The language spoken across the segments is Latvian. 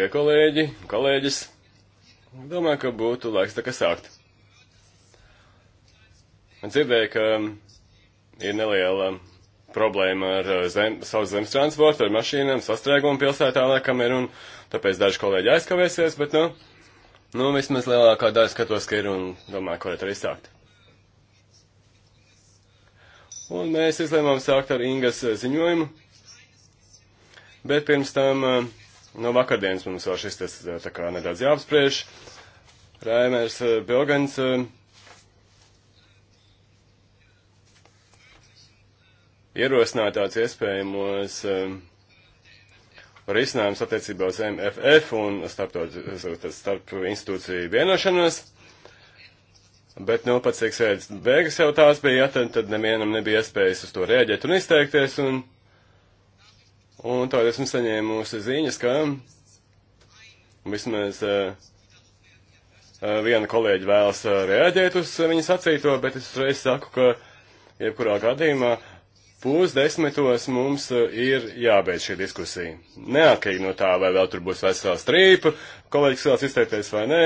Dārgie kolēģi, kolēģis, domāju, ka būtu laiks tā kā sākt. Dzirdēju, ka ir neliela problēma ar eh, zem, savu zemes transportu, ar mašīnām, sastrēgumu pilsētā laikam ir, un tāpēc daži kolēģi aizkavēsies, bet, nu, nu vismaz lielākā daļa skatos, ka ir, un domāju, ka varētu arī sākt. Un mēs izlēmām sākt ar Ingas eh, ziņojumu, bet pirms tam uh, No nu, vakardienas mums vēl šis tas eh, tā kā nedaudz jāapspriež. Rēmērs eh, Bilgans. Eh, ierosināja tāds iespējamos risinājums attiecībā uz MFF un starp institūciju vienošanos. Bet, nu, pats cik sēdes beigas jau tās bija, ja, tad, tad nevienam nebija iespējas uz to rēģēt un izteikties. Un, Un tad esmu saņēmusi ziņas, ka vismaz uh, viena kolēģi vēlas eh, reaģēt uz viņas sacīto, bet es uzreiz saku, ka jebkurā gadījumā pusdesmitos mums ir jābeidz šī diskusija. Neatkarīgi no tā, vai vēl tur būs veselā strīpa, kolēģis vēlas izteikties vai nē,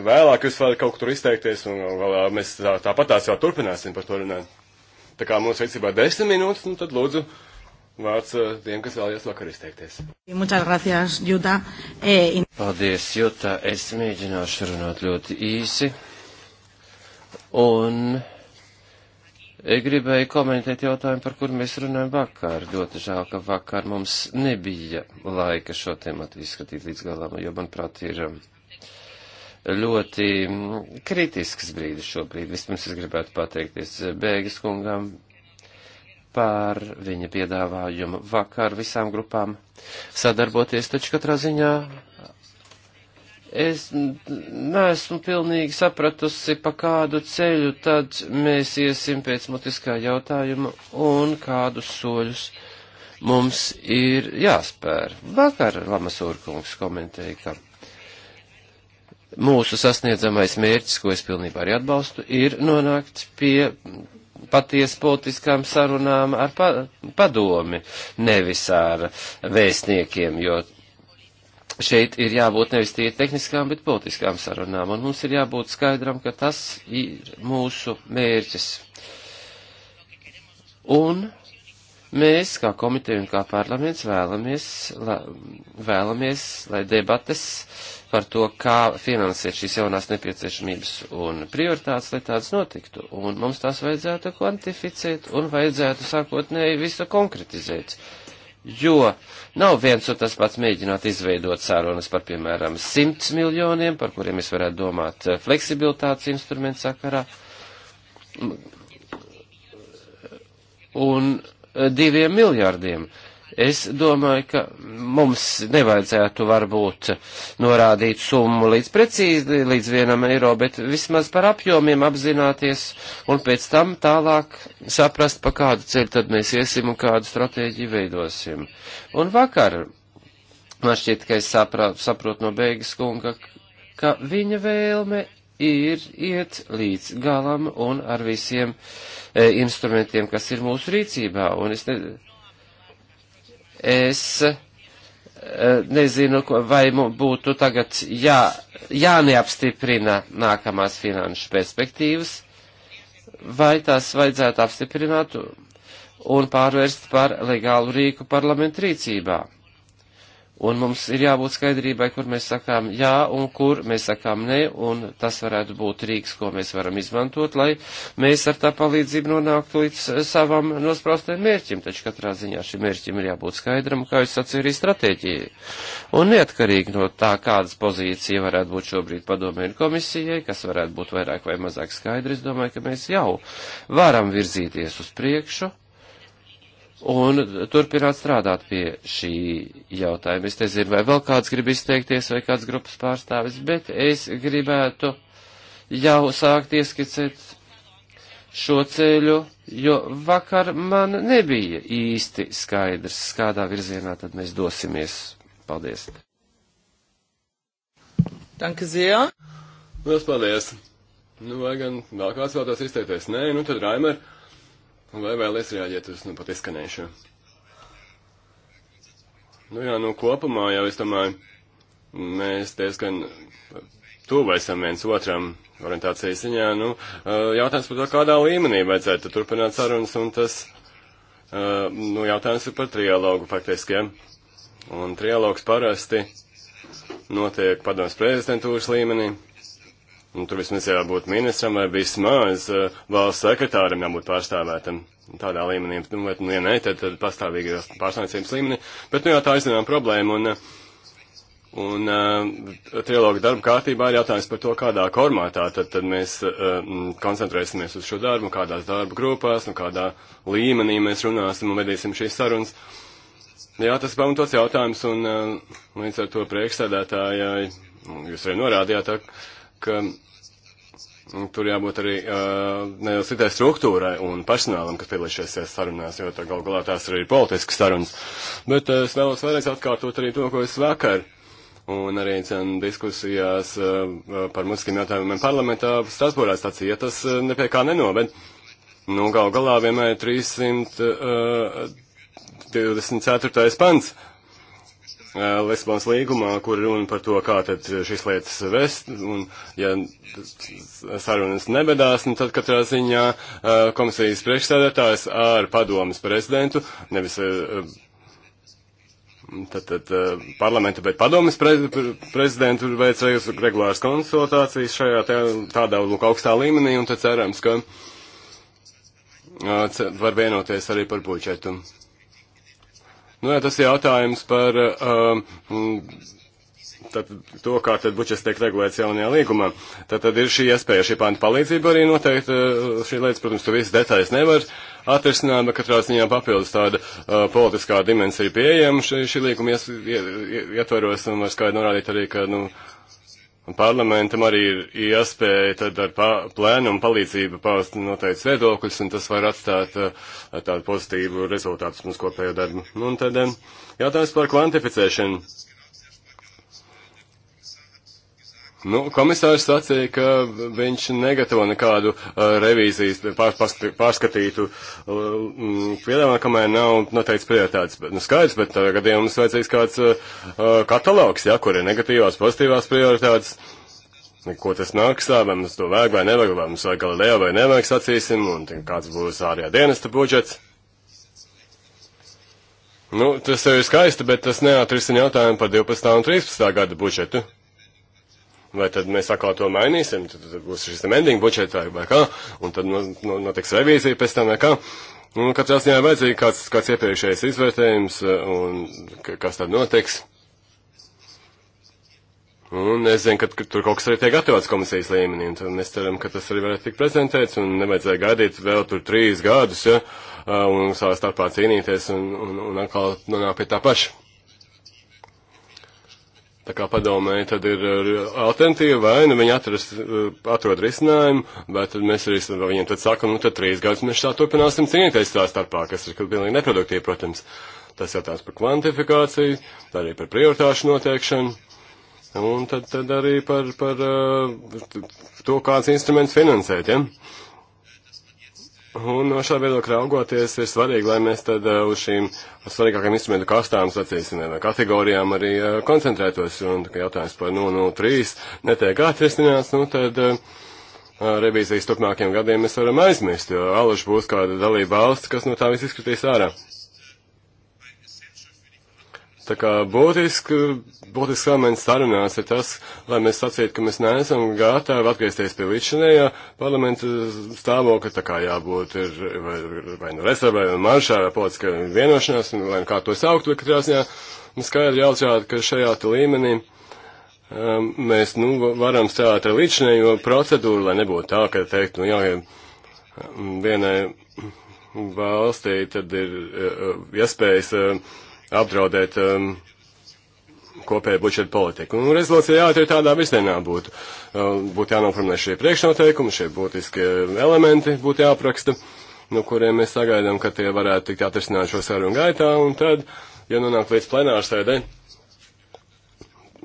vēlāk jūs vēl kaut kur izteikties, un galā mēs tāpat tā tās jau turpināsim par to runāt. Tā kā mums rīcībā desmit minūtes, nu tad lūdzu vārds eh, tiem, kas vēlējās vakar izteikties. Gracias, Juta. E... Eh, Paldies, Juta. Es mēģināšu runāt ļoti īsi. Un eh, gribēju komentēt jautājumu, par kur mēs runājam vakar. Ļoti žēl, ka vakar mums nebija laika šo tematu izskatīt līdz galam, jo, manuprāt, ir ļoti mm, kritisks brīdis šobrīd. Vispirms es gribētu pateikties Bēgas kungam par viņa piedāvājumu vakar visām grupām sadarboties, taču katrā ziņā es neesmu pilnīgi sapratusi, pa kādu ceļu tad mēs iesim pēc mutiskā jautājuma un kādus soļus mums ir jāspēr. Vakar Lamasūrkungs komentēja, ka mūsu sasniedzamais mērķis, ko es pilnībā arī atbalstu, ir nonākt pie paties politiskām sarunām ar pa, padomi, nevis ar vēstniekiem, jo šeit ir jābūt nevis tie tehniskām, bet politiskām sarunām, un mums ir jābūt skaidram, ka tas ir mūsu mērķis. Un Mēs, kā komiteja un kā parlaments, vēlamies, la, vēlamies, lai debates par to, kā finansēt šīs jaunās nepieciešamības un prioritātes, lai tādas notiktu. Un mums tās vajadzētu kvantificēt un vajadzētu sākotnēji visu konkretizēt. Jo nav viens un tas pats mēģināt izveidot sārunas par, piemēram, simts miljoniem, par kuriem es varētu domāt eh, fleksibilitātes instrumentu sakarā. Un diviem miljārdiem. Es domāju, ka mums nevajadzētu varbūt norādīt summu līdz precīzi, līdz vienam eiro, bet vismaz par apjomiem apzināties un pēc tam tālāk saprast, pa kādu ceļu tad mēs iesim un kādu stratēģiju veidosim. Un vakar man šķiet, ka es saprā, saprotu no beigas kunga, ka viņa vēlme ir iet līdz galam un ar visiem e, instrumentiem, kas ir mūsu rīcībā. Un es, ne, es e, nezinu, vai mums būtu tagad jā, jāneapstiprina nākamās finanšu perspektīvas, vai tās vajadzētu apstiprināt un pārvērst par legālu rīku parlamentu rīcībā. Un mums ir jābūt skaidrībai, kur mēs sakām jā un kur mēs sakām nē, un tas varētu būt rīks, ko mēs varam izmantot, lai mēs ar tā palīdzību nonāktu līdz eh, savam nospraustajam mērķim. Taču katrā ziņā šim mērķim ir jābūt skaidram, kā jūs sacīju, arī stratēģijai. Un neatkarīgi no tā, kādas pozīcija varētu būt šobrīd padomē un komisijai, kas varētu būt vairāk vai mazāk skaidri, es domāju, ka mēs jau varam virzīties uz priekšu un turpināt strādāt pie šī jautājuma. Es nezinu, vai vēl kāds grib izteikties, vai kāds grupas pārstāvis, bet es gribētu jau sākt ieskicēt šo ceļu, jo vakar man nebija īsti skaidrs, kādā virzienā tad mēs dosimies. Paldies! Danke sehr! Lielas paldies! Nu, vai gan vēl kāds vēlētos izteikties? Nē, nu tad Raimer. Vai vēlies reaģēt uz nu pat izskanējušo? Nu jā, nu kopumā jau es domāju, mēs diezgan tuvaisam viens otram orientācijas ziņā. Nu, jautājums par to, kādā līmenī vajadzētu turpināt sarunas, un tas, nu, jautājums ir par trialogu faktiski, ja? Un trialogs parasti notiek padomas prezidentūras līmenī. Un tur vismaz jābūt ministram vai vismaz uh, valsts sekretāram jābūt pārstāvētam tādā līmenī. Nu, bet, nu, ja nē, tad, tad pastāvīgās pārstāvniecības līmenī. Bet, nu, jā, tā izdarām problēmu. Un, eh, un uh, eh, trilogu darba kārtībā ir jautājums par to, kādā formātā tad, tad mēs uh, koncentrēsimies uz šo darbu, kādās darba grupās, un nu, kādā līmenī mēs runāsim un vedīsim šīs sarunas. Jā, tas ir pamatots jautājums, un uh, līdz ar to priekšsēdētājai, nu, jūs arī norādījāt, tā, ka tur jābūt arī uh, nelielai struktūrai un personālam, kas piedalīšies sarunās, jo tā gal galā tās arī ir politiskas sarunas. Bet uh, es vēlos vēlreiz atkārtot arī to, ko es vakar un arī cien, diskusijās uh, par muzikiem jautājumiem parlamentā Strasbūrā stācija, ja tas uh, nepie kā nenoved. Nu, gal galā vienmēr 300. Uh, 24. pants Eh, Lesbās līgumā, kur runa par to, kā tad šīs lietas vest, un ja sarunas nebedās, nu tad katrā ziņā eh, komisijas priekšsēdētājs ar padomas prezidentu, nevis eh, tad, tad parlamenta, bet padomas pre, pre, prezidentu veic regulāras konsultācijas šajā te, tādā lūk augstā līmenī, un tad cerams, ka var vienoties arī par budžetu. Nu, jā, tas ir jautājums par um, tad, to, kā tad bučas tiek regulēts jaunajā līgumā. Tad, tad ir šī iespēja, šī pānta palīdzība arī noteikti uh, šī lietas, protams, tu visas detaļas nevar atrisināt, bet katrā ziņā papildus tāda uh, politiskā dimensija pieejama šī, šī līguma ies, ietveros un var skaidri norādīt arī, ka, nu, uh, Un parlamentam arī ir iespēja tad ar pa, plēnumu palīdzību paust noteikts viedokļus, un tas var atstāt uh, tādu pozitīvu rezultātu mums kopējo darbu. Un tad um, jautājums par kvantificēšanu. Nu, komisārs sacīja, ka viņš negatavo nekādu uh, revīzijas pār, pārskatītu uh, mm, piedāvājumu, kamēr nav noteikts prioritātes. Bet, nu, skaidrs, bet uh, gadījumā mums vajadzīgs kāds uh, uh, katalogs, ja, kur ir negatīvās, pozitīvās prioritātes. Nu, ko tas maksā, vai mums to vajag vai nevajag, vai mums vajag galileo vai nevajag, sacīsim, un kāds būs ārējā dienesta budžets. Nu, tas jau ir skaisti, bet tas neatrisin jautājumu par 12. un 13. gada budžetu. Vai tad mēs atkal to mainīsim, tad, tad būs šis mending budžets vai, vai kā, un tad no, no, notiks revīzija pēc tam vai kā. Nu, un katrā ziņā vajadzīja kāds, kāds iepriekšējais izvērtējums, e, un kas tad notiks. Un es zinu, ka tur kaut kas arī tiek gatavots komisijas līmenī, un tad mēs ceram, ka tas arī varētu tikt prezentēts, un nevajadzēja gaidīt vēl tur trīs gadus, ja, e, un savā starpā cīnīties, un, un, un atkal nonāk pie tā paša. Tā kā padomē, tad ir alternatīva, vai nu viņi atrast, eh, atrod risinājumu, vai tad mēs arī viņiem tad sakam, nu tad trīs gadus mēs tā turpināsim cīnīties tā starpā, kas ir pilnīgi neproduktīvi, protams. Tas jautājums par kvantifikāciju, arī par prioritāšu noteikšanu. Un tad, tad arī par, par eh, to, kāds instruments finansēt, ja? Un no šā viedokļa raugoties, ir svarīgi, lai mēs tad eh, uz šīm svarīgākajām instrumentu kastām, sacīsim, vai kategorijām arī eh, koncentrētos. Un tā, jautājums par 003 netiek atrisināts, nu tad eh, revīzijas turpmākajiem gadiem mēs varam aizmirst, jo aluši būs kāda dalība valsts, kas no tā viss izskatīs ārā. Tā kā būtiski, būtiski elements sarunās ir tas, lai mēs sacītu, ka mēs neesam gatavi atgriezties pie līdzinējā parlamenta stāvokļa, tā kā jābūt ir vai, vai nu rezervē, vai maršā, vai politiska vienošanās, vai nu kā to saukt, vai katrā ziņā. Nu skaidri jāatcerās, ka šajā līmenī um, mēs, nu, varam strādāt ar līdzinējo procedūru, lai nebūtu tā, ka teikt, nu, jā, vienai valstī tad ir uh, uh iespējas. Uh, apdraudēt um, kopēju budžeta politiku. Un rezolūcija jāatver tādā virzienā būtu. Um, būtu jānoformulē šie priekšnoteikumi, šie būtiskie elementi būtu jāapraksta, no kuriem mēs sagaidām, ka tie varētu tikt atrisināt šo sarunu gaitā, un tad, ja nonāk līdz plenārsēdē,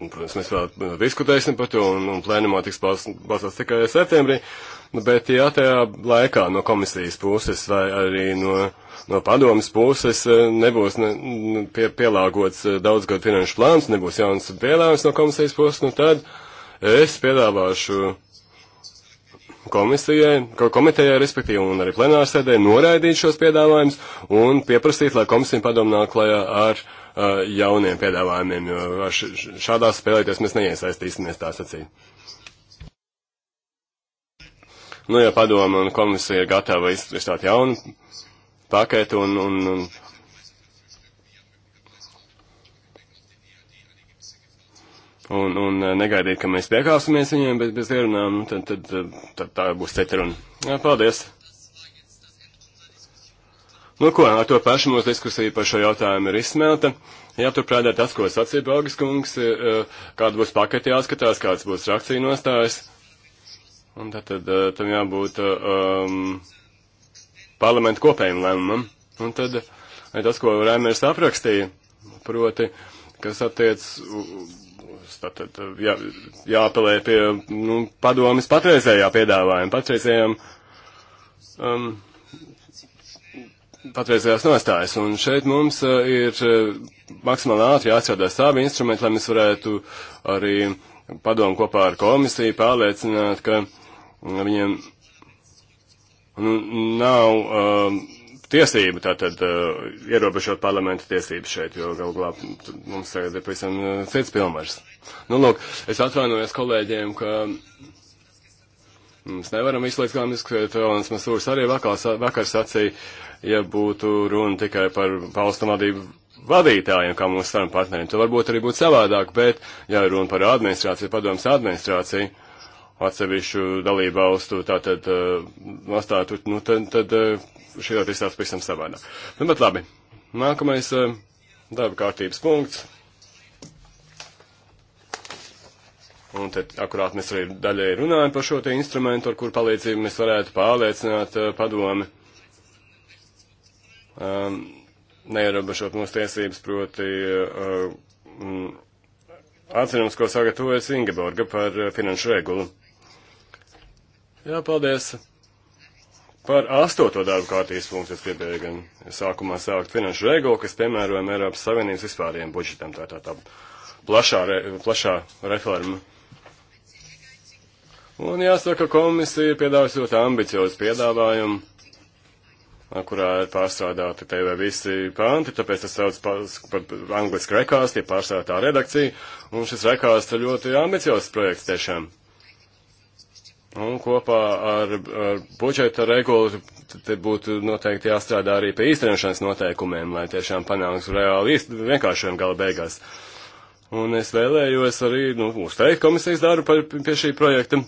protams, mēs vēl diskutēsim par to, un, un plēnumā tiks balsots tikai septembrī, Nu, bet ja tajā laikā no komisijas puses vai arī no, no padomas puses eh, nebūs ne, nu, pie, pielāgots eh, daudzgad finanšu plāns, nebūs jauns pielāgojums no komisijas puses, nu tad es piedāvāšu komisijai, komitejai, respektīvi, un arī plenārsēdē noraidīt šos piedāvājumus un pieprasīt, lai komisija padomā klajā ar uh, jauniem piedāvājumiem, jo šādās spēlēties mēs neiesaistīsimies tā sacīt. Nu, ja padoma un komisija ir gatava izstāt jaunu paketu un, un, un Un, un eh, negaidīt, ka mēs piekāpsimies viņiem, bet bez ierunām, tad, tad, tad, tad tā būs cita runa. Jā, paldies! Nu, ko, ar to pašu mūsu diskusija par šo jautājumu ir izsmelta. Jāturprātā tas, ko sacīja Baugas kungs, eh, eh, kāda būs paketi jāskatās, kāds būs reakcija nostājas. Un tātad eh, tam jābūt eh, um, parlamentu kopējiem lēmumam. Un tad vai eh, tas, ko Rēmērs aprakstīja, proti, kas attiec, tātad jā, jāapelē pie nu, padomis patreizējā piedāvājuma, patreizējām. Um, patreizējās nostājas. Un šeit mums ir maksimāli ātri jāstrādā savi instrumenti, lai mēs varētu arī padomu kopā ar komisiju pārliecināt, ka Viņiem nu, nav uh, tiesību tātad uh, ierobežot parlamenta tiesības šeit, jo galu galā mums tagad ir pavisam uh, cits pilnvars. Nu, lūk, es atvainojos kolēģiem, ka. Mēs nevaram izslēgt komiskriet, un Masūrs arī vakar, vakar sacīja, ja būtu runa tikai par valstu vadību vadītājiem, kā mūsu sarunu partneriem, tad varbūt arī būtu savādāk, bet, ja runa par administrāciju, padomas administrāciju, atsevišķu dalību valstu tātad eh, nostātu, nu tad, tad eh, šī lieta izstāsta pavisam savādāk. Nu, bet labi, nākamais eh, darba kārtības punkts. Un tad akurāt mēs arī daļai runājam par šo te instrumentu, ar kur palīdzību mēs varētu pārliecināt padomi. Um, neierobežot mūsu tiesības, proti uh, um, mm, atcerums, ko sagatavojas Ingeborga par finanšu regulu. Jā, paldies. Par astoto darbu kārtības funkcijas piebēja gan sākumā sākt finanšu regulu, kas piemērojama Eiropas Savienības vispārējiem budžetam, tā tā tā plašā, re, plašā reforma. Un jāsaka, komisija ir piedāvājusi ļoti ambiciozu piedāvājumu, kurā ir pārstrādāti TV visi panti, tāpēc tas sauc par, par angliski rekāstu, tie pārstrādātā redakcija, un šis rekāsts ir ļoti ambiciozs projekts tiešām. Un kopā ar, ar budžeta regulu te būtu noteikti jāstrādā arī pie īstenošanas noteikumiem, lai tiešām panāks reāli īst, vienkāršojumu gala beigās. Un es vēlējos arī, nu, uzteikt komisijas darbu par, pie šī projekta.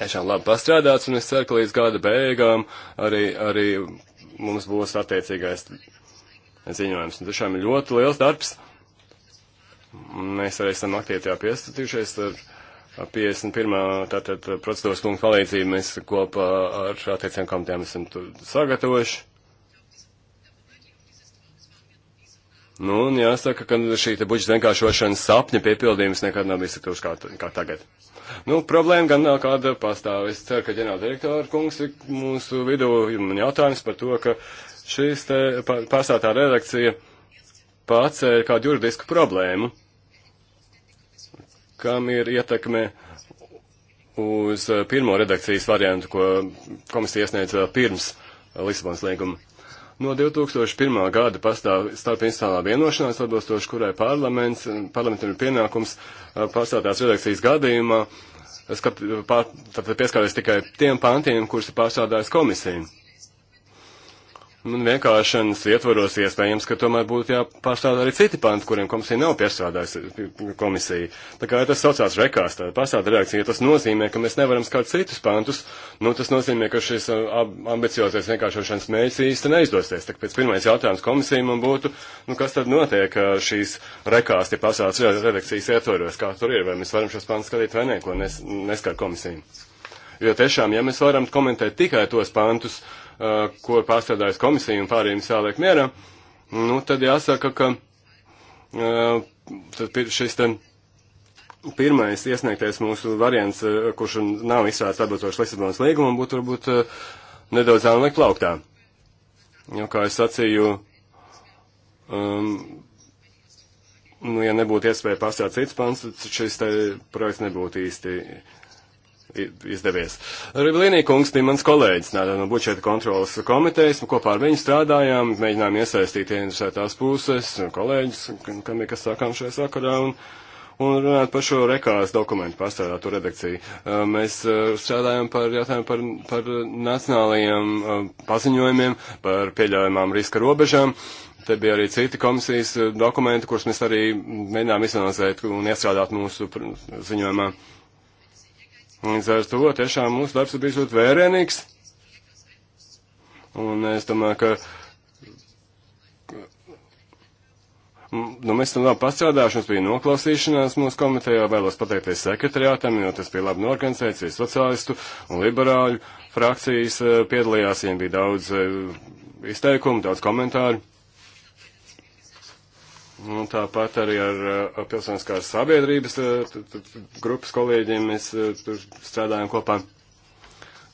Tiešām labi pastrādāts, un es ceru, ka līdz gada beigām arī, arī mums būs attiecīgais ziņojums. Un tiešām ir ļoti liels darbs. Mēs arī esam aktīvi tajā piesaistījušies. Ar, 51. tātad procedūras punktu palīdzību mēs kopā ar attieciem komitejām esam sagatavojuši. Nu, un jāsaka, ka šī te budžeta vienkāršošanas sapņa piepildījums nekad nav bijis tik tūs kā, kā tagad. Nu, problēma gan nav kāda pastāv. Es ceru, ka ģenerāla direktora kungs ir mūsu vidū. Man jautājums par to, ka šīs te pārstātā redakcija pats ir kādu juridisku problēmu kam ir ietekme uz eh, pirmo redakcijas variantu, ko komisija iesniedza pirms eh, Lisabonas līguma. No 2001. gada pastāv starp institucionālā vienošanās, atbilstoši kurai parlaments, parlamentam ir pienākums eh, pārstātās redakcijas gadījumā, skat, pār, pieskaries tikai tiem pantiem, kurus ir pārstādājis komisija. Un vienkāršanas ietvaros iespējams, ka tomēr būtu jāpārstrādā arī citi panti, kuriem komisija nav piestrādājusi komisija. Tā kā ja tas saucās rekās, tāda pārstrāda reakcija, ja tas nozīmē, ka mēs nevaram skart citus pantus, nu tas nozīmē, ka šis ambiciozais vienkāršošanas mērķis īsti neizdosies. Tā pēc pirmais jautājums komisija man būtu, nu kas tad notiek šīs rekās, ja pārstrādas redakcijas ietvaros, kā tur ir, vai mēs varam šos pantus skatīt vai nē, ko nes, neskar komisija. Jo tiešām, ja mēs varam komentēt tikai tos pantus, uh, Uh, ko pārstrādājas komisija un pārējiem sāliek mierā, nu, tad jāsaka, ka uh, tad šis te pirmais iesniegtais mūsu variants, uh, kurš nav izsvērts atbilstoši Lisabonas līgumam, būtu varbūt nedaudz zāmlēk plauktā. Jo, kā es sacīju, um, nu, ja nebūtu iespēja pasākt cits pants, tad šis te projekts nebūtu īsti izdevies. Riblīnī kungs bija mans kolēģis no budžeta kontrolas komitejas, kopā ar viņu strādājām, mēģinājām iesaistīt interesētās puses, kolēģis, kam ir kas sākām šajā sakarā, un, un runāt par šo rekās dokumentu pārstrādātu redakciju. Mēs strādājām par jautājumu par, par nacionālajiem paziņojumiem, par pieļaujamām riska robežām. Te bija arī citi komisijas dokumenti, kurus mēs arī mēģinām izanalizēt un iestrādāt mūsu ziņojumā. Uh, Līdz ar to tiešām mūsu darbs ir bijis ļoti vērienīgs. Un es domāju, ka. Nu, mēs tam labi pastrādājuši, mums bija noklausīšanās mūsu komitejā, vēlos pateikties sekretariātam, jo tas bija labi norganizēts, arī sociālistu un liberāļu frakcijas eh, piedalījās, viņiem bija daudz eh, izteikumu, daudz komentāru. Un tāpat arī ar, ar pilsoniskās sabiedrības eh, t, t, grupas kolēģiem mēs eh, tur strādājam kopā.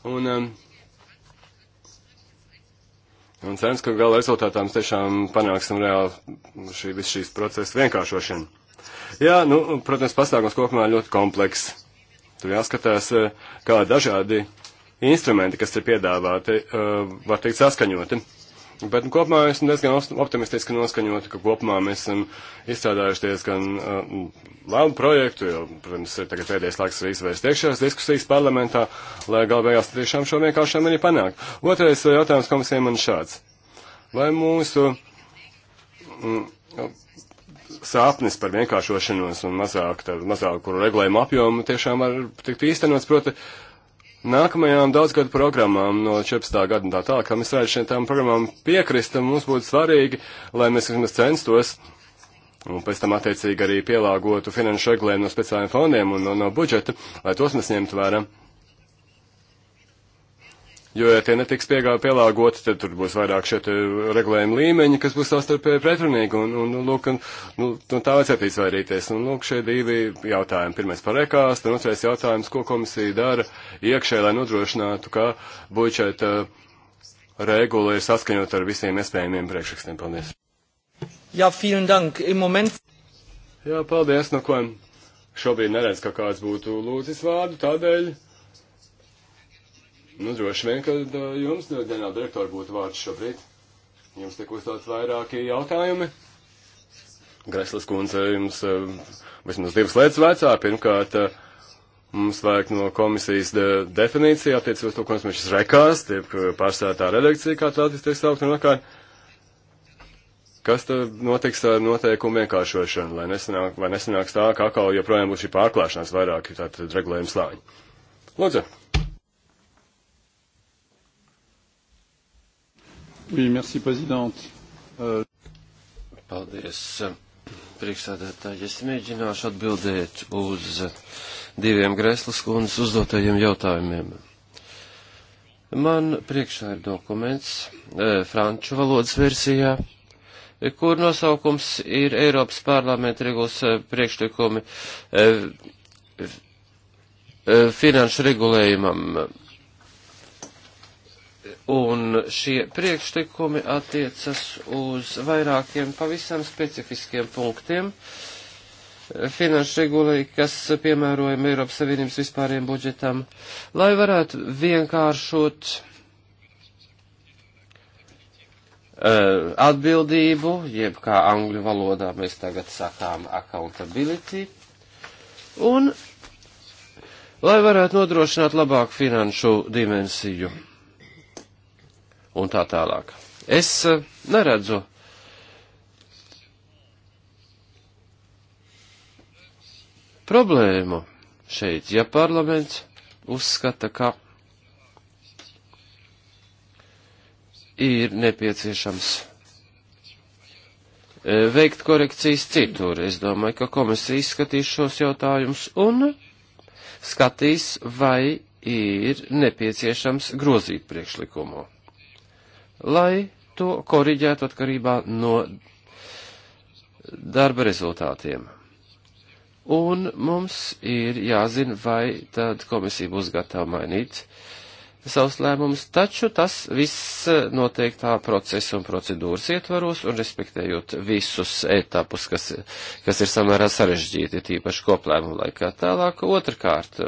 Un, eh, un cerams, ka gala rezultātā mēs tiešām panāksim reāli šī, visu šīs procesu vienkāršošanu. Jā, nu, protams, pasākums kopumā ļoti komplekss. Tur jāskatās, kā dažādi instrumenti, kas ir piedāvāti, var teikt saskaņoti. Bet nu, kopumā esmu diezgan optimistiski noskaņota, ka kopumā mēs esam izstrādājuši diezgan uh, labu projektu, jo, protams, ir tagad pēdējais laiks arī izvērst iekšējās diskusijas parlamentā, lai gal beigās tiešām šo vienkāršā mani panākt. Otrais uh, jautājums komisijai man šāds. Vai mūsu mm, sāpnis par vienkāršošanos un mazāk, tā, mazāk kuru regulējumu apjomu tiešām var tikt īstenots, proti, uh, nākamajām daudzgadu programmām no 14. gada un tā tā, kā mēs varētu šiem tām programmām piekrist, mums būtu svarīgi, lai mēs vismaz censtos un pēc tam attiecīgi arī pielāgotu finanšu regulējumu no speciālajiem fondiem un no, no budžeta, lai tos mēs ņemtu vērā. Jo, ja tie netiks piegā, pielāgoti, tad tur būs vairāk šeit regulējuma līmeņi, kas būs savstarpēji pretrunīgi, un, un, lūk, un, nu, no tā vajadzētu izvairīties. Un, lūk, šie divi jautājumi. Pirmais par ekās, tad otrais jautājums, ko komisija dara iekšē, lai nodrošinātu, ka budžeta uh, regula ir saskaņot ar visiem iespējamiem priekšrakstiem. Paldies. Jā, vielen dank. Im moment. Jā, paldies, no nu, ko šobrīd neredz, ka kāds būtu lūdzis vārdu, tādēļ Nu, droši vien, ka jums, ģenerāla direktora, būtu vārds šobrīd. Jums tiek uzdots vairāki jautājumi. Greslis kundze, jums vismaz divas lietas vecā. Pirmkārt, mums vajag no komisijas de definīcija attiecībā uz to, ko mēs šis rekās, tiek pārstātā redakcija, kā tādas tiek saukt un akārt. Kas tad notiks ar noteikumu vienkāršošanu, lai nesanāk, vai nesanāks tā, ka atkal joprojām būs šī pārklāšanās vairāk, tātad regulējums slāņi? Lūdzu! Oui, merci, prezident. Uh... Paldies, priekšsādātāji. Es mēģināšu atbildēt uz diviem Grēslas kundas uzdotajiem jautājumiem. Man priekšā ir dokuments e, franču valodas versijā, kur nosaukums ir Eiropas parlamenta regulas eh, priekšlikumi e, finanšu regulējumam Un šie priekšlikumi attiecas uz vairākiem pavisam specifiskiem punktiem finanšu regulai, kas piemērojami Eiropas Savienības vispāriem budžetam, lai varētu vienkāršot uh, atbildību, jeb kā angļu valodā mēs tagad sakām accountability, un lai varētu nodrošināt labāku finanšu dimensiju un tā tālāk. Es eh, neredzu problēmu šeit, ja parlaments uzskata, ka ir nepieciešams eh, veikt korekcijas citur. Es domāju, ka komisija izskatīs šos jautājumus un skatīs, vai ir nepieciešams grozīt priekšlikumu lai to koriģētu atkarībā no darba rezultātiem. Un mums ir jāzina, vai tad komisija būs gatava mainīt savus lēmumus, taču tas viss noteiktā procesa un procedūras ietvaros un respektējot visus etapus, kas, kas ir samērā sarežģīti, tīpaši koplēmumu laikā. Tālāk, otrkārt,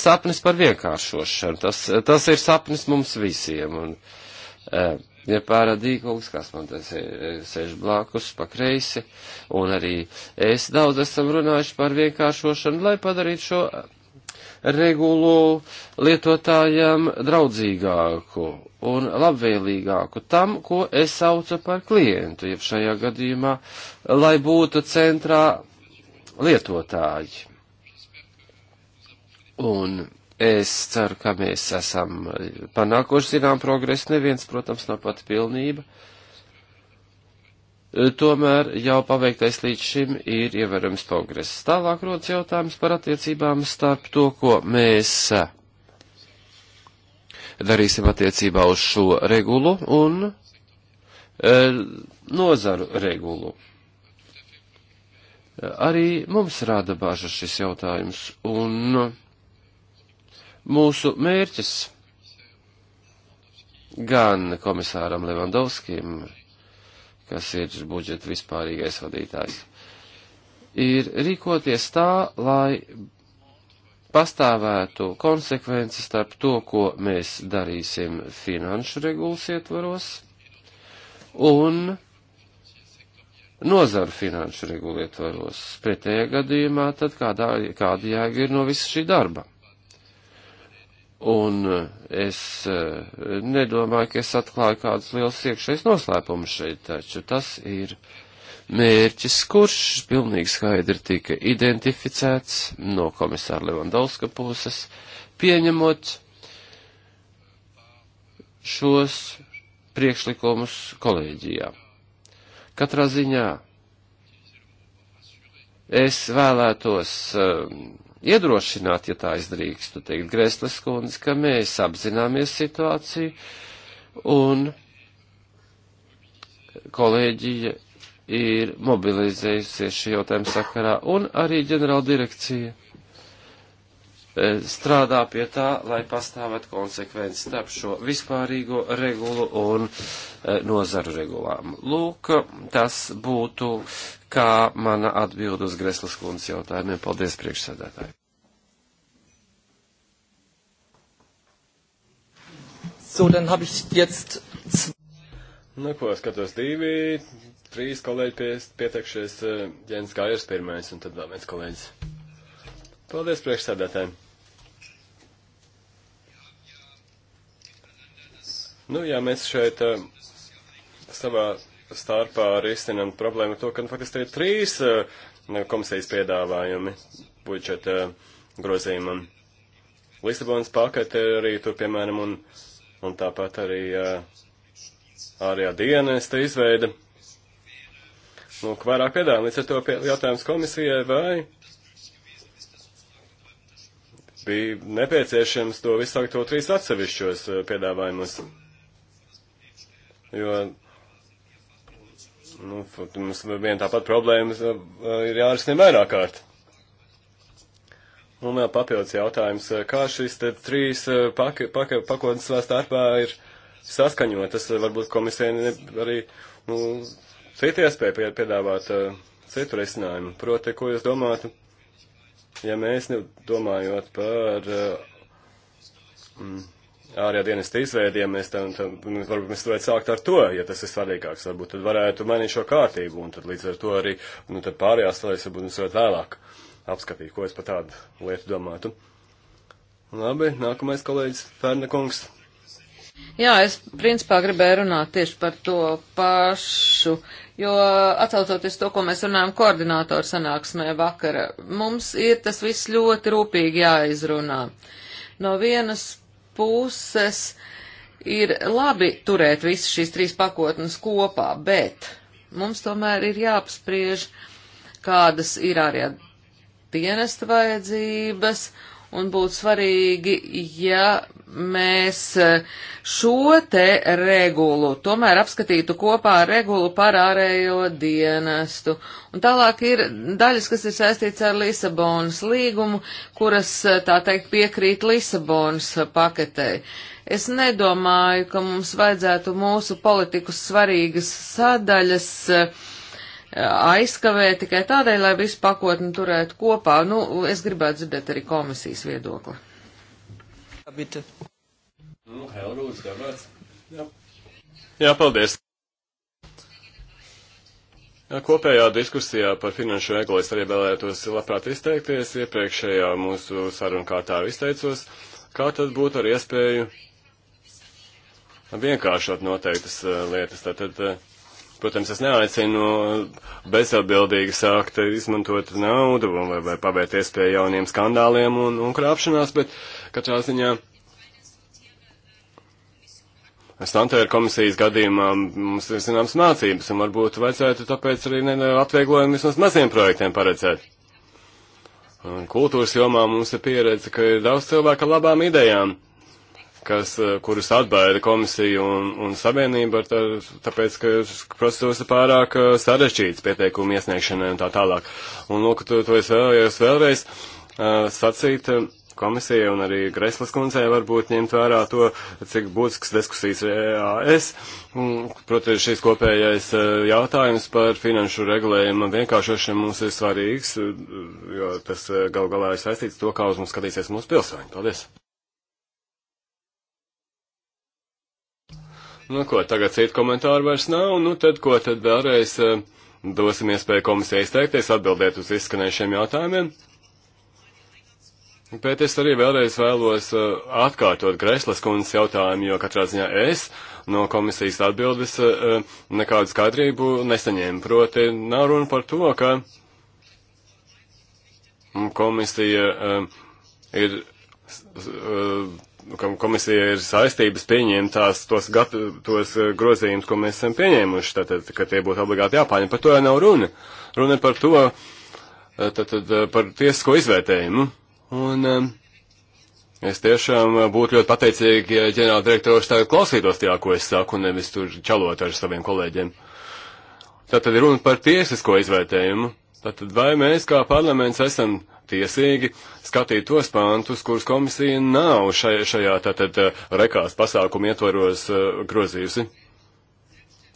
sapnis par vienkāršošanu. Tas, tas ir sapnis mums visiem. Un, uh, Ja pārādīkums, kas man te sēž blākus pa kreisi, un arī es daudz esam runājuši par vienkāršošanu, lai padarītu šo regulu lietotājiem draudzīgāku un labvēlīgāku tam, ko es saucu par klientu, jeb šajā gadījumā, lai būtu centrā lietotāji. Un Es ceru, ka mēs esam panākuši zinām progresu. Neviens, protams, nav pat pilnība. Tomēr jau paveiktais līdz šim ir ievērojams progress. Tālāk rodas jautājums par attiecībām starp to, ko mēs darīsim attiecībā uz šo regulu un e, nozaru regulu. Arī mums rāda bāžas šis jautājums. Un, Mūsu mērķis gan komisāram Levandovskim, kas ir budžeta vispārīgais vadītājs, ir rīkoties tā, lai pastāvētu konsekvences starp to, ko mēs darīsim finanšu regulas ietvaros un nozaru finanšu regulu ietvaros. Pretējā gadījumā tad kādā, kāda jēga ir no visa šī darba? Un eh, es eh, nedomāju, ka es atklāju kādus liels iekšējs noslēpumus šeit, taču tas ir mērķis, kurš pilnīgi skaidri tika identificēts no komisāra Levandovska puses, pieņemot šos priekšlikumus kolēģijā. Katrā ziņā es vēlētos uh, iedrošināt, ja tā izdrīkstu teikt, Grēslis kundze, ka mēs apzināmies situāciju un kolēģija ir mobilizējusies šī jautājuma sakarā un arī ģenerāla direkcija E, strādā pie tā, lai pastāvētu konsekvenci starp šo vispārīgo regulu un e, nozaru regulām. Lūk, tas būtu kā mana atbild uz Greslas kundas jautājumiem. Paldies, priekšsēdētāji! So, dann habe ich jetzt. Nu, ko skatos divi, trīs kolēģi pieteikšies. E, Jens Gājers pirmais un tad vēl viens kolēģis. Paldies priekšsēdētājiem! Nu, jā, mēs šeit uh, savā starpā arī izcinām problēmu to, ka nu, faktiski ir trīs uh, komisijas piedāvājumi budžeta uh, grozījumam. Lisabonas pakete arī tur, piemēram, un, un tāpat arī ārējā dienesta izveida. Nu, vairāk piedāvājumu, līdz ar to pie, jautājums komisijai, vai bija nepieciešams to visu to trīs atsevišķos piedāvājumus jo nu, mums viena tāpat problēmas uh, uh, ir jārisina vairāk kārt. Un vēl papildus jautājums, uh, kā šis te trīs pak pak pakotnes vēl starpā ir saskaņot, tas varbūt komisija arī, nu, citi iespēja piedāvāt uh, citu risinājumu. Proti, ko jūs domātu, ja mēs domājot par uh, mm, ārējā dienesta izveidiem, mēs tam, tam, varbūt mēs varētu sākt ar to, ja tas ir svarīgāks, varbūt tad varētu mainīt šo kārtību, un tad līdz ar to arī, nu, tad pārējās lietas varbūt mēs varētu vēlāk apskatīt, ko es par tādu lietu domātu. Labi, nākamais kolēģis Fērna kungs. Jā, es principā gribēju runāt tieši par to pašu, jo atcaucoties to, ko mēs runājam koordinātoru sanāksmē vakara, mums ir tas viss ļoti rūpīgi jāizrunā. No vienas puses ir labi turēt visas šīs trīs pakotnes kopā, bet mums tomēr ir jāapspriež, kādas ir arī dienesta vajadzības un būtu svarīgi, ja mēs eh, šo te regulu tomēr apskatītu kopā ar regulu par ārējo dienestu. Un tālāk ir daļas, kas ir saistīts ar Lisabonas līgumu, kuras, eh, tā teikt, piekrīt Lisabonas paketei. Es nedomāju, ka mums vajadzētu mūsu politikas svarīgas sadaļas uh, aizkavē tikai tādēļ, lai visu pakotni turētu kopā. Nu, es gribētu dzirdēt arī komisijas viedokli. Bita. Nu, Helrūs, Jā. Jā, paldies. Jā, kopējā diskusijā par finanšu regulu es arī vēlētos labprāt izteikties. Iepriekšējā mūsu sarunkārtā izteicos, kā tad būtu ar iespēju vienkāršot noteiktas eh, lietas. Tātad, uh, Protams, es neaicinu bezatbildīgi sākt izmantot naudu vai, vai pavērties pie jauniem skandāliem un, un krāpšanās, bet katrā ziņā Stantēra komisijas gadījumā mums ir zināms mācības, un varbūt vajadzētu tāpēc arī atvieglojumu vismaz maziem projektiem paredzēt. Kultūras jomā mums ir pieredze, ka ir daudz cilvēku ar labām idejām, kas, eh, kurus atbaida komisija un, un savienība, tā, tāpēc, ka procedūras ir pārāk eh, sarežģīts pieteikumu iesniegšanai un tā tālāk. Un, lūk, to, to es vēlējos vēlreiz uh, sacīt komisijai un arī Greslas kundzei varbūt ņemt vērā to, cik būtisks diskusijas ir EAS. Protams, šīs kopējais jautājums par finanšu regulējumu vienkāršošanu mums ir svarīgs, jo tas gal galā ir saistīts to, kā uz mums skatīsies mūsu pilsēņi. Paldies! Nu, ko, tagad citu komentāru vairs nav, nu tad ko, tad vēlreiz eh, dosim iespēju komisijai izteikties, atbildēt uz izskanējušiem jautājumiem. Bet es arī vēlreiz vēlos eh, atkārtot Greslas kundzes jautājumu, jo katrā ziņā es no komisijas atbildes eh, nekādu skaidrību nesaņēmu. Proti, nav runa par to, ka komisija ir kam komisija ir saistības pieņemt tās, tos, gat, tos eh, grozījumus, ko mēs esam pieņēmuši, tātad, ka tie būtu obligāti jāpārņem. Par to jau nav runa. Runa ir par to, eh, tātad, eh, par tiesisko izvērtējumu. Un es tiešām būtu ļoti pateicīgi, ja ģenerāla direktors tagad klausītos tajā, ko es saku, un nevis tur čalot ar saviem kolēģiem. Tātad ir runa par tiesisko izvērtējumu. Tātad vai mēs kā parlaments esam tiesīgi skatīt tos pāntus, kurus komisija nav šajā, šajā tātad eh, rekās pasākumu ietvaros eh, grozījusi.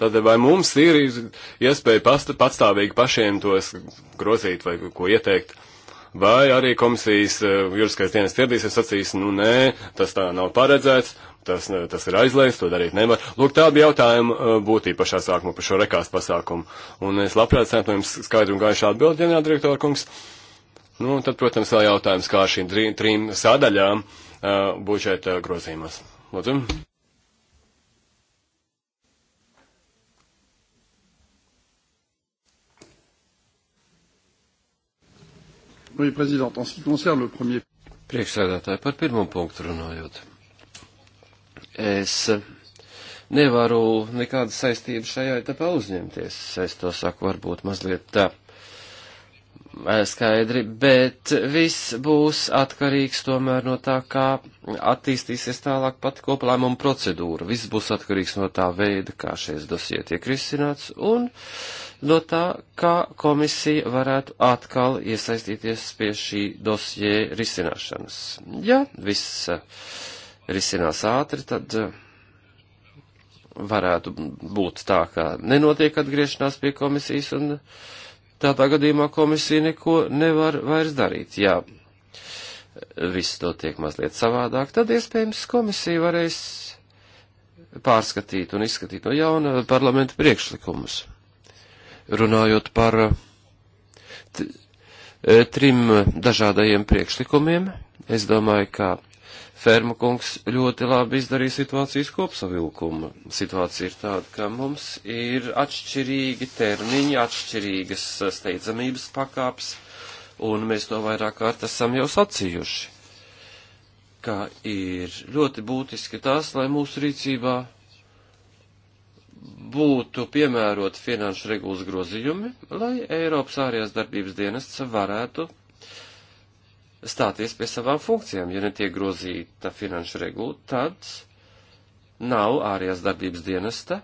Tad vai mums ir iespēja past, patstāvīgi pašiem tos grozīt vai ko ieteikt? Vai arī komisijas eh, juridiskais dienas tirdīs ir sacījis, nu nē, tas tā nav paredzēts, tas, tas ir aizliegts, to darīt nevar. Lūk, tā bija jautājuma būtība pašā sākumā par šo rekās pasākumu. Un es labprāt saņemtu jums skaidru un gaišu atbildi, ģenerāldirektora kungs. Uh, Nu, un tad, protams, vēl jautājums, kā šīm trim, trim sadaļām uh, budžeta grozījumos. Lūdzu. Oui, président, en ce qui concerne le premier. Priekšsēdētāji, par pirmo punktu runājot. Es nevaru nekādas saistības šajā etapā uzņemties. Es to saku varbūt mazliet tā skaidri, bet viss būs atkarīgs tomēr no tā, kā attīstīsies tālāk pati koplēmuma procedūra. Viss būs atkarīgs no tā veida, kā šais dosie tiek risināts, un no tā, kā komisija varētu atkal iesaistīties pie šī dosie risināšanas. Ja viss risinās ātri, tad varētu būt tā, ka nenotiek atgriešanās pie komisijas un tādā gadījumā komisija neko nevar vairs darīt. Jā, viss notiek mazliet savādāk, tad iespējams komisija varēs pārskatīt un izskatīt no jauna parlamenta priekšlikumus. Runājot par eh, eh, trim dažādajiem priekšlikumiem, es domāju, ka Ferma kungs ļoti labi izdarīja situācijas kopsavilkumu. Situācija ir tāda, ka mums ir atšķirīgi termiņi, atšķirīgas steidzamības pakāps, un mēs to vairāk kārt esam jau sacījuši, ka ir ļoti būtiski tas, lai mūsu rīcībā būtu piemērot finanšu regulas grozījumi, lai Eiropas ārējās darbības dienests varētu stāties pie savām funkcijām. Ja netiek grozīta finanšu regula, tad nav ārējās darbības dienesta,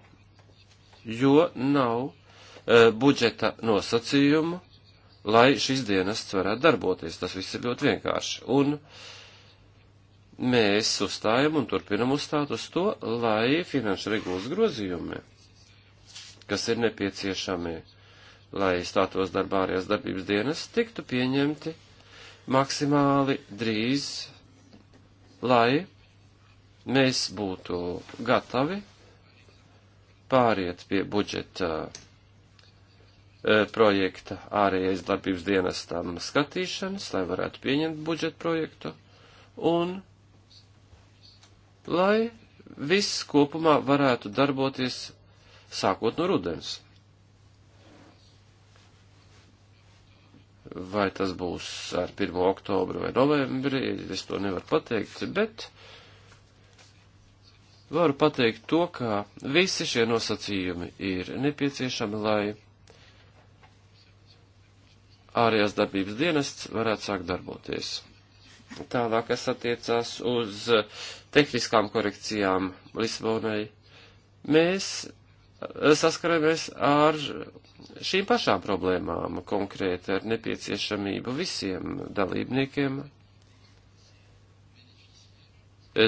jo nav e, budžeta nosacījumu, lai šis dienests varētu darboties. Tas viss ir ļoti vienkārši. Un mēs uzstājam un turpinam uzstāt uz to, lai finanšu regulas grozījumi, kas ir nepieciešami, lai stātos darbā ārējās darbības dienas, tiktu pieņemti maksimāli drīz, lai mēs būtu gatavi pāriet pie budžeta e, projekta ārējais darbības dienestam skatīšanas, lai varētu pieņemt budžeta projektu, un lai viss kopumā varētu darboties sākot no rudens. vai tas būs ar 1. oktobru vai novembri, es to nevaru pateikt, bet varu pateikt to, ka visi šie nosacījumi ir nepieciešami, lai ārējās darbības dienests varētu sākt darboties. Tālāk, kas attiecās uz tehniskām korekcijām Lisbonai, mēs saskaramies ar šīm pašām problēmām, konkrēti ar nepieciešamību visiem dalībniekiem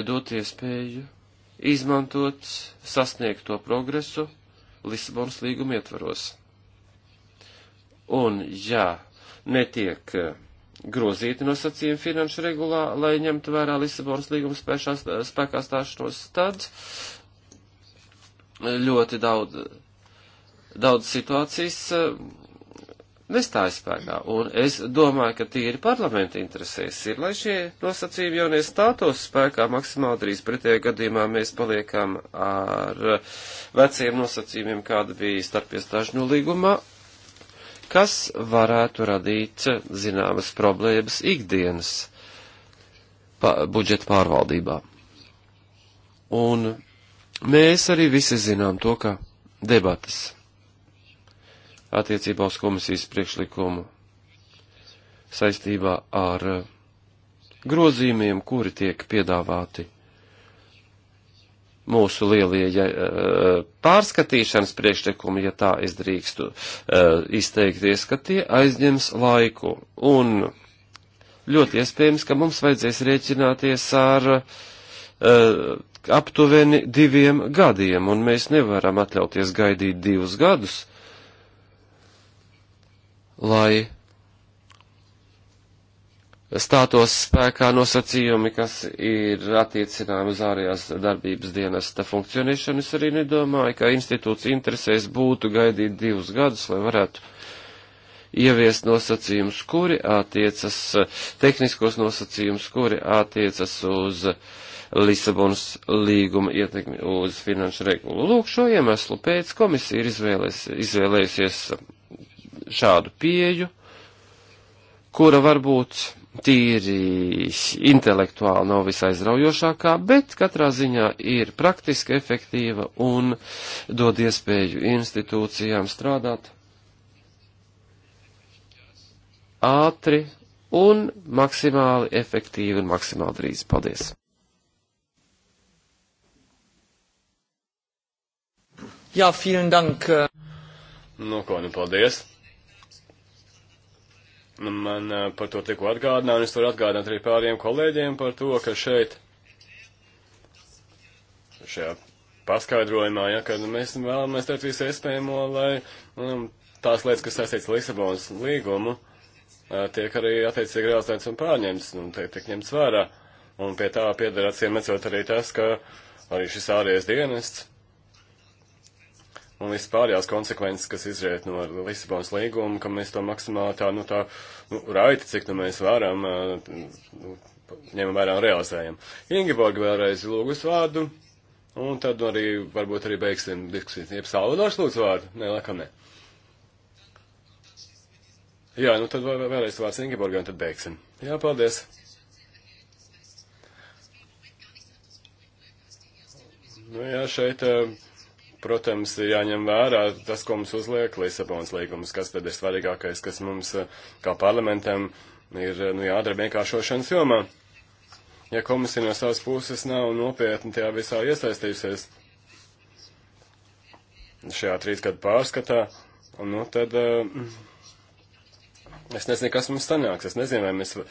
dot iespēju izmantot sasniegto progresu Lisabonas līguma ietvaros. Un, ja netiek eh, grozīti nosacījumi finanšu regulā, lai ņemtu vērā Lisabonas līguma spēkā stāšanos, tad eh, ļoti daudz daudz situācijas eh, nestāja spēkā. Un es domāju, ka tīri parlamenta interesēs ir, lai šie nosacījumi jaunie stātos spēkā maksimāli drīz pretējā gadījumā mēs paliekam ar eh, veciem nosacījumiem, kāda bija starpiestāžu nolīgumā, kas varētu radīt eh, zināmas problēmas ikdienas pa budžeta pārvaldībā. Un mēs arī visi zinām to, ka debatas attiecībā uz komisijas priekšlikumu saistībā ar eh, grozījumiem, kuri tiek piedāvāti mūsu lielie ja, eh, pārskatīšanas priekšlikumi, ja tā es drīkstu eh, izteikties, ka tie aizņems laiku. Un ļoti iespējams, ka mums vajadzēs rēķināties ar aptuveni diviem gadiem, un mēs nevaram atļauties gaidīt divus gadus, lai stātos spēkā nosacījumi, kas ir attiecināmi uz ārējās darbības dienesta funkcionēšanu. Es arī nedomāju, ka institūts interesēs būtu gaidīt divus gadus, lai varētu ieviest nosacījumus, kuri attiecas, tehniskos nosacījumus, kuri attiecas uz Lisabonas līguma ietekmi uz finanšu regulu. Lūk, šo iemeslu pēc komisija ir izvēlēs, izvēlējusies šādu pieju, kura varbūt tīri intelektuāli nav visaizraujošākā, bet katrā ziņā ir praktiski efektīva un dod iespēju institūcijām strādāt ātri un maksimāli efektīvi un maksimāli drīz. Paldies! Jā, vielen dank! Eh. Nu, ko, nu, paldies! Nu, man eh, par to tikko atgādināja, un es varu atgādināt arī pāriem kolēģiem par to, ka šeit, šajā paskaidrojumā, ja, kad mēs vēlamies darīt visu iespējamo, lai um, tās lietas, kas saistīts Lisabonas līgumu, uh, tiek arī attiecīgi realizētas un pārņemtas, un tiek, tiek ņemts vērā. Un pie tā piedara acīm redzot arī tas, ka arī šis ārējais dienests un visas pārējās konsekvences, kas izriet no Lisabonas līguma, ka mēs to maksimāli tā, nu tā, nu, raiti, cik nu mēs varam, nu, ņemam vērā un realizējam. Ingeborga vēlreiz lūgus vārdu, un tad arī, varbūt arī beigsim diskusijas. Jeb Salvadors lūdzu vārdu? Nē, laikam ne. Jā, nu tad vēlreiz vārds Ingeborga, un tad beigsim. Jā, paldies. Nu jā, šeit. Uh, Protams, ir jāņem vērā tas, ko mums uzliek Lisabonas līgums, kas tad ir svarīgākais, kas mums eh, kā parlamentam ir nu, jādara vienkāršošanas jomā. Ja komisija no savas puses nav nopietni tajā visā iesaistījusies šajā trīsgadu pārskatā, nu tad uh, es nezinu, kas mums sanāks. Es nezinu, vai mēs eh,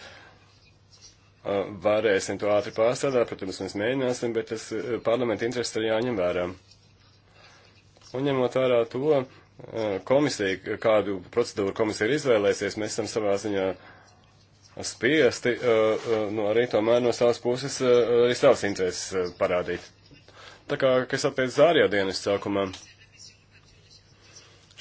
varēsim to ātri pārstrādāt, protams, mēs mēģināsim, bet tas parlamenta interesi ir jāņem vērā. Un ņemot vērā to eh, komisiju, kādu procedūru komisija ir izvēlēsies, mēs esam savā ziņā spiesti eh, eh, nu, arī tomēr no savas puses arī savas intereses parādīt. Tā kā, kas attiec zārjā dienas sākumā,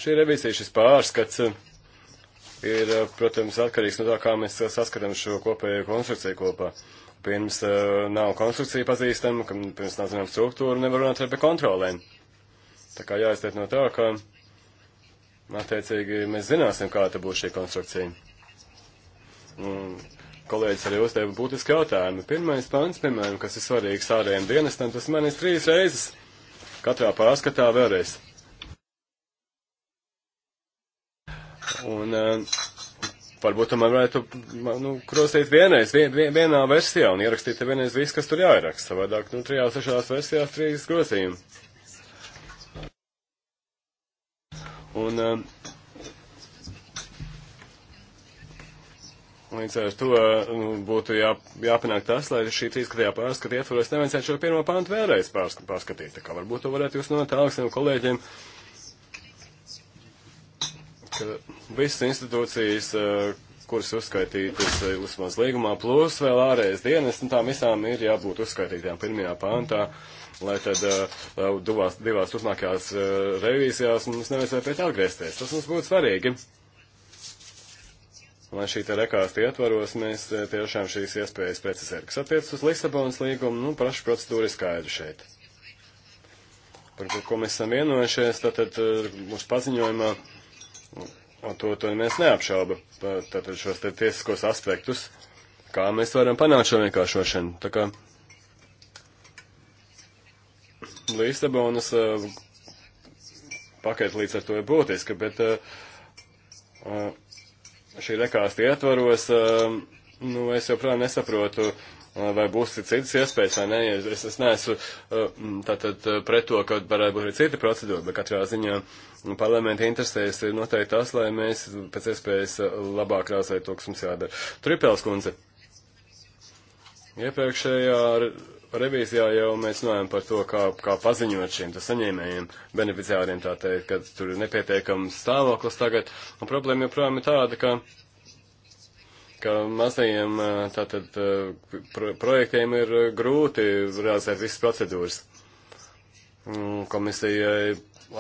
šī revīzija, šis pārskats ir, protams, atkarīgs no tā, kā mēs saskatām šo kopējo konstrukciju kopā. Pirms nav konstrukcija pazīstama, pirms nav zinām struktūra, nevar runāt arī par kontrolēm. Tā kā jāiztiek no tā, ka, attiecīgi, mēs zināsim, kāda būs šī konstrukcija. Un kolēģis arī uzdeva būtiski jautājumu. Pirmais pants, piemēram, kas ir svarīgs ārējiem dienestam, tas manis trīs reizes. Katrā pārskatā vēlreiz. Un uh, varbūt tomēr varētu nu, krustīt vienreiz, vien, vien, vienā versijā un ierakstīt vienreiz visu, kas tur jāieraksta. Savādāk, nu, trijās, sešās versijās trīs grozījumi. Un um, līdz ar to nu, būtu jā, jāpanāk tas, lai šī trīskatījā pārskata ietvaros nevajadzētu šo pirmo pantu vēlreiz pārskatīt. Tā kā varbūt to varētu jūs no tālākiem kolēģiem ka visas institūcijas, uh, kuras uzskaitītas Lisbonas uh, līgumā, plus vēl ārējais dienas, un nu, tām visām ir jābūt uzskaitītām pirmajā pāntā. Mm lai tad uh, divās, divās turpmākajās uh, revīzijās mums nevajadzētu pēc atgriezties. Tas mums būtu svarīgi. Lai šī te rekāsta ietvaros, mēs tiešām šīs iespējas precizētu. Kas attiecas uz Lisabonas līgumu, nu, praša procedūra ir skaidra šeit. Par ko mēs esam vienojušies, tad, tad mūsu paziņojumā, un to, to mēs neapšauba, tātad šos te tiesiskos aspektus, kā mēs varam panākt šo vienkāršošanu. Tā kā Lisabonas uh, eh, paketi līdz ar to ir būtiska, bet uh, šī rekāsta ietvaros, uh, nu, es joprojām nesaprotu, uh, vai būs citas iespējas vai nē. Es, es neesmu tātad pret to, ka varētu būt arī cita procedūra, bet katrā ziņā mm, parlamenta interesēs ir noteikti tas, lai mēs pēc iespējas labāk rāsētu to, kas mums jādara. Tripels kundze. Iepriekšējā revīzijā jau mēs runājam par to, kā, kā paziņot šiem saņēmējiem, beneficiāriem, tā teikt, ka tur ir nepietiekams stāvoklis tagad. Un problēma joprojām ir tāda, ka, ka mazajiem tātad, pro, projektiem ir grūti realizēt visas procedūras. Komisijai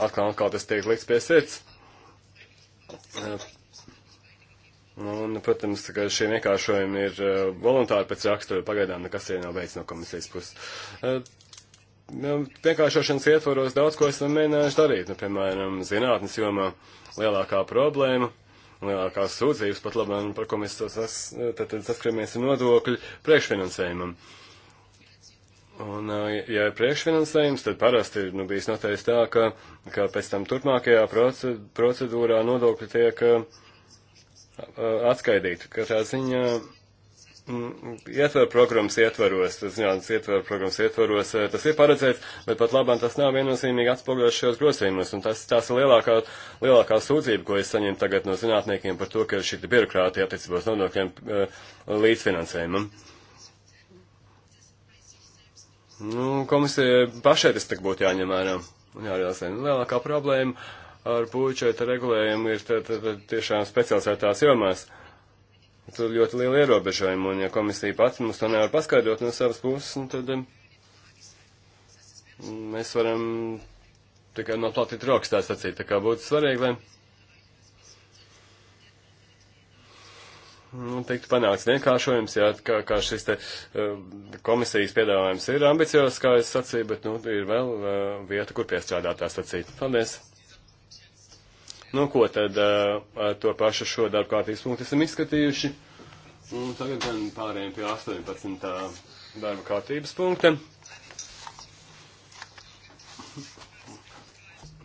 atkal un atkal tas tiek liks pie sirds. Un, protams, ka šie vienkāršojumi ir uh, voluntāri pēc rakstura, pagaidām nekas arī nav veids no komisijas puses. Uh, vienkāršošanas ietvaros daudz ko esam mēģinājuši darīt, nu, piemēram, zinātnes jomā lielākā problēma lielākās sūdzības, pat labāk, par ko mēs saskaramies, ir nodokļu priekšfinansējumam. Un, eh, ja ir priekšfinansējums, tad parasti ir nu, bijis noteikts tā, ka, ka pēc tam turpmākajā procedūrā nodokļi tiek uh, Uh, atskaidīt, ka tā ziņa mm, ietver programmas ietvaros, tas zinātnes ietver programmas ietvaros, uh, tas ir paredzēts, bet pat labāk tas nav viennozīmīgi atspoguļots šajos grozījumos, un tas, tas ir lielākā, lielākā sūdzība, ko es saņemu tagad no zinātniekiem par to, ka šī birokrātija attiecībos nodokļiem uh, līdzfinansējumam. Nu, komisija pašai tas tagad būtu jāņem vērā. Jā, realizē. Nu, lielākā problēma ar budžeta regulējumu ir tad, tad, tad tiešām specializētās jomās. Tur ļoti liela ierobežojuma, un ja komisija pati mums to nevar paskaidrot no savas puses, nu, tad mēs varam tikai no platīt rokas tā sacīt, tā kā būtu svarīgi, lai. nu, tiktu panāks vienkāršojums, jā, kā, kā šis te e, komisijas piedāvājums ir ambiciozs, kā es sacīju, bet, nu, ir vēl e, vieta, kur piestrādāt tā sacīt. Paldies! Nu, ko tad eh, ar to pašu šo darbu kārtības punktu esam izskatījuši? Un tagad gan pārējiem pie 18. darba kārtības punkta.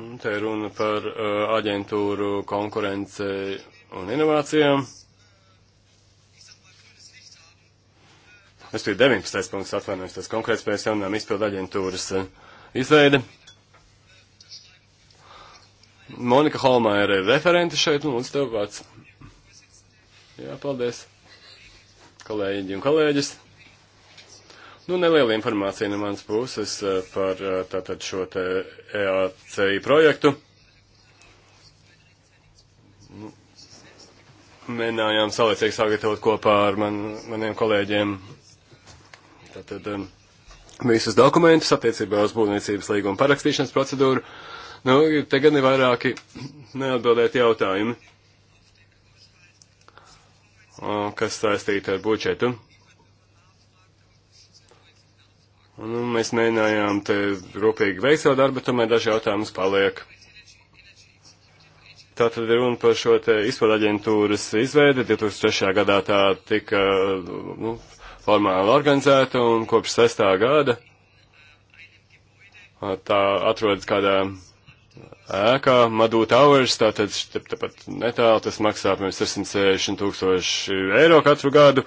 Un te runa par uh, aģentūru konkurence un inovācijām. Es biju 19. punkts, atvainojos, tas konkrēts pēc jaunām izpildu aģentūras uh, izveide. Uh, Monika Holmā ir referente šeit, un nu, lūdzu tev vārds. Jā, paldies. Kolēģi un kolēģis. Nu, neliela informācija no manas puses eh, par eh, tātad šo te EACI projektu. Nu, mēģinājām saulēcīgi sagatavot kopā ar man, maniem kolēģiem tātad um, visus dokumentus attiecībā uz būvniecības līguma parakstīšanas procedūru. Uh, Nu, te gan ir vairāki neatbildēti jautājumi, kas saistīti ar budžetu. Nu, mēs mēģinājām te rūpīgi veikt savu darbu, tomēr daži jautājums paliek. Tā tad ir runa par šo te izpildu aģentūras izveidi. 2003. gadā tā tika nu, formāli organizēta un kopš 6. gada tā atrodas kādā ēkā, Madu Towers, tātad tāpat netālu, tas maksā apmēram 660 tūkstoši eiro katru gadu,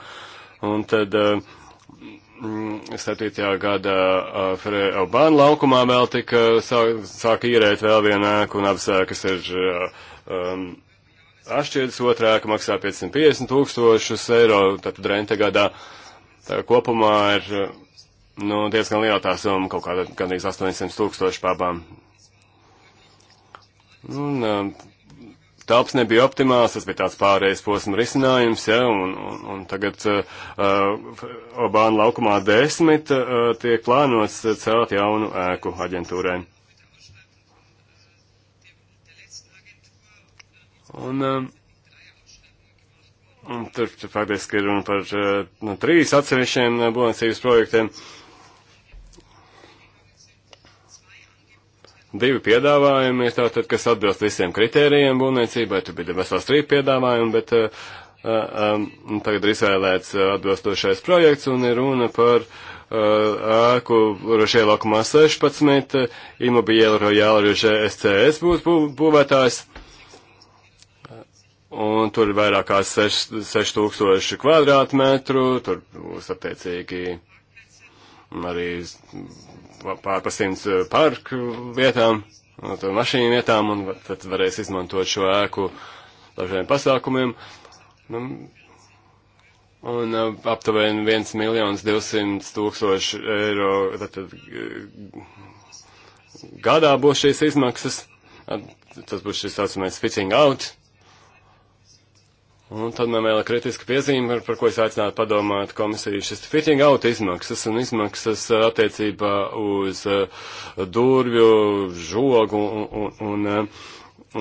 un tad uh, eh, 7. gada uh, eh, Albāna laukumā vēl tika sāk, sāk īrēt vēl vienu ēku, un abas ēkas ir uh, um, atšķirtas, otrā ēka maksā 550 tūkstošus eiro, tātad renta gadā tā kopumā ir. Uh, Nu, diezgan liela tā summa, kaut kāda gandrīz 800 tūkstoši pabām Un, um, Tāps nebija optimāls, tas bija tāds pārējais posma risinājums, ja, un, un, un tagad uh, uh Obāna laukumā desmit uh, tiek plānots celt jaunu ēku aģentūrai. Un, uh, un tur, tur faktiski ir runa par uh, trīs atsevišķiem uh, būvniecības projektiem. Uh, divi piedāvājumi, tātad, kas atbilst visiem kritērijiem būvniecībai, tur bija vesels trīs piedāvājumi, bet uh, um, tagad ir izvēlēts eh, atbilstošais projekts un ir runa par uh, ēku Rošie lakumā 16, Imobijēla Rojāla Rošie SCS būs būvētājs. Un tur ir vairāk kā 6000 kvadrātmetru, tur būs attiecīgi arī pārpa simts eh, parku vietām, mašīnu vietām, un tad varēs izmantot šo ēku dažiem pasākumiem. Nu, un eh, aptuveni 1 miljons 200 tūkstoši eiro tad, tad, eh, gadā būs šīs izmaksas. Tas būs šis saucamais fitting out. Un tad man vēl ir kritiska piezīme, par, par ko es aicinātu padomāt komisiju. Šis fitting out izmaksas un izmaksas eh, attiecībā uz uh, durvju, žogu un, un, un, eh,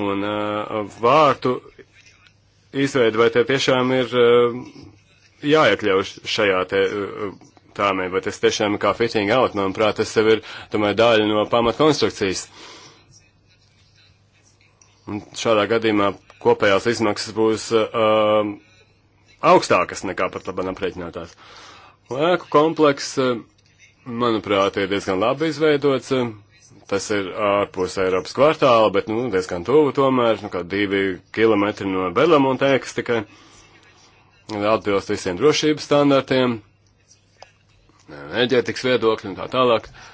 un uh, vārtu izveidu, vai tie tiešām ir uh, jāiekļauj šajā te tāmē, vai tas tiešām ir kā fitting out, manuprāt, tas jau ir, tomēr, daļa no pamatkonstrukcijas. Un šādā gadījumā kopējās izmaksas būs uh, augstākas nekā pat labam aprēķinātās. Lēku kompleks, uh, manuprāt, ir diezgan labi izveidots. Uh, tas ir ārpus Eiropas kvartāla, bet, nu, diezgan tuvu tomēr, nu, kā divi kilometri no Berlamontēkas tikai. Atbilst visiem drošības standartiem, enerģētikas viedokļi un tā tālāk. Uh,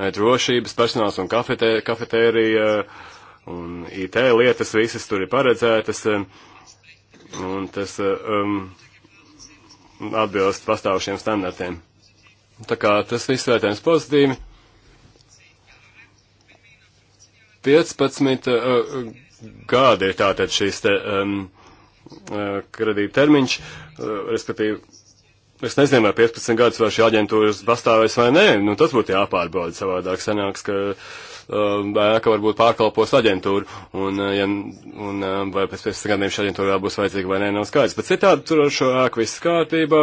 Eh, drošības personāls un kafetē, kafetērija un IT lietas visas tur ir paredzētas. Eh, un tas eh, um, atbilst pastāvušiem standartiem. Tā kā tas viss vērtējums pozitīvi. 15 uh, gadi ir tātad šīs te, um, kredīta termiņš, uh, respektīvi Es nezinu, vai 15 gadus vēl šī aģentūra pastāvēs vai nē, nu tas būtu jāpārbauda savādāk. Sanāks, ka um, ēka uh, varbūt pārkalpos aģentūru, un, uh, ja, un uh, vai pēc 15 gadiem šī aģentūra vēl būs vajadzīga vai nē, nav skaidrs. Bet citādi tur ar šo ēku viss kārtībā,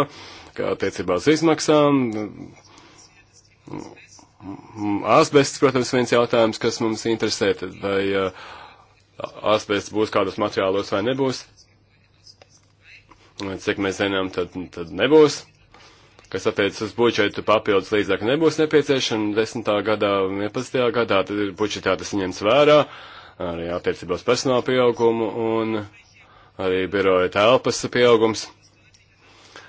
kā attiecībā uz izmaksām. Asbests, protams, viens jautājums, kas mums interesē, tad vai uh, asbests būs kādos materiālos vai nebūs. Cik mēs zinām, tad, tad nebūs. Kas attiecas uz budžetu, papildus līdzekļu nebūs nepieciešama. 10. gadā, 11. gadā tad ir budžetā tas ņemts vērā, arī attiecībā uz personāla pieaugumu un arī biroja telpas pieaugums.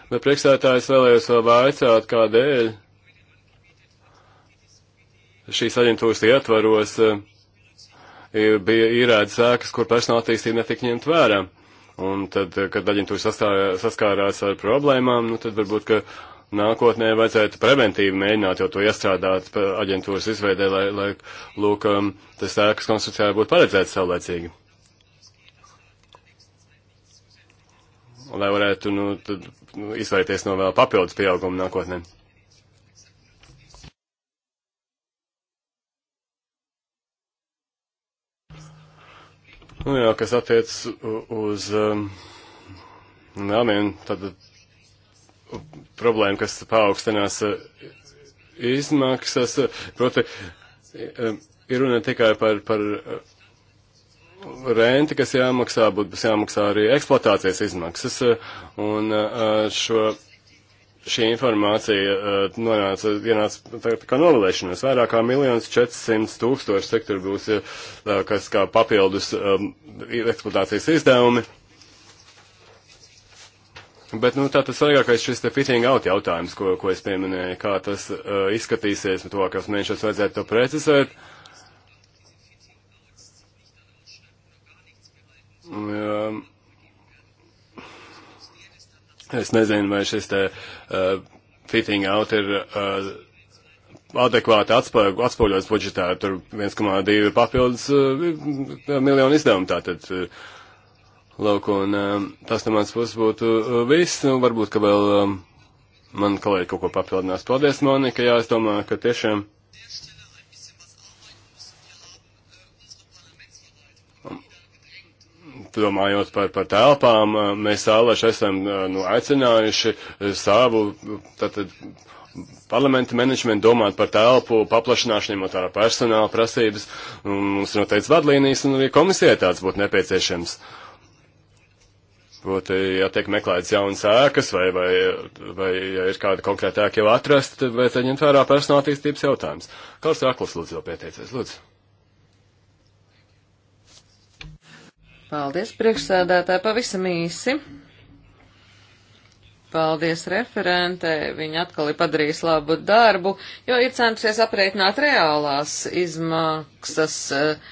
Bet priekšsētājs vēlējos vēl vaicāt, kādēļ šīs aģentūras ietvaros eh, bija īrētas sēkas, kur personāla attīstība netika ņemt vērā. Un tad, kad aģentūra saskārās ar problēmām, nu tad varbūt, ka nākotnē vajadzētu preventīvi mēģināt jau to iestrādāt aģentūras izveidē, lai, lai lūk, um, tas ēkas konstrukcijā būtu paredzēts saulēcīgi. Lai varētu, nu, tad, nu, izvairīties no vēl papildus pieauguma nākotnē. Nu jā, kas attiec uz nāmiem, um, tad problēma, kas paaugstinās uh, izmaksas, uh, proti, um, ir runa tikai par, par uh, renti, kas jāmaksā, būtu jāmaksā arī eksploatācijas izmaksas, un šo šī informācija uh, nonāca, ienāca tā, tā kā novēlēšanos. Vairāk kā 1 400 tūkstoši sektoru būs, uh, kas kā papildus um, eksploatācijas izdevumi. Bet, nu, tā tas svarīgākais šis te fitting out jautājums, ko, ko es pieminēju, kā tas uh, izskatīsies, to, kas mēnešos vajadzētu to precizēt. Um, Es nezinu, vai šis te uh, fitting out ir uh, adekvāti atspoguļots budžetā, tur 1,2 papildus uh, miljonu izdevumu tātad. Uh, Lūk, un uh, tas no mans puses būtu uh, viss, nu, varbūt, ka vēl um, man kolēģi kaut ko papildinās. Paldies, Monika, jā, es domāju, ka tiešām. domājot par, par telpām, eh, mēs ālaši esam eh, nu, aicinājuši eh, savu tātad, parlamenta menedžmentu domāt par telpu paplašināšanu, ņemot vērā personāla prasības. Un, mums ir noteikts vadlīnijas, un arī komisijai tāds būtu nepieciešams. Proti, ja tiek meklētas jaunas ēkas, vai, vai, vai ja ir kāda konkrēta ēka jau atrasta, tad vajadzētu ņemt vērā personāla attīstības jautājums. Kāds ir akls, lūdzu, vēl pieteicies? Lūdzu. Paldies, priekšsēdētāji, pavisam īsi. Paldies referentē, viņa atkal ir padarījusi labu darbu, jo ir centusies aprēķināt reālās izmaksas eh,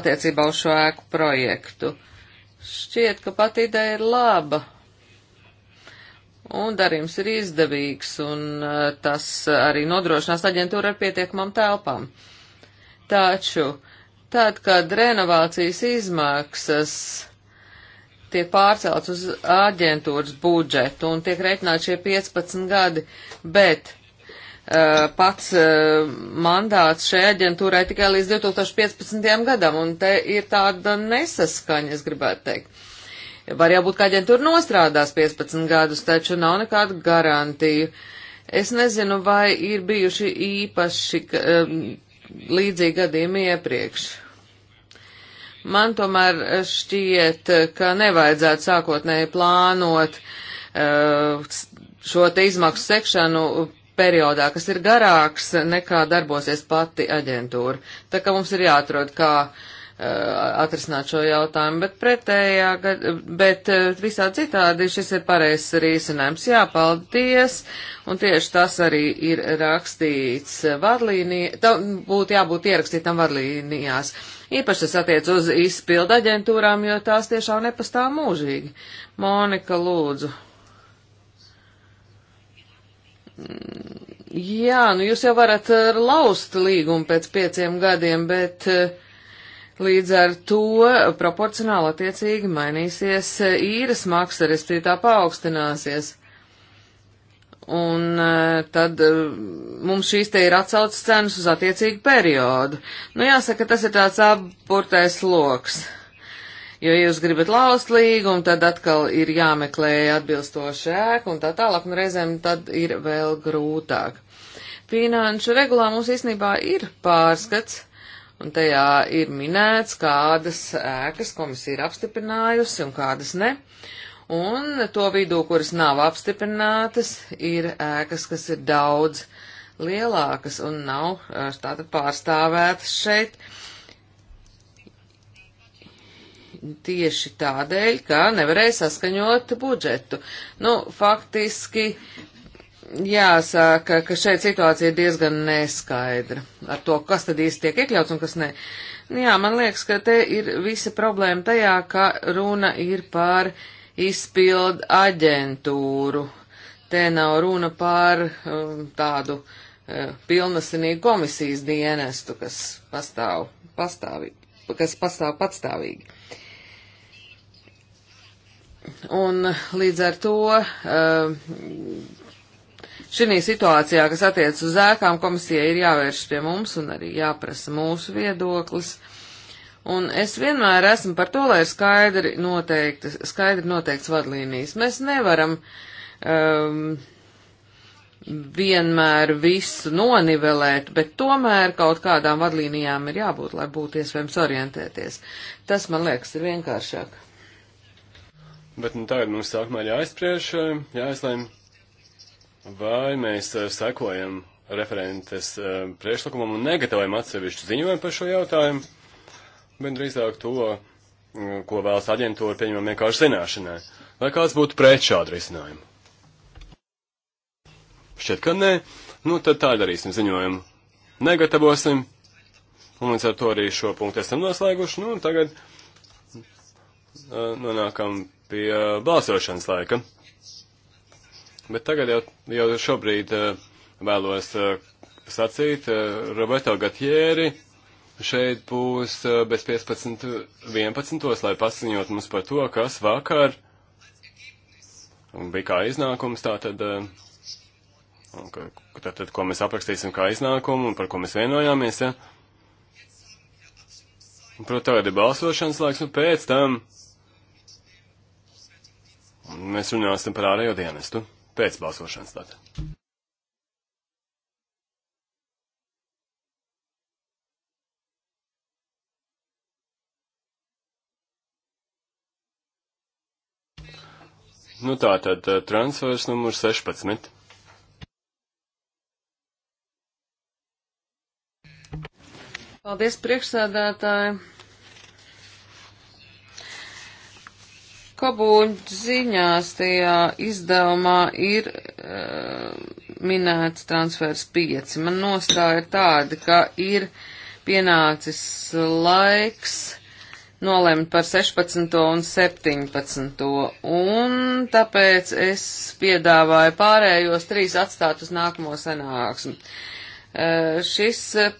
attiecībā uz šo ēku projektu. Šķiet, ka pat ideja ir laba. Un darījums ir izdevīgs, un eh, tas arī nodrošinās aģentūru ar pietiekamām telpām. Taču uh, Tad, kad renovācijas izmaksas tiek pārcelts uz aģentūras budžetu un tiek reiķināti šie 15 gadi, bet uh, pats uh, mandāts šai aģentūrai tikai līdz 2015. gadam, un te ir tāda nesaskaņa, es gribētu teikt. Var jābūt, ka aģentūra nostrādās 15 gadus, taču nav nekādu garantiju. Es nezinu, vai ir bijuši īpaši um, līdzīgi gadījumi iepriekš. Man tomēr šķiet, ka nevajadzētu sākotnēji plānot uh, šo te izmaksu sekšanu periodā, kas ir garāks nekā darbosies pati aģentūra. Tā kā mums ir jāatrod, kā uh, Uh, atrisināt šo jautājumu, bet pretējā, bet uh, visā citādi šis ir pareizs risinājums. Jā, paldies, un tieši tas arī ir rakstīts vadlīnijā, tam būtu jābūt ierakstītam vadlīnijās. Īpaši tas attiec uz izpildu aģentūrām, jo tās tiešām nepastāv mūžīgi. Monika, lūdzu. Mm, jā, nu jūs jau varat uh, laust līgumu pēc pieciem gadiem, bet uh, Līdz ar to proporcionāli attiecīgi mainīsies īres maksa, respektīvi tā paaugstināsies. Un e, tad e, mums šīs te ir atsaucas cenas uz attiecīgu periodu. Nu jāsaka, tas ir tāds apurtais loks. Jo, ja jūs gribat laust līgumu, tad atkal ir jāmeklē atbilstoši ēku un tā tālāk, un reizēm tad ir vēl grūtāk. Finanšu regulā mums īstenībā ir pārskats, uh, un tajā ir minēts, kādas ēkas komisija ir apstiprinājusi un kādas ne. Un to vidū, kuras nav apstiprinātas, ir ēkas, kas ir daudz lielākas un nav eh, tātad pārstāvētas šeit. Tieši tādēļ, ka nevarēja saskaņot budžetu. Nu, faktiski jāsaka, ka šeit situācija ir diezgan neskaidra ar to, kas tad īsti tiek iekļauts un kas nē. Nu jā, man liekas, ka te ir visa problēma tajā, ka runa ir par izpildu aģentūru. Te nav runa par um, tādu uh, pilnasinīgu komisijas dienestu, kas pastāv, pastāvīgi, kas pastāv patstāvīgi. Un līdz ar to uh, Šī situācijā, kas attiec uz ēkām, komisija ir jāvērš pie mums un arī jāprasa mūsu viedoklis. Un es vienmēr esmu par to, lai ir skaidri, noteikti, skaidri noteikts vadlīnijas. Mēs nevaram um, vienmēr visu nonivelēt, bet tomēr kaut kādām vadlīnijām ir jābūt, lai būtu iespējams orientēties. Tas, man liekas, ir vienkāršāk. Bet nu, tagad mums sākumā jāizspriež, jāizlēm, vai mēs eh, sekojam referentes eh, priekšlikumam un negatavojam atsevišķu ziņojumu par šo jautājumu, bet drīzāk to, eh, ko vēlas aģentūra, pieņemam vienkārši zināšanai. Vai kāds būtu pret šādu risinājumu? Šķiet, ka nē. Nu, tad tā darīsim ziņojumu. Negatavosim. Un līdz ar to arī šo punktu esam noslēguši. Nu, un tagad uh, nonākam pie balsošanas laika. Bet tagad jau, jau šobrīd eh, vēlos eh, sacīt, eh, Roberto Gatjēri šeit būs bez 15.11. lai paziņot mums par to, kas vakar bija kā iznākums, tātad, tātad, ko mēs aprakstīsim kā iznākumu un par ko mēs vienojāmies, ja? Protams, tagad ir balsošanas laiks, un pēc tam mēs runāsim par ārējo dienestu pēc balsošanas tātad. Nu tā tad eh, transfers numur 16. Paldies priekšsēdētāji. Kobuļu ziņās tajā izdevumā ir uh, minēts transfers 5. Man nostāja ir tāda, ka ir pienācis laiks nolemt par 16. un 17. un tāpēc es piedāvāju pārējos trīs atstāt uz nākamo sanāksmi. Uh, šis, eh,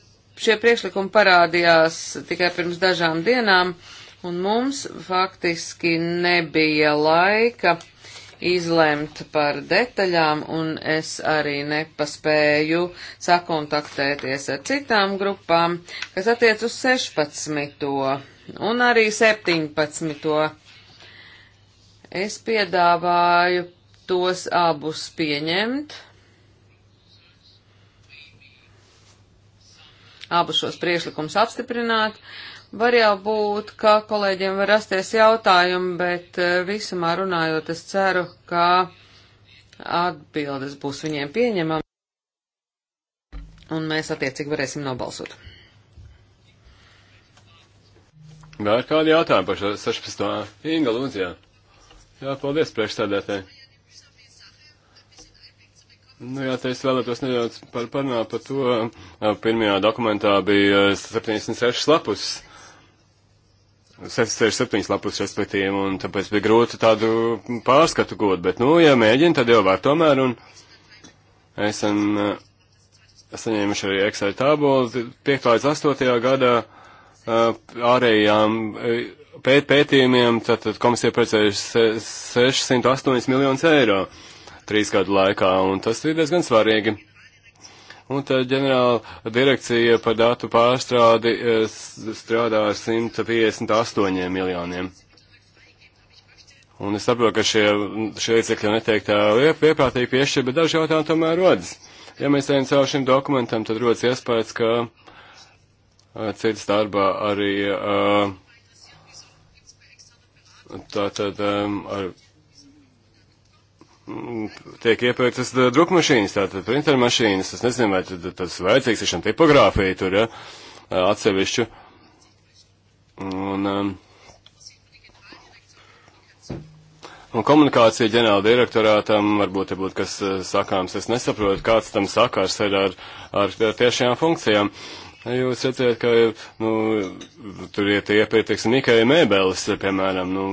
šie priekšlikumi parādījās tikai pirms dažām dienām. Uh, un mums faktiski nebija laika izlemt par detaļām, un es arī nepaspēju sakontaktēties ar citām grupām, kas attiec uz 16. un arī 17. Es piedāvāju tos abus pieņemt. Abus šos priešlikumus apstiprināt, uh, Var jau būt, ka kolēģiem var rasties jautājumi, bet eh, visumā runājot, es ceru, ka atbildes būs viņiem pieņemama, un mēs attiecīgi varēsim nobalsot. Vēl kādi jautājumi par šo 16. Inga lūdzu, jā. Jā, paldies priekšstādētāji. Nu, jā, te es vēlētos nedaudz par, parunāt par to. Pirmajā dokumentā bija 76 eh, lapus 67 lapus, respektīvi, un tāpēc bija grūti tādu pārskatu gūt, bet, nu, ja mēģina, tad jau var tomēr, un esam eh, saņēmuši arī Excel tabulu 5. līdz 8. gadā eh, ārējām eh, pēt, pētījumiem, tad, tad komisija precējuši 608 miljonus eiro trīs gadu laikā, un tas ir diezgan svarīgi. Un tad ģenerāla direkcija par datu pārstrādi eh, strādā ar 158 miljoniem. Un es saprotu, ka šie, šie līdzekļi neteikt tā vieprātīgi piešķir, bet daži jautājumi tomēr rodas. Ja mēs ejam caur šim dokumentam, tad rodas iespējas, ka uh, eh, cits darbā arī uh, eh, tātad um, ar tiek iepirktas eh, drukmašīnas, tātad printermašīnas, es nezinu, vai tad, tas vajadzīgs ir šam tipogrāfija tur, ja, eh, atsevišķu. Un, um, un komunikācija ģenerāla direktorātam varbūt ir būt kas eh, sakāms, es nesaprotu, kāds tam sakars ir ar, ar, ar tiešajām funkcijām. Uh, Jūs atcerat, ka nu, tur iet iepērk, teiksim, tikai mēbeles, piemēram, nu,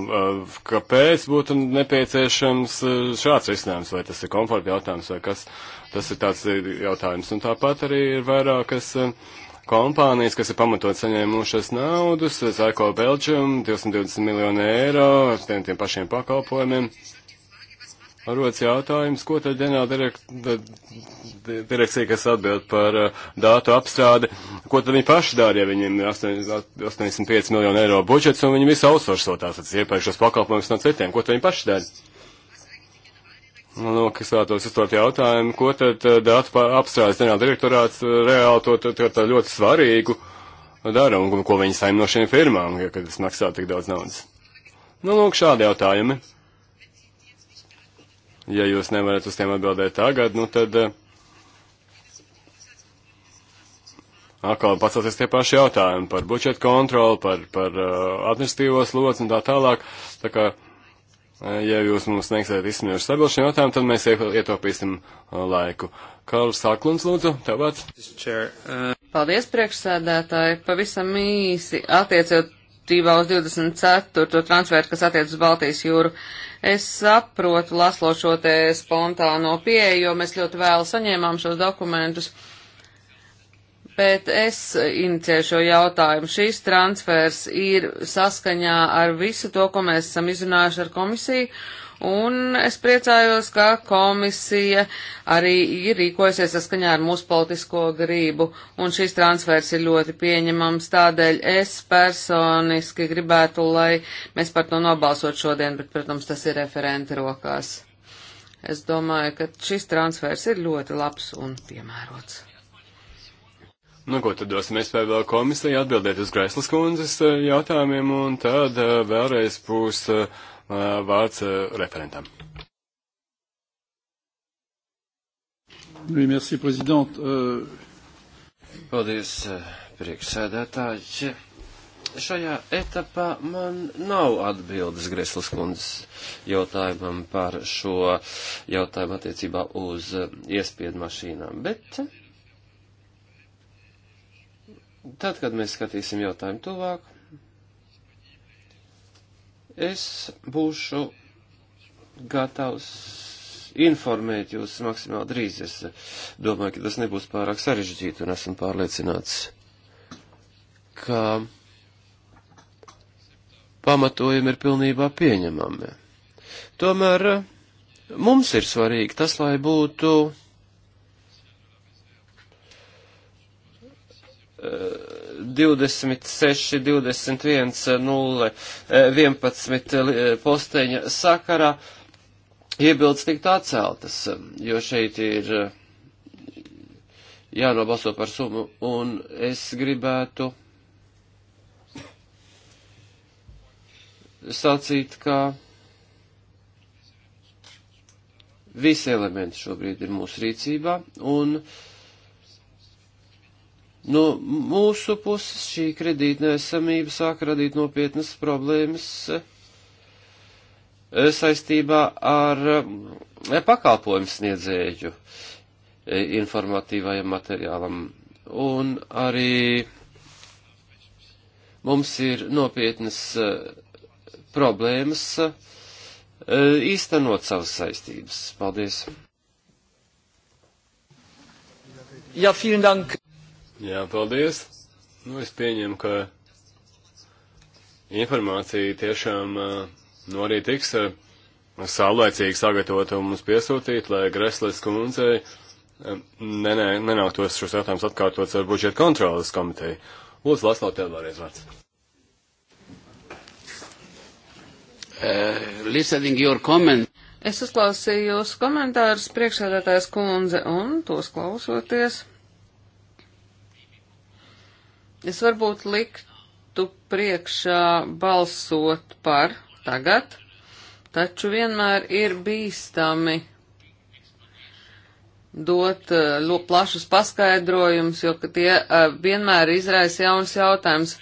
kāpēc būtu nepieciešams šāds risinājums, vai tas ir komforta jautājums, vai kas, tas ir tāds jautājums. Un tāpat arī ir vairākas kompānijas, kas ir pamatot saņēmušas naudas, Zaiko Belgium, 220 miljonu eiro ar tiem, tiem pašiem pakalpojumiem. Uh, rodas jautājums, ko tad ģenerāla direk, direkcija, kas atbild par uh, dātu apstrādi, ko tad viņi paši dara, ja viņiem ir 85 miljonu eiro budžets un viņi visu outsourco tās iepēršos pakalpojumus no citiem, ko tad viņi paši dara? Nu, nu kas vēlētos uzdot jautājumu, ko tad uh, dātu apstrādes ģenerāla direktorāts uh, reāli to, to, to, to ļoti svarīgu dara un ko viņi saim no šiem firmām, ja, kad tas maksā tik daudz naudas? Nu, lūk, šādi jautājumi. Ja jūs nevarat uz tiem atbildēt tagad, nu tad eh, atkal pacelties tie paši jautājumi par budžetu kontroli, par, par eh, administratīvos lodus un tā tālāk. Tā kā, eh, ja jūs mums sniegsiet izsmeļošu sabilšanu jautājumu, tad mēs ietaupīsim laiku. Karls Saklunds, lūdzu, tev vārds. Uh, Paldies, priekšsēdētāji. Pavisam īsi attiecot attiecībā uz 24. transferu, kas attiec uz Baltijas jūru. Es saprotu, laslo šo te spontāno pieeju, jo mēs ļoti vēlu saņēmām šos dokumentus, bet es inicēju šo jautājumu. Šīs transfers ir saskaņā ar visu to, ko mēs esam izrunājuši ar komisiju, Un es priecājos, ka komisija arī ir rīkojusies saskaņā ar mūsu politisko grību, un šis transfers ir ļoti pieņemams. Tādēļ es personiski gribētu, lai mēs par to nobalsot šodien, bet, protams, tas ir referenti rokās. Es domāju, ka šis transfers ir ļoti labs un piemērots. Nu, ko tad dosim iespēju vēl komisijai atbildēt uz Graislas kundzes eh, jautājumiem, un tad eh, vēlreiz būs. Uh, vārds e, referentam. Oui, merci, prezident. Euh, Paldies, e, priekšsēdētāji. Šajā etapā man nav atbildes Greslas kundzes jautājumam par šo jautājumu attiecībā uz e, iespiedu mašīnām, bet tad, kad mēs skatīsim jautājumu tuvāk, Es būšu gatavs informēt jūs maksimāli drīz. Es domāju, ka tas nebūs pārāk sarežģīti un esmu pārliecināts, ka pamatojumi ir pilnībā pieņemami. Tomēr eh, mums ir svarīgi tas, lai būtu uh, 26, 21, 0, 11 posteņa sakarā iebildes tikt atceltas, eh, jo šeit ir eh, jānobalso par summu, un es gribētu sacīt, ka visi elementi šobrīd ir mūsu rīcībā, un uh, No nu, mūsu puses šī kredītnēsamība sāk radīt nopietnas problēmas eh, saistībā ar eh, pakalpojumu sniedzēju eh, informatīvajam materiālam. Un arī mums ir nopietnas problēmas īstenot savas saistības. Paldies! Ja, vielen Dank. Jā, paldies. Nu, es pieņemu, ka informācija tiešām nu, arī tiks saulēcīgi sagatavota un mums piesūtīta, lai Greslis kundzei nenāktos šos jautājumus atkārtots ar budžeta kontrolas komiteju. Lūdzu, Laslau, tev vēlreiz vārds. Uh, es uzklausīju jūsu komentārus priekšsēdētājs kundze un tos klausoties. Es varbūt liktu priekšā balsot par tagad, taču vienmēr ir bīstami dot uh, plašus paskaidrojumus, jo tie uh, vienmēr izraisa jaunas jautājumas.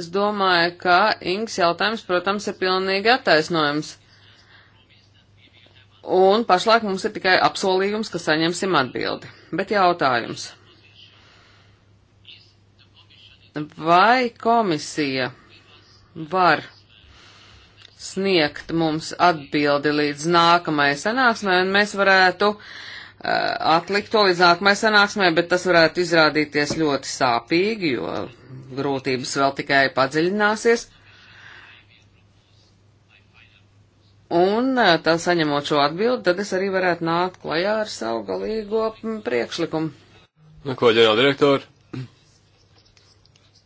Es domāju, ka Ingas jautājums, protams, ir pilnīgi attaisnojums. Un pašlaik mums ir tikai apsolījums, ka saņemsim atbildi. Bet jautājums vai komisija var sniegt mums atbildi līdz nākamajai sanāksmē, un mēs varētu uh, atlikt to līdz nākamajai sanāksmē, bet tas varētu izrādīties ļoti sāpīgi, jo grūtības vēl tikai padziļināsies. Un eh, tā saņemot šo atbildi, tad es arī varētu nākt klajā ar savu galīgo priekšlikumu. Nu, ko, ģenerāldirektori,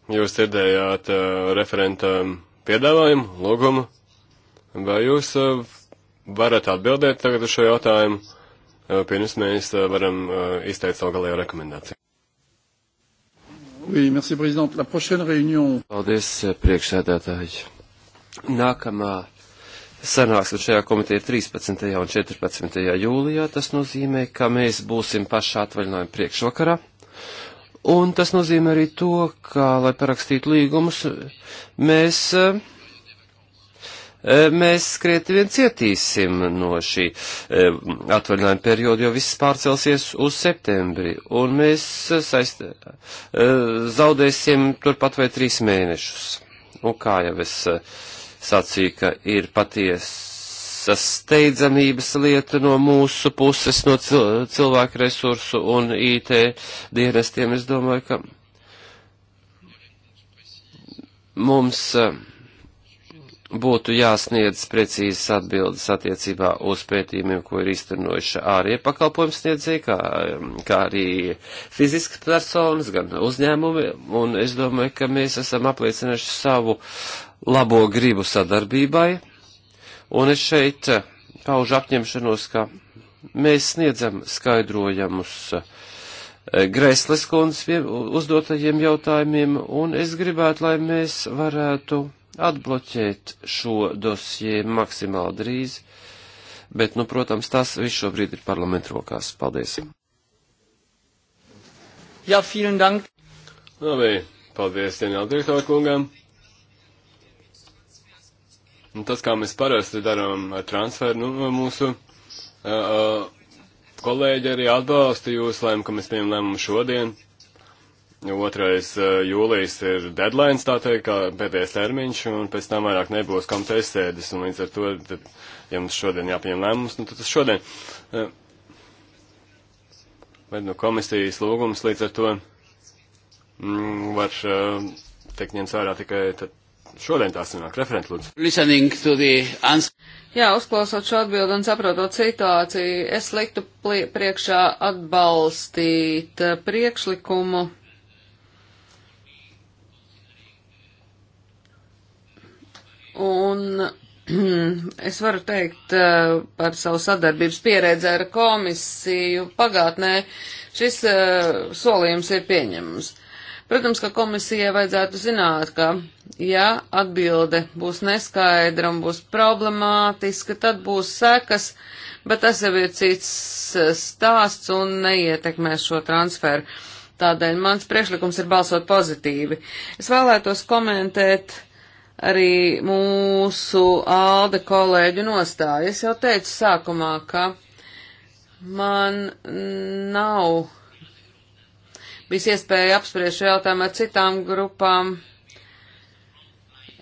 Jūs dzirdējāt uh, referenta piedāvājumu, lūgumu. Vai jūs uh, varat atbildēt tagad uz šo jautājumu, uh, pirms mēs uh, varam uh, izteikt savu galējo rekomendāciju? Oui, merci, président. La prochaine réunion. Paldies, uh, priekšsēdētāji. Nākamā sanāksme šajā komitē 13. un 14. jūlijā. Tas nozīmē, ka mēs būsim pašā atvaļinājuma priekšvakarā. Un tas nozīmē arī to, ka, lai parakstītu līgumus, mēs, eh, eh, mēs krieti vien cietīsim no šī eh, atvaļinājuma perioda, jo viss pārcelsies uz septembri. Un mēs saist, zaudēsim turpat vai trīs mēnešus. Un kā jau es sacīju, ka ir paties steidzamības lieta no mūsu puses, no cilvēku resursu un IT dienestiem. Es domāju, ka mums eh, būtu jāsniedz precīzas atbildes attiecībā uz pētījumiem, ko ir izturnojuši ārie pakalpojums sniedzēji, kā, kā arī fiziskas personas, gan uzņēmumi, un es domāju, ka mēs esam apliecinājuši savu labo gribu sadarbībai Un es šeit eh, paužu apņemšanos, ka mēs sniedzam skaidrojamus eh, Grēsles kundzes uzdotajiem jautājumiem, un es gribētu, lai mēs varētu atbloķēt šo dosie maksimāli drīz, bet, nu, protams, tas viss šobrīd ir parlamentu rokās. Paldies! Jā, ja, vielen dank! Labi, paldies, ģenerāldirektor kungam! Un nu, tas, kā mēs parasti darām ar transferu, nu, mūsu uh, kolēģi arī atbalsta jūsu lēmumu, ka mēs pieņemam lēmumu šodien. 2. jūlijas ir deadline, tā teikt, kā pēdējais termiņš, un pēc tam vairāk nebūs kam te sēdes, un līdz ar to, tad, ja mums šodien jāpieņem lēmums, nu, tad tas šodien. Uh, bet, nu, komisijas lūgums līdz ar to mm, var uh, teikt ņemts vērā tikai tad Šodien tā sanāk referents lūdzu. Jā, uzklausot šo atbildi un saprotot situāciju, es liktu priekšā atbalstīt eh, priekšlikumu. Un es varu teikt eh, par savu sadarbības pieredzi ar komisiju pagātnē. Šis eh, solījums ir pieņemams. Protams, ka komisijai vajadzētu zināt, ka, ja atbilde būs neskaidra un būs problemātiska, tad būs sekas, bet tas jau ir cits eh, stāsts un neietekmēs šo transferu. Tādēļ mans priekšlikums ir balsot pozitīvi. Es vēlētos komentēt arī mūsu ALDE kolēģu nostāju. Es jau teicu sākumā, ka man nav bijis iespēja apspriest šo jautājumu ar citām grupām,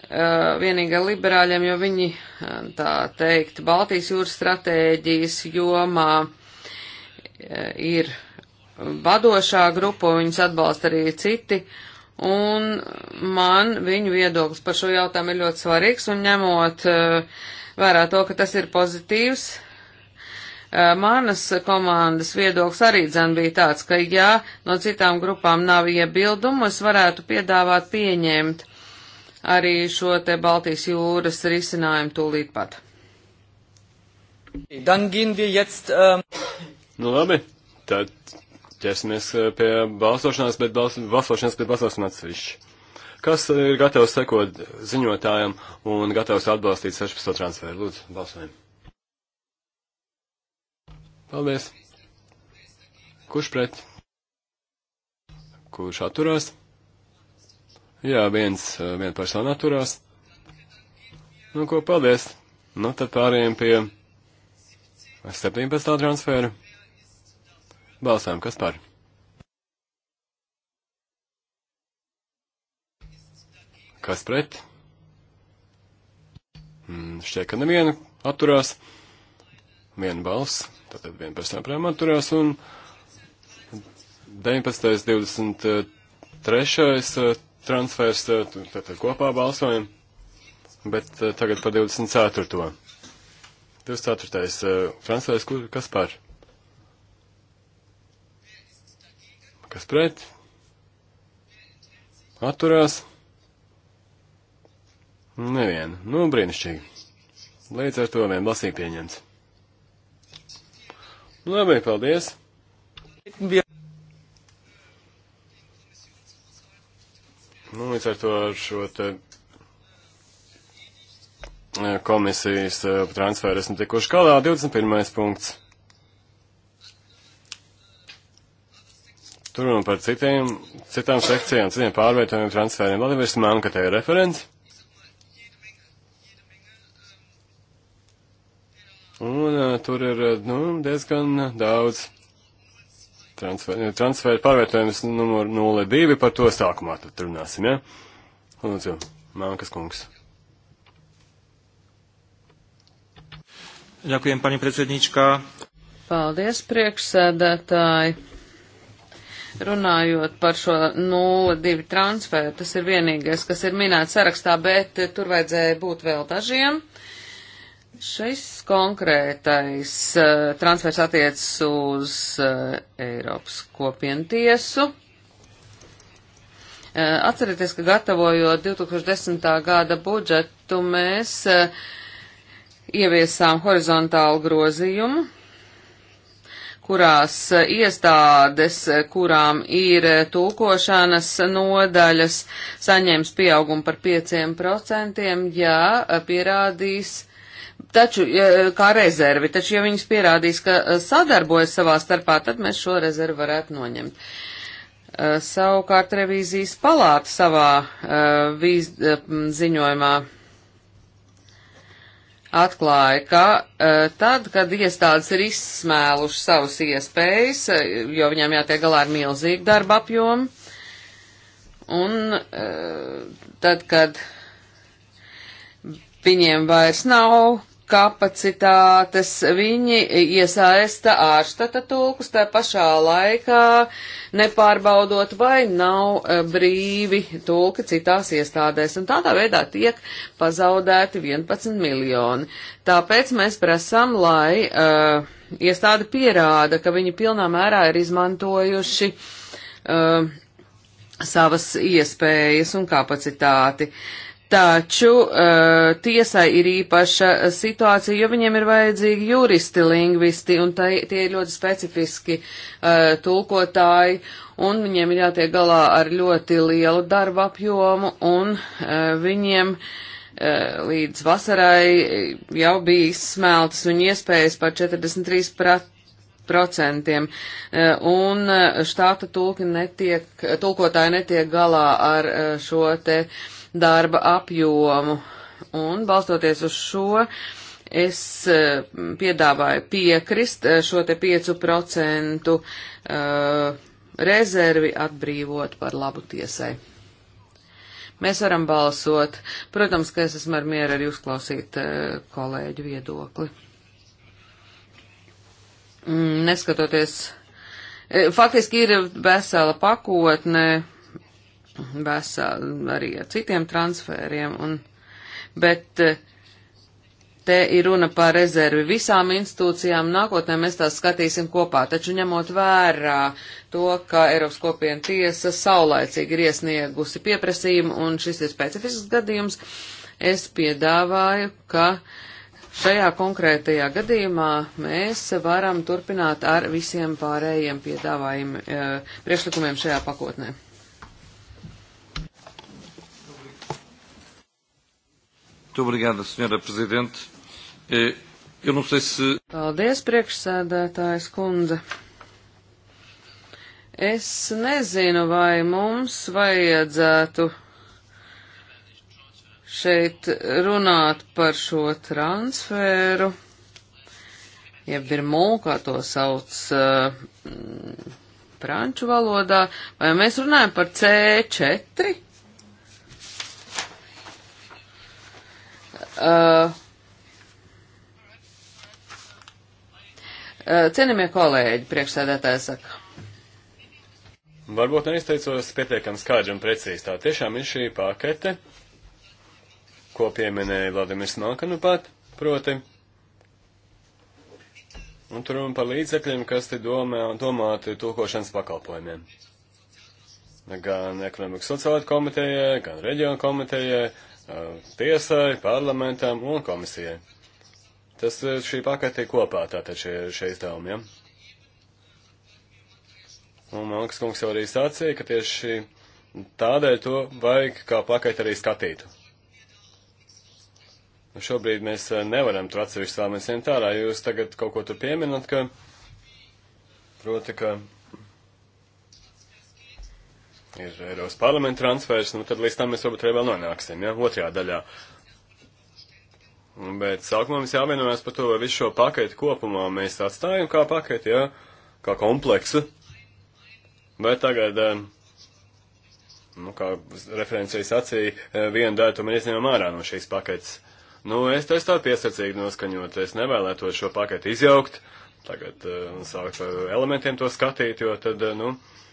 eh, vienīgi ar liberāļiem, jo viņi, eh, tā teikt, Baltijas jūras stratēģijas jomā eh, ir vadošā grupa, viņus atbalsta arī citi, un man viņu viedoklis par šo jautājumu ir ļoti svarīgs, un ņemot vērā to, ka tas ir pozitīvs Eh, manas komandas viedoklis arī dzen bija tāds, ka jā, no citām grupām nav iebildumu, es varētu piedāvāt pieņemt arī šo te Baltijas jūras risinājumu tūlīt pat. Jetzt, um... Nu labi, tad ķersimies eh, pie balsošanās, bet balso, balsošanas pēc balsošanas atsevišķi. Kas ir gatavs sekot ziņotājam un gatavs atbalstīt 16. transferu? Lūdzu, balsojam! Paldies. Kurš pret? Kurš atturās? Jā, viens, viena persona atturās. Nu, ko, paldies. Nu, tad pārējiem pie 17. transfēra. Balsām, kas par? Kas pret? Mm, šķiet, ka neviena atturās. Viena balss. Tātad 11. prēmā atturējās un 19. 23. Eh, transfers, eh, tātad kopā balsojam, bet eh, tagad par 24. 24. transfers, kur, kas par? Kas pret? Atturās? Nevienu. Nu, brīnišķīgi. Līdz ar to vien lasīt pieņemts. Labi, paldies! Nu, līdz ar to ar šo te e, komisijas e, transferu esmu tikuši galā. 21. punkts. Tur un par citiem, citām sekcijām, citiem pārvietojumiem, transferiem. Valdības man, ka te ir referents. Un uh, tur ir nu, diezgan daudz transferu nu, transfer pārvietojums numur 02 par to sākumā tad runāsim, ja? Lūdzu, Mankas kungs. Ďakujem, pani predsednička. Paldies, priekšsēdētāji. Runājot par šo 0,2 transferu, tas ir vienīgais, kas ir minēts sarakstā, bet tur vajadzēja būt vēl dažiem. Uh, Šis konkrētais uh, transfers attiecas uz uh, Eiropas kopienu tiesu. Uh, atcerieties, ka gatavojot 2010. gada budžetu, mēs uh, ieviesām horizontālu grozījumu, kurās iestādes, kurām ir tūkošanas nodaļas, saņems pieaugumu par 5%, ja pierādīs, Taču, ja, kā rezervi, taču, ja viņas pierādīs, ka eh, sadarbojas savā starpā, tad mēs šo rezervu varētu noņemt. Eh, savukārt revīzijas palāta savā eh, vīz, ziņojumā atklāja, ka tad, kad iestādes ir izsmēluši savus iespējas, jo viņām jātiek galā ar milzīgu darba apjomu, un tad, kad viņiem vairs nav kapacitātes, viņi iesaista ārštata tulkus tā pašā laikā, nepārbaudot, vai nav eh, brīvi tulki citās iestādēs, un tādā veidā tiek pazaudēti 11 miljoni. Tāpēc mēs prasam, lai uh, iestāde pierāda, ka viņi pilnā mērā ir izmantojuši uh, savas iespējas un kapacitāti. Uh, Taču uh, tiesai ir īpaša situācija, jo viņiem ir vajadzīgi juristi, lingvisti, un tai, tie ir ļoti specifiski uh, tulkotāji, un viņiem ir jātiek galā ar ļoti lielu darbu apjomu, un uh, viņiem uh, līdz vasarai jau bija izsmeltas viņu iespējas par 43 prat procentiem, un štāta tulki netiek, tulkotāji netiek galā ar šo te uh, darba apjomu. Un balstoties uz šo, es eh, piedāvāju piekrist eh, šo te 5% eh, rezervi atbrīvot par labu tiesai. Mēs varam balsot. Protams, ka es esmu ar mieru arī uzklausīt kolēģu viedokli. Mm, neskatoties, faktiski ir vesela pakotne vesel, arī ar citiem transferiem, un, bet eh, te ir runa par rezervi visām institūcijām, nākotnē mēs tās skatīsim kopā, taču ņemot vērā to, ka Eiropas kopiena tiesa saulaicīgi ir iesniegusi pieprasījumu, un šis ir specifisks gadījums, es piedāvāju, ka šajā konkrētajā gadījumā mēs varam turpināt ar visiem pārējiem piedāvājumiem, eh, priekšlikumiem šajā pakotnē. Muito obrigado, Sra. Presidente. Eh, eu não sei se. Paldies, priekšsēdētājs kundze. Es nezinu, vai mums vajadzētu šeit runāt par šo transferu, jeb ir mūkā to sauc uh, franču valodā, vai mēs runājam par C4? Uh, uh, Cienījamie kolēģi, priekšsēdētājs saka. Varbūt neizteicos pietiekami skaidri un precīzi. Tā tiešām ir šī pakete, ko pieminēja Vladimirs Nāka nu pat, proti. Un tur runa par līdzekļiem, kas te domā, domāti tulkošanas pakalpojumiem. Gan ekonomikas sociālajai komitejai, gan reģionu komitejai, Uh, tiesai, parlamentam un komisijai. Tas ir šī pakete kopā, tātad šie, šie izdevumi, ja? Un Mankas kungs jau arī sacīja, ka tieši tādēļ to vajag kā pakete arī skatīt. Un nu, šobrīd mēs uh, nevaram tur atsevišķi stāvēt ārā. Jūs tagad kaut ko tur pieminat, ka, proti, ka ir Eiropas parlamenta transfers, nu tad līdz tam mēs varbūt arī vēl nonāksim, ja, otrajā daļā. Bet sākumā mums jāvienojas par to, vai visu šo paketu kopumā mēs atstājam kā paketu, ja, kā kompleksu. Bet tagad, eh, nu, kā referencija sacīja, eh, vienu daļu tomēr izņemam ārā no šīs paketes. Nu, es tā esmu piesardzīgi noskaņot, es nevēlētos šo paketu izjaukt, tagad uh, sākt ar elementiem to skatīt, jo tad, uh, nu, uh,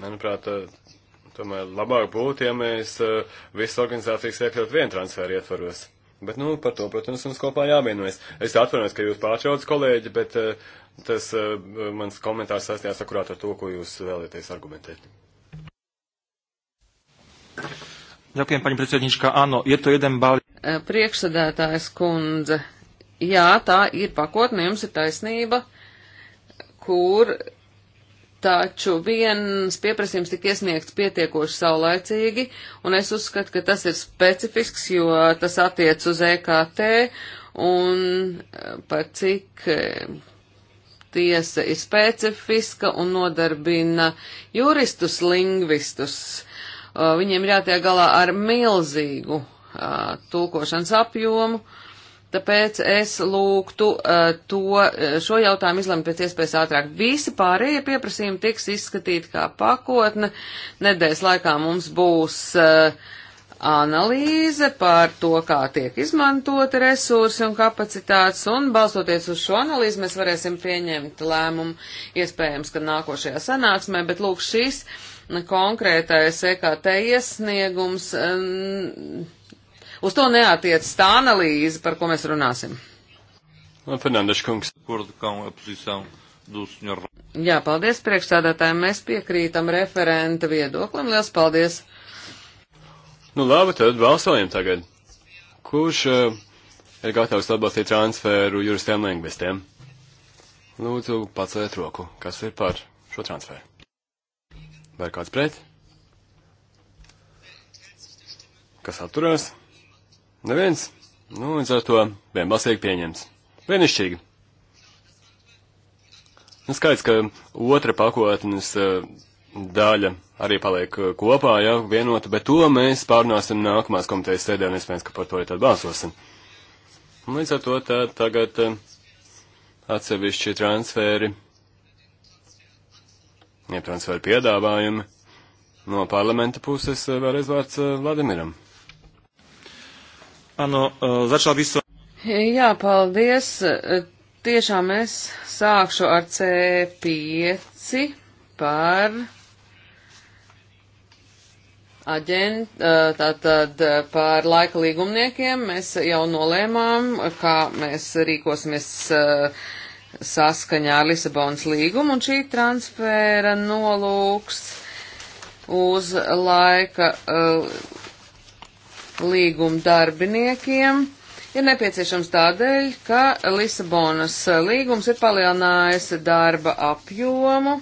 Manuprāt, eh, tomēr labāk būtu, ja mēs eh, visas organizācijas iekļaut vien transferu ietvaros. Bet, nu, par to, protams, mums kopā jāvienojas. Es atvainojos, ka jūs pārčauc, kolēģi, bet eh, tas mans komentārs saistījās akurāt ar to, ko jūs vēlaties argumentēt. Ďakujem, pani predsednička. Áno, je to jeden balík. Priekšsēdētājs kundze, jā, tā ir pakotne, jums ir taisnība, kur taču viens pieprasījums tika iesniegts pietiekoši saulēcīgi, un es uzskatu, ka tas ir specifisks, jo tas attiec uz EKT, un eh, par cik eh, tiesa ir specifiska un nodarbina juristus, lingvistus. Eh, viņiem ir jātiek galā ar milzīgu tulkošanas apjomu, uh, Tāpēc es lūgtu uh, to, eh, šo jautājumu izlemt pēc iespējas ātrāk. Visi pārējie pieprasījumi tiks izskatīti kā pakotne. Nedēļas laikā mums būs uh, analīze par to, kā tiek izmantoti resursi un kapacitātes, un balstoties uz šo analīzi mēs varēsim pieņemt lēmumu, iespējams, ka nākošajā sanāksmē, bet lūk šīs konkrētais EKT iesniegums. Um, Uz to neatiec tā analīze, par ko mēs runāsim. Nu, Fernandes kungs. Jā, paldies priekšstādātājiem. Mēs piekrītam referenta viedoklim. Lielas paldies. Nu labi, tad balsojam tagad. Kurš uh, ir gatavs atbalstīt transferu juristiem lingvistiem? Lūdzu, paceliet roku. Kas ir par šo transferu? Vai kāds pret? Kas atturās? Neviens? Nu, līdz ar to vienbalsīgi pieņems. Vienišķīgi. Nu, skaidrs, ka otra pakotnes eh, daļa arī paliek eh, kopā, ja, vienota, bet to mēs pārnāsim nākamās komitejas sēdē, un iespējams, ka par to ir tad balsosim. Un līdz ar to tā, tagad eh, atsevišķi transferi, ja transferi piedāvājumi no parlamenta puses vēlreiz vārds Vladimiram. Ano, e, začal by som. Jā, paldies. E, tiešām es sākšu ar C5 par aģent, e, tātad par laika līgumniekiem. Mēs jau nolēmām, kā mēs rīkosimies saskaņā ar Lisabonas līgumu, un šī transfēra nolūks uz laika līguma darbiniekiem ir nepieciešams tādēļ, ka Lisabonas līgums ir palielinājis darba apjomu.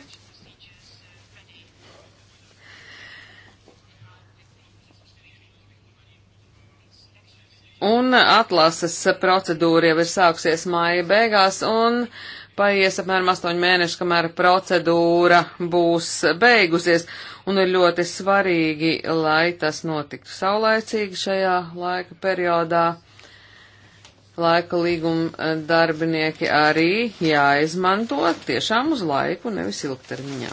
Un atlases procedūra jau ir sāksies māja beigās un paies apmēram 8 mēneši, kamēr procedūra būs beigusies un ir ļoti svarīgi, lai tas notiktu saulēcīgi šajā laika periodā. Laika līguma eh, darbinieki arī jāizmanto tiešām uz laiku, nevis ilgtermiņā.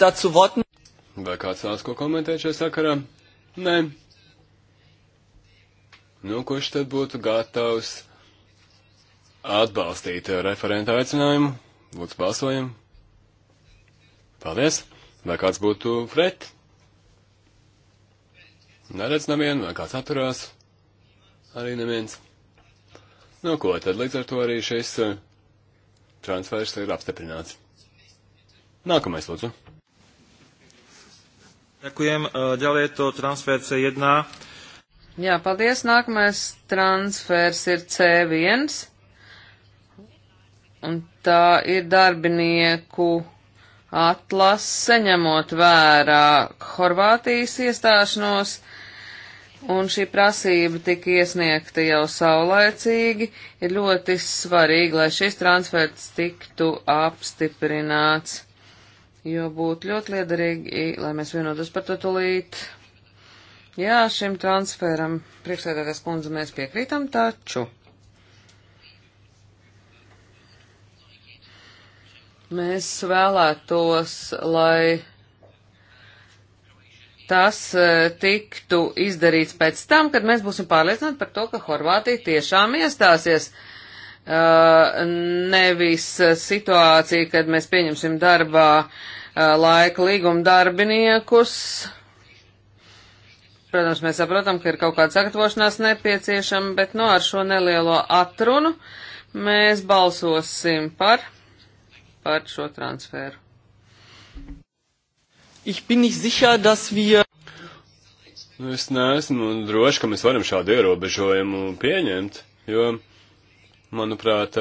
Vai kāds vēlas ko komentēt šajā sakarā? Nē. Nu, kurš tad būtu gatavs atbalstīt eh, referenta aicinājumu? Lūdzu, balsojam. Paldies. Vai kāds būtu pret? Neredz nevienu, vai kāds atturās? Arī neviens. Nu, ko tad līdz ar to arī šis uh, transfers ir apstiprināts. Nākamais, lūdzu. Ďakujem. Eh, ďalej je to transfer C1. Jā, paldies. Nākamais transfers ir C1. Un tā ir darbinieku atlase, ņemot vērā Horvātijas iestāšanos, un šī prasība tika iesniegta jau saulēcīgi, ir ļoti svarīgi, lai šis transferts tiktu apstiprināts, jo būtu ļoti liederīgi, lai mēs vienotos par to tulīt. Jā, šim transferam priekšsēdētājs kundze mēs piekrītam, taču. Mēs vēlētos, lai tas e, tiktu izdarīts pēc tam, kad mēs būsim pārliecināti par to, ka Horvātija tiešām iestāsies. E, nevis situācija, kad mēs pieņemsim darbā e, laika līguma darbiniekus. Protams, mēs saprotam, ka ir kaut kāda sagatavošanās nepieciešama, bet no nu, ar šo nelielo atrunu mēs balsosim par par šo transferu. Ich bin nicht sicher, dass wir. Nu, es neesmu drošs, ka mēs varam šādu ierobežojumu pieņemt, jo, manuprāt,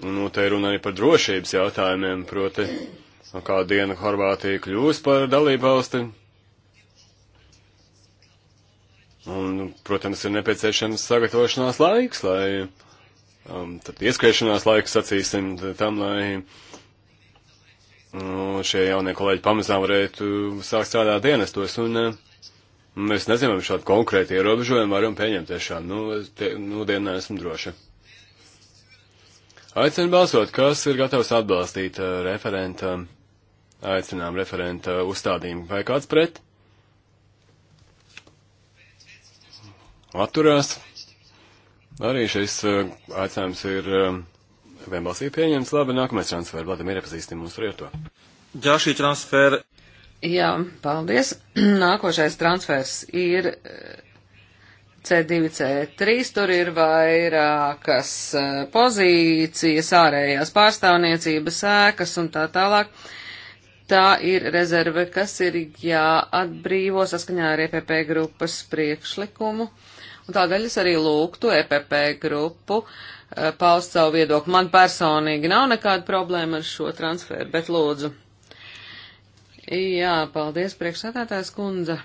nu, te ir runa arī par drošības jautājumiem, proti, no kā diena Horvātija kļūs par dalību valsti. Un, protams, ir nepieciešams sagatavošanās laiks, lai um, tad ieskriešanās laiks, sacīsim, tam, lai nu, šie jaunie kolēģi pamazām varētu sākt strādāt dienestos. Un, uh, mēs nezinām šādu konkrētu ierobežojumu, varam pieņemt tiešām. Nu, te, nu dienā esmu droši. Aicinu balsot, kas ir gatavs atbalstīt uh, referenta, aicinām referenta uzstādījumu. Vai kāds pret? Atturās. Arī šis eh, aicinājums ir eh, vienbalsīgi pieņemts. Labi, nākamais transfer. Vladimir, iepazīstina mums ar to. Jā, šī transfer. Jā, paldies. Nākošais transfers ir C2, eh, C3. Tur ir vairākas pozīcijas, ārējās pārstāvniecības sēkas un tā tālāk. Tā ir rezerve, kas ir jāatbrīvo saskaņā ar EPP grupas priekšlikumu. Uh, Un tādēļ es arī lūgtu EPP grupu eh, paust savu viedokli. Man personīgi nav nekāda problēma ar šo transferu, bet lūdzu. Jā, paldies, priekšsēdētājs kundze.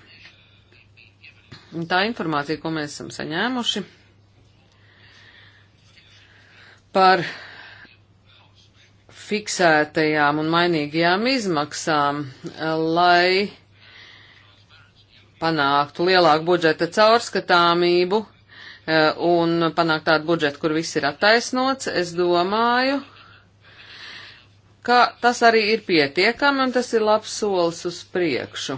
Tā informācija, ko mēs esam saņēmuši par fiksētajām un mainīgajām izmaksām, eh, lai panāktu lielāku budžeta caurskatāmību e, un panākt tādu budžetu, kur viss ir attaisnots, es domāju, ka tas arī ir pietiekami un tas ir labs solis uz priekšu,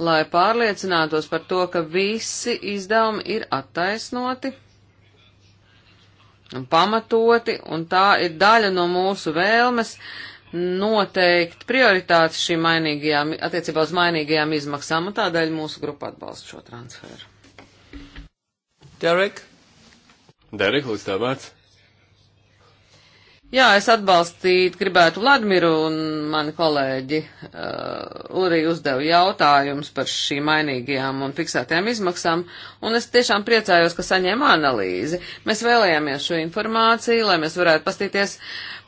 lai pārliecinātos par to, ka visi izdevumi ir attaisnoti un pamatoti, un tā ir daļa no mūsu vēlmes uh, noteikt prioritātes šīm mainīgajām, attiecībā uz mainīgajām izmaksām, un tādēļ mūsu grupa atbalsta šo transferu. Derek? Derek, lūdzu, tev vārds. Jā, es atbalstīt gribētu Vladimiru un mani kolēģi uh, eh, arī uzdeva jautājumus par šīm mainīgajām un fiksētajām izmaksām, un es tiešām priecājos, ka saņēmu analīzi. Mēs vēlējāmies šo informāciju, lai mēs varētu pastīties,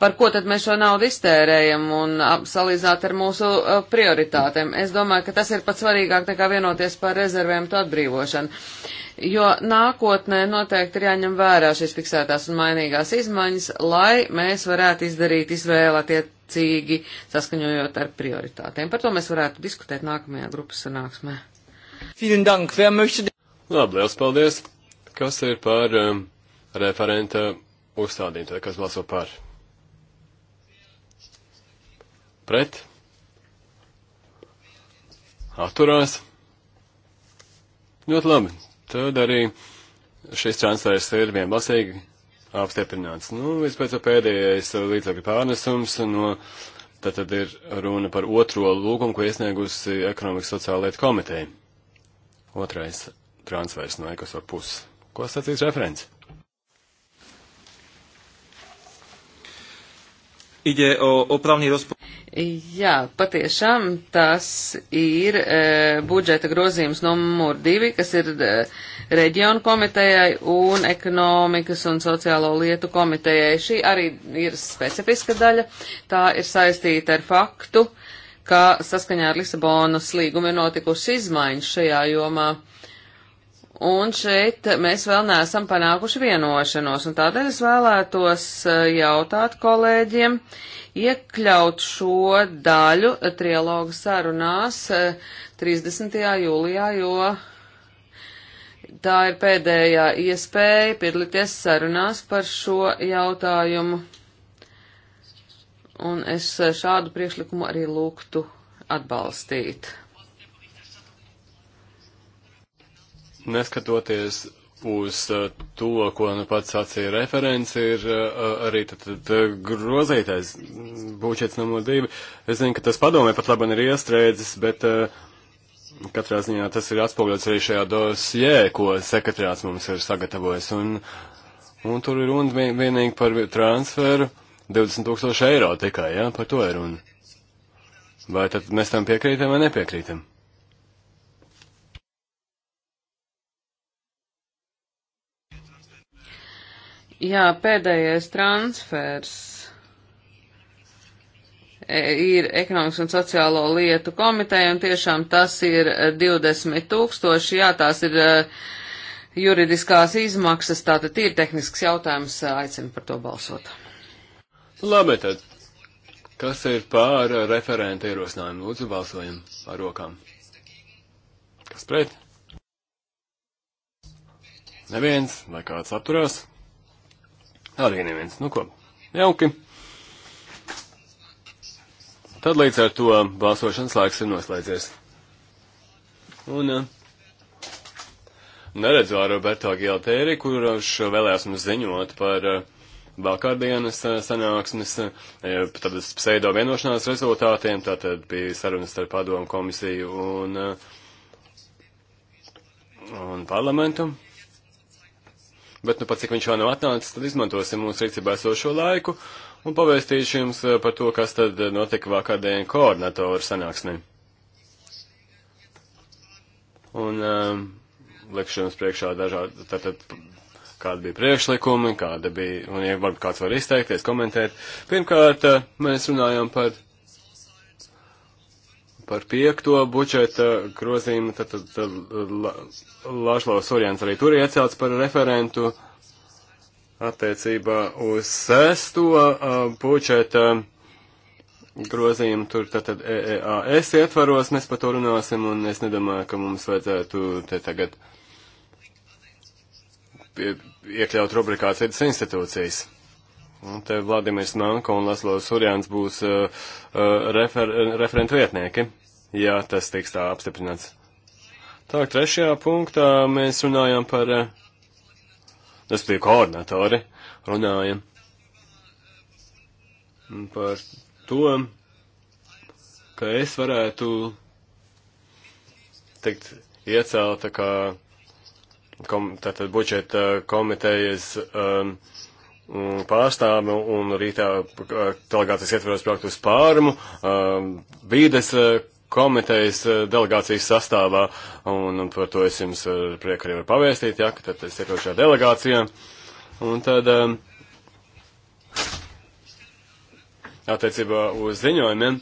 par ko tad mēs šo naudu iztērējam un salīdzināt ar mūsu uh, prioritātēm. Es domāju, ka tas ir pats svarīgāk nekā vienoties par rezervēm to atbrīvošanu. Uh, jo nākotnē noteikti ir jāņem vērā šīs fiksētās un mainīgās izmaiņas, lai mēs varētu izdarīt izvēli attiecīgi saskaņojot ar prioritātēm. Par to mēs varētu diskutēt nākamajā grupas sanāksmē. Labi, liels paldies! Kas ir par um, referenta uzstādījumu, tad kas balso par? Pret? Atturās? Ļoti labi tad arī šis transfers ir vienbalsīgi apstiprināts. Nu, vispēc pēdējais līdzekļu pārnesums no, nu, tad, tad ir runa par otro lūgumu, ko iesniegusi ekonomikas sociālaiet komiteja. Otrais transfers no ekosvaru puses. Ko sacīs referents? Ide o opravný rozpočet Jā, patiešām tas ir e, budžeta grozījums numur divi, kas ir e, reģionu komitejai un ekonomikas un sociālo lietu komitejai. Šī arī ir specifiska daļa. Tā ir saistīta ar faktu, ka saskaņā ar Lisabonas līgumu ir notikusi izmaiņas šajā jomā. E, Un šeit mēs vēl neesam panākuši vienošanos, un tādēļ es vēlētos eh, jautāt kolēģiem, iekļaut šo daļu trialogu sarunās 30. Eh, jūlijā, jo tā ir pēdējā iespēja piedalīties sarunās par šo jautājumu. Un es eh, šādu priekšlikumu arī lūgtu atbalstīt. neskatoties uz eh, to, ko nu pats sacīja referents, ir eh, arī tad, tad eh, grozītais būčets numur divi. Es zinu, ka tas padomē pat labi ir iestrēdzis, bet katrā ziņā tas ir atspoguļots arī šajā dosjē, ko sekretariāts mums ir sagatavojis. Un, un tur ir runa vien, vienīgi par transferu 20 tūkstoši eiro tikai, jā, ja? par to ir runa. Vai tad mēs tam piekrītam vai nepiekrītam? Jā, pēdējais transfers e, ir ekonomikas un sociālo lietu komiteja, un tiešām tas ir 20 e, tūkstoši. Jā, tās ir e, juridiskās izmaksas, tātad ir tehnisks jautājums, aicinu par to balsot. Labi, tad kas ir pār referenta ierosinājumu? Lūdzu, balsojam ar rokām. Kas pret? Neviens, vai kāds apturās? Arī neviens. Nu ko, jauki. Tad līdz ar to balsošanas laiks ir noslēdzies. Un uh, neredzu ar Roberto Gieltēri, kurš vēlējās mums ziņot par uh, vakardienas eh, sanāksmes, tad pseido vienošanās rezultātiem, tātad bija sarunas starp padomu komisiju un, un parlamentu bet nu pat cik viņš vēl nav atnācis, tad izmantosim mūsu rīcībā esošo laiku un pavēstīšu jums eh, par to, kas tad eh, notika vakardien koordinatoru sanāksmē. Un um, likšu jums priekšā dažādi, tātad kāda bija priekšlikumi, kāda bija, un ja varbūt kāds var izteikties, komentēt. Pirmkārt, mēs runājam par par piekto budžeta grozījumu, tad, tad, tad la, Lašlo Surjans arī tur ir iecelts par referentu attiecībā uz sesto uh, budžeta grozījumu, tur tad, tad EEAS ietvaros, mēs par to runāsim, un es nedomāju, ka mums vajadzētu te tagad pie, iekļaut rubrikā citas institūcijas. Un te Vladimirs Nanko un Laslovs Surjāns būs uh, uh, refer, referentu vietnieki, ja tas tiks tā apstiprināts. Tā, trešajā punktā mēs runājam par, tas uh, bija koordinatori, runājam par to, ka es varētu teikt iecelta kā kom, tātad budžeta komitejas um, uh, Mm, pārstāvi un rītā delegācijas ietveros braukt uz pārmu, um, vīdes uh, komitejas uh, delegācijas sastāvā, un, un par to es jums ar uh, prieku arī varu pavēstīt, jā, ka tad es iekļaušu šajā delegācijā. Un tad, um, attiecībā uz ziņojumiem,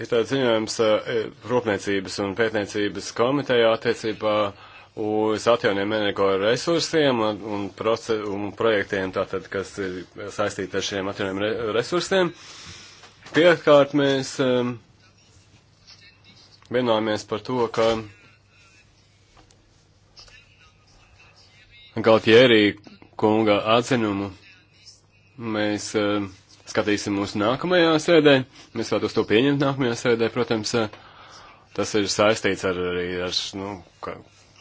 ir tāds ziņojums e, Rūpniecības un pētniecības komitejā attiecībā uz atjauniem energoresursiem un, un, proce, un projektiem, tātad, kas ir saistīti ar šiem atjauniem re, resursiem. Piekārt mēs um, vienojāmies par to, ka Galtjērī kunga atzinumu mēs uh, skatīsim mūsu nākamajā sēdē. Mēs vēlētos to pieņemt nākamajā sēdē, protams. Uh, tas ir saistīts ar, arī ar, nu,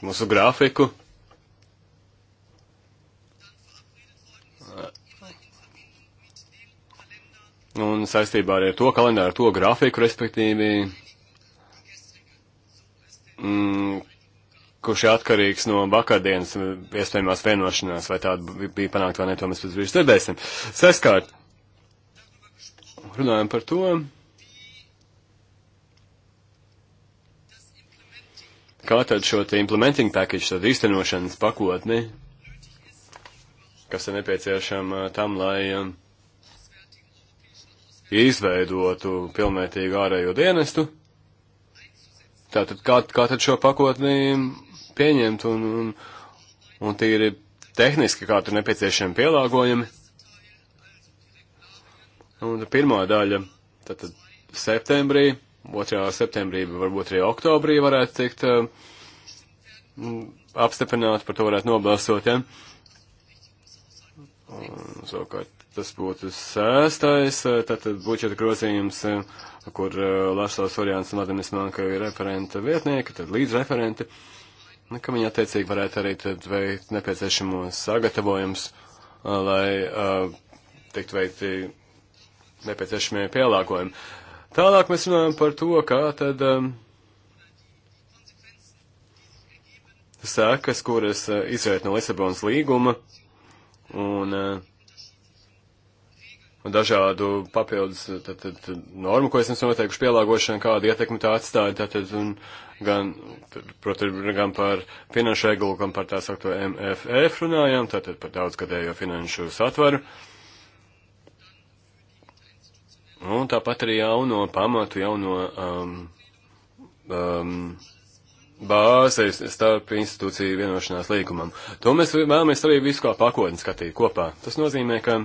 mūsu grafiku. Un saistībā ar to kalendāru, ar to grafiku, respektīvi, mm, kurš ir atkarīgs no vakardienas iespējamās vienošanās, vai tāda bija panākta vai ne, to mēs pēc brīža dzirdēsim. Seskārt, runājam par to. kā tad šo te implementing package, tad īstenošanas pakotni, kas ir nepieciešama tam, lai um, izveidotu pilnvērtīgu ārējo dienestu. Tātad kā, kā tad šo pakotni pieņemt un, un, un tīri tehniski, kā tur nepieciešami pielāgojumi. Un pirmā daļa, tātad septembrī 2. septembrī, varbūt arī oktobrī varētu tikt eh, apstiprināti, par to varētu nobalsot, ja? Un, savukārt, tas būtu sēstais, tātad eh, budžeta grozījums, eh, kur Lārslavs Orjāns un Vadimis Manka ir referenta vietnieki, tad līdzreferenti, nu, ka viņi attiecīgi varētu arī tad veikt nepieciešamos sagatavojumus, lai tiktu veikti nepieciešamie pielāgojumi. Tālāk mēs runājam par to, kā tad um, sēkas, kuras uh, izriet no Lisabonas līguma un uh, dažādu papildus uh, tad, tad, normu, ko esam noteikuši pielāgošanu, kādu ietekmi tā atstāja, tātad un gan, protams, gan par finanšu regulu, gan par tā sakto MFF runājām, tātad par daudzgadējo finanšu satvaru. Uh, Un tāpat arī jauno pamatu, jauno um, um, bāzi starp institūciju vienošanās līgumam. To mēs vēlamies arī visu kā pakotni skatīt kopā. Tas nozīmē, ka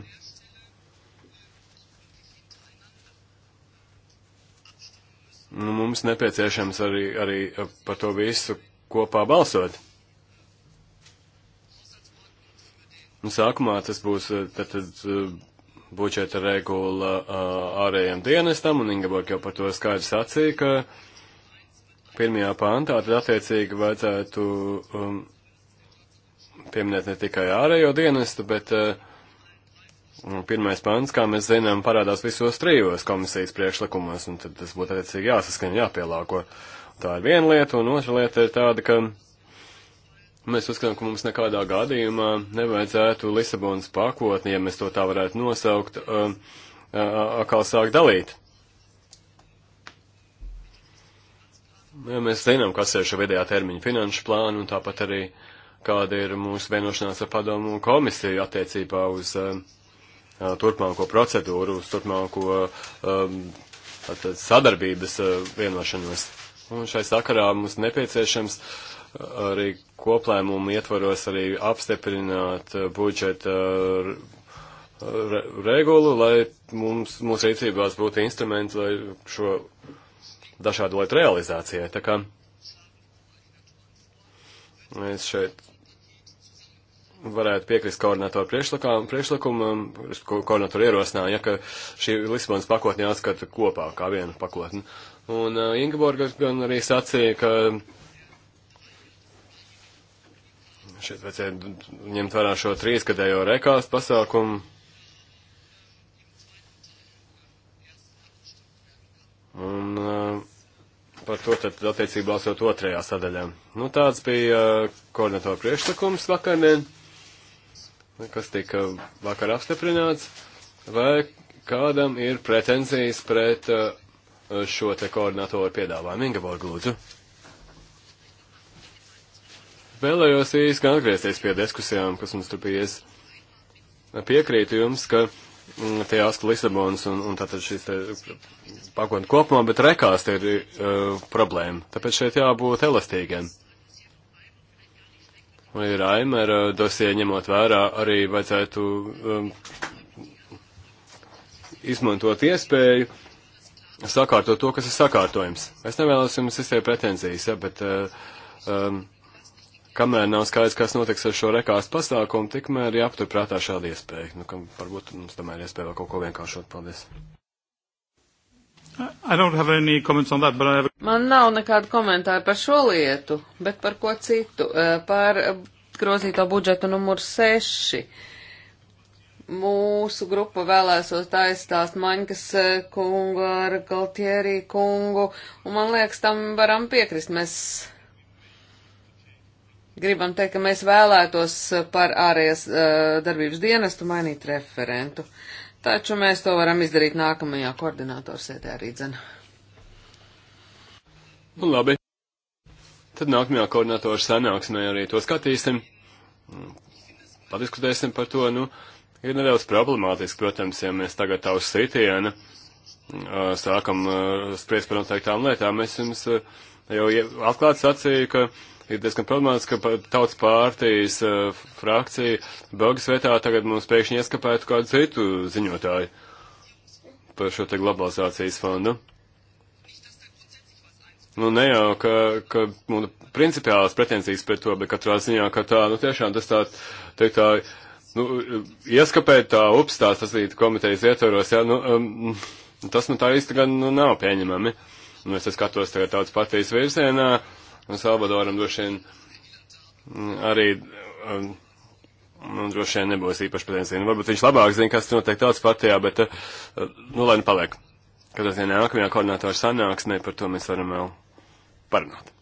nu, mums nepieciešams arī, arī par to visu kopā balsot. Un nu, sākumā tas būs tad, tad, budžeta regula uh, ārējiem dienestam, un Ingeborg jau par to skaidri sacīja, ka pirmajā pāntā tad attiecīgi vajadzētu um, pieminēt ne tikai ārējo dienestu, bet uh, pirmais pāns, kā mēs zinām, parādās visos trijos komisijas priekšlikumos, un tad tas būtu attiecīgi jāsaskaņa, jāpielāgo. Tā ir viena lieta, un otra lieta ir tāda, ka Mēs uzskatām, ka mums nekādā gadījumā nevajadzētu Lisabonas pakotni, ja mēs to tā varētu nosaukt, um, atkal sākt dalīt. Ja mēs zinām, kas ir šī vidējā termiņa finanšu plāna un tāpat arī kāda ir mūsu vienošanās ar padomu komisiju attiecībā uz uh, turpmāko procedūru, uz turpmāko um, sadarbības uh, vienošanos. Un šai sakarā mums nepieciešams arī koplēmumu ietvaros arī apstiprināt uh, budžeta uh, re regulu, lai mums, mūsu rīcībās būtu instrumenti, lai šo dažādu lietu realizācijai. Tā kā mēs šeit varētu piekrist koordinatoru priekšlikumam, ko koordinatoru ierosināja, ka šī Lisbonas pakotne jāskata kopā kā viena pakotne. Un uh, Ingeborga gan arī sacīja, ka Šeit vajadzēja ņemt vērā šo trīskadējo rekāstu pasākumu. Un uh, par to tad attiecībā balsot otrajā sadaļā. Nu, tāds bija uh, koordinatora priekšlikums vakarnē, kas tika vakar apstiprināts. Vai kādam ir pretenzijas pret uh, šo te koordinatoru piedāvājumu? Ingeborg, lūdzu. Vēlējos īsti atgriezties pie diskusijām, kas mums tur bija. Es piekrītu jums, ka mm, tie astu Lisabonas un, un tātad šīs pakotne kopumā, bet rekās ir uh, problēma. Tāpēc šeit jābūt elastīgiem. Un ir Aimera dosie ņemot vērā arī vajadzētu um, izmantot iespēju sakārtot to, kas ir sakārtojums. Es nevēlos jums izteikt pretenzijas, ja, bet uh, um, kamēr nav skaidrs, kas notiks ar šo rekāstu pasākumu, tikmēr jāpaturprātā šāda iespēja. Nu, kam varbūt mums tomēr ir iespēja vēl kaut ko vienkāršot. Paldies. That, have... Man nav nekādu komentāru par šo lietu, bet par ko citu. Eh, par grozīto budžetu numur 6. Mūsu grupa vēlēsos aizstāst Maņkas eh, kungu ar Galtieri kungu, un man liekas, tam varam piekrist. Mēs Gribam teikt, ka mēs vēlētos par ārējas eh, darbības dienestu mainīt referentu, taču mēs to varam izdarīt nākamajā koordinātorsēdē arī dzen. Un nu, labi. Tad nākamajā koordinātora sanāksmē arī to skatīsim. Padiskutēsim par to. Nu, ir nedaudz problemātiski, protams, ja mēs tagad tā uz sitiena sākam spriest par noteiktām lietām. Es jums jau atklāti sacīju, ka ir diezgan problemātiski, ka tautas pārtīs uh, frakcija Belgas vietā tagad mums pēkšņi ieskapētu kādu citu ziņotāju par šo te globalizācijas fondu. Nu, ne jau, ka, ka nu, principiālas pretensijas pret to, bet katrā ziņā, ka tā, nu, tiešām tas tā, teikt tā, nu, ieskapēt tā upstās, tas līdz komitejas ietvaros, jā, nu, um, tas man nu, tā īsti gan, nu, nav pieņemami. Nu, es skatos tagad tāds patīs virzienā, uh, un Salvadoram droši vien mm, arī um, nu, droši vien nebūs īpaši pretensīvi. Varbūt viņš labāk zina, kas tur notiek tautas partijā, bet, uh, nu, lai nu paliek. Kad tas ir nākamajā koordinātora sanāksmē, par to mēs varam vēl parunāt.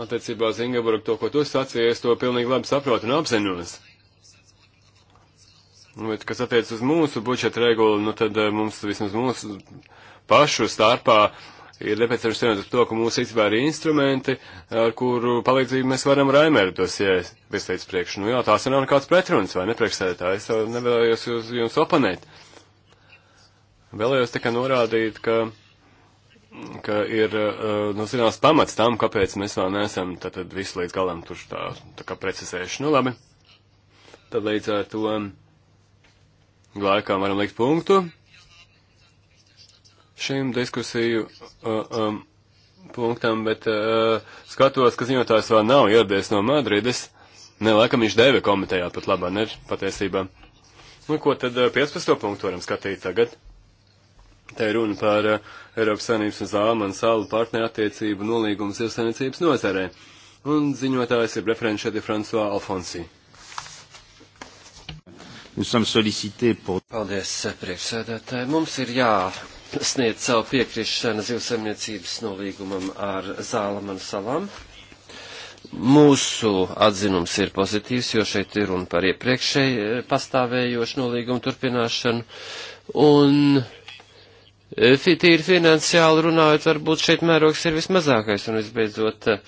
Attiecībā uz Ingeborg, to, ko tu sacīji, es to pilnīgi labi saprotu un apzinos. Nu, bet, kas attiec uz mūsu budžeta regulu, nu tad uh, mums vismaz mūsu pašu starpā ir nepieciešams runāt par to, ka mūsu īstenībā ir instrumenti, ar kuru palīdzību mēs varam raimēru tos, ja vislīdz priekš. Nu jā, tās nav nekāds pretruns, vai nepriekšsēdētā, es nevēlējos jūs, jums oponēt. Vēlējos tikai norādīt, ka, ka ir, eh, nu, zināms, pamats tam, kāpēc mēs vēl neesam tad, tad visu līdz galam tur tā, tā kā precizējuši. Nu labi, tad līdz ar to laikām varam likt punktu šīm diskusiju uh, um, punktam, bet uh, skatos, ka ziņotājs vēl nav ieradies no Madrides. Ne, laikam viņš deva komitejā pat labā, ne, patiesībā. Nu, ko tad 15. Uh, punktu varam skatīt tagad? Te ir runa par uh, Eiropas Savienības un Zāma un Salu partnerattiecību nolīgumu sirsainicības nozarē. Un ziņotājs ir referents šeit ir François Alfonsī. Paldies, priekšsēdētāji. Mums ir jā sniedz savu piekrišanu zivsaimniecības nolīgumam ar Zālamanu salām. Mūsu atzinums ir pozitīvs, jo šeit ir runa par iepriekšēju eh, pastāvējošu nolīgumu turpināšanu. Un eh, tīri finansiāli runājot, varbūt šeit mērogs ir vismazākais un visbeidzot. Eh,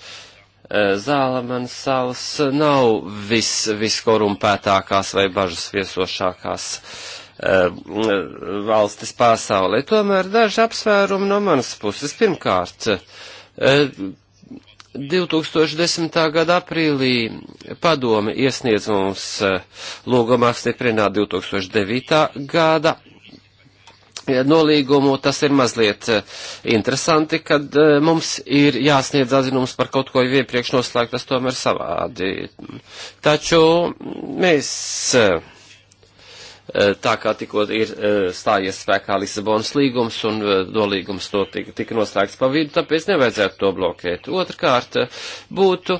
Zālamans salas nav vis, viskorumpētākās vai bažas viesošākās uh, Uh, uh, valstis pasaulē. Tomēr daži apsvērumi no manas puses. Pirmkārt, 2010. Uh, gada aprīlī padome iesniedz mums lūgumu apstiprināt 2009. gada nolīgumu. Tas ir mazliet interesanti, kad mums ir jāsniedz atzinums par kaut ko iepriekš noslēgtas tomēr savādi. Taču mēs Eh, tā kā tikko ir eh, stājies spēkā Lisabonas līgums un dolīgums eh, to tika, tika noslēgts pa vidu, tāpēc nevajadzētu to blokēt. Otrkārt, būtu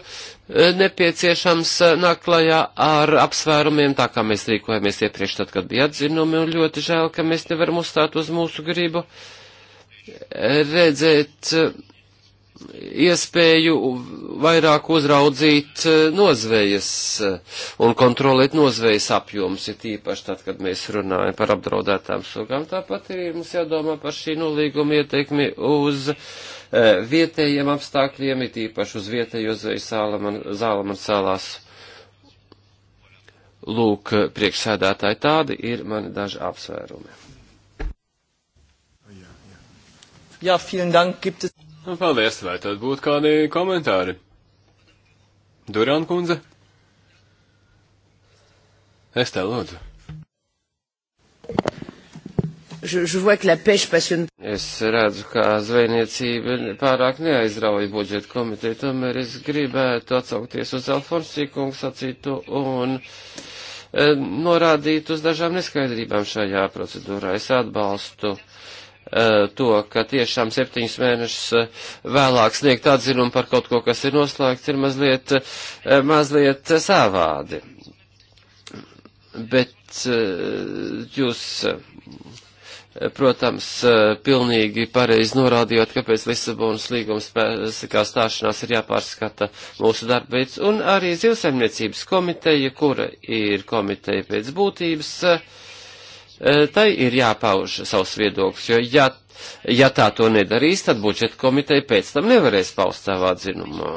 nepieciešams nākt klajā ar apsvērumiem, tā kā mēs rīkojamies iepriekš tad, kad bija atzinumi, un ļoti žēl, ka mēs nevaram uzstāt uz mūsu gribu redzēt iespēju vairāk uzraudzīt eh, nozvejas eh, un kontrolēt nozvejas apjomus, ir tīpaši tad, kad mēs runājam par apdraudētām sugām. Tāpat ir mums jādomā par šī nolīguma ietekmi uz eh, vietējiem apstākļiem, ir tīpaši uz vietējo zvejas zālam un salās. Lūk, priekšsēdētāji, tādi ir mani daži apsvērumi. Jā, ja, vielen dank, gibt es. Un nu, paldies, vai tad būtu kādi komentāri? Duran kundze? Es tev lūdzu. Es redzu, ka zvejniecība pārāk neaizrauja budžeta komiteju, tomēr es gribētu atsaukties uz Alfonsī kungu sacītu un eh, norādīt uz dažām neskaidrībām šajā procedūrā. Es atbalstu uh, Eh, to, ka tiešām septiņus mēnešus eh, vēlāk sniegt atzinumu par kaut ko, kas ir noslēgts, ir mazliet, eh, mazliet savādi. Bet jūs, protams, pilnīgi pareizi norādījot, kāpēc Lisabonas līgums kā stāšanās ir jāpārskata mūsu darbveids, un arī zivsaimniecības komiteja, kura ir komiteja pēc būtības, uh, E, tai ir jāpauž savs viedoklis, jo ja, ja tā to nedarīs, tad budžeta komiteja pēc tam nevarēs paust savā dzinumā.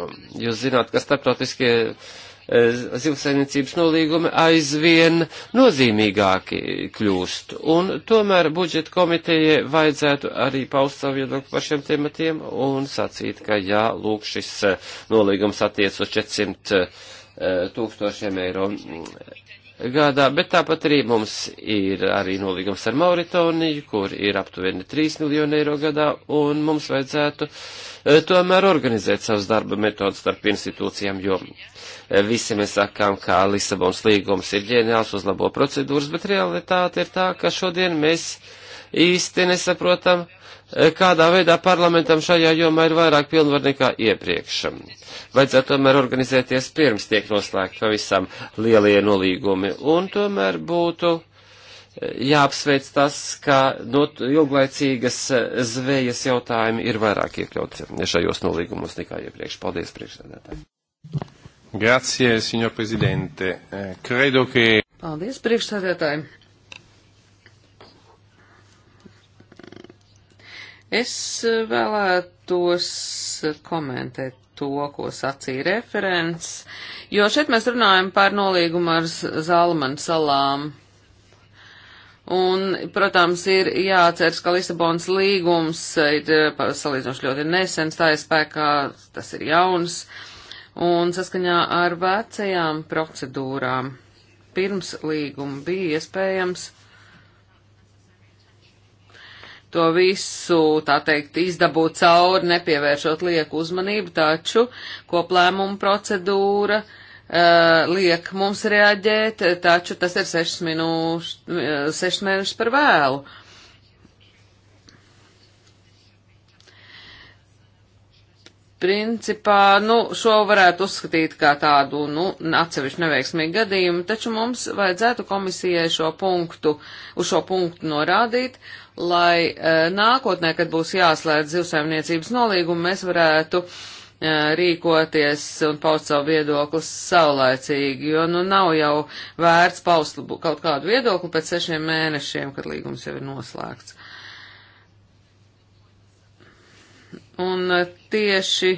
Jūs zināt, ka starptautiskie e, zivsainiecības nolīgumi aizvien nozīmīgāki kļūst, un tomēr budžeta komitejai vajadzētu arī paust savu viedokli par šiem tematiem un sacīt, ka jā, lūk, šis e, nolīgums attiec uz 400 tūkstošiem eiro gadā, bet tāpat arī mums ir arī nolīgums ar Mauritoniju, kur ir aptuveni 3 miljoni eiro gadā, un mums vajadzētu e, tomēr organizēt savus darba metodus starp institūcijām, jo e, visi mēs sakām, ka Lisabons līgums ir ģeniāls, uzlabo procedūras, bet realitāte ir tā, ka šodien mēs īsti nesaprotam, Eh, kādā veidā parlamentam šajā jomā ir vairāk pilnvar nekā iepriekš. Vajadzētu tomēr organizēties pirms tiek noslēgt pavisam lielie nolīgumi, un tomēr būtu eh, jāapsveic tas, ka no ilglaicīgas eh, zvejas jautājumi ir vairāk iekļauti šajos nolīgumos nekā iepriekš. Paldies, priekšsēdētāji. Grazie, signor Presidente. Credo che... Paldies, priekšsēdētāji. Es vēlētos komentēt to, ko sacīja referents, jo šeit mēs runājam par nolīgumu ar Zalmanu salām. Un, protams, ir jāatceras, ka Lisabonas līgums ir eh, salīdzinoši ļoti nesen stājas spēkā, tas ir jauns, un saskaņā ar vecajām procedūrām pirms līguma bija iespējams to visu, tā teikt, izdabūt cauri, nepievēršot lieku uzmanību, taču koplēmuma procedūra uh, liek mums reaģēt, taču tas ir sešas minūšas, eh, sešas mēnešas par vēlu. Uh, principā, nu, šo varētu uzskatīt kā tādu, nu, atsevišķu neveiksmīgu gadījumu, taču mums vajadzētu komisijai šo punktu, uz šo punktu norādīt, lai e, nākotnē, kad būs jāslēdz zivsaimniecības nolīgumu, mēs varētu e, rīkoties un paust savu viedokli saulēcīgi, jo, nu, nav jau vērts paust kaut kādu viedokli pēc sešiem mēnešiem, kad līgums jau ir noslēgts. Un e, tieši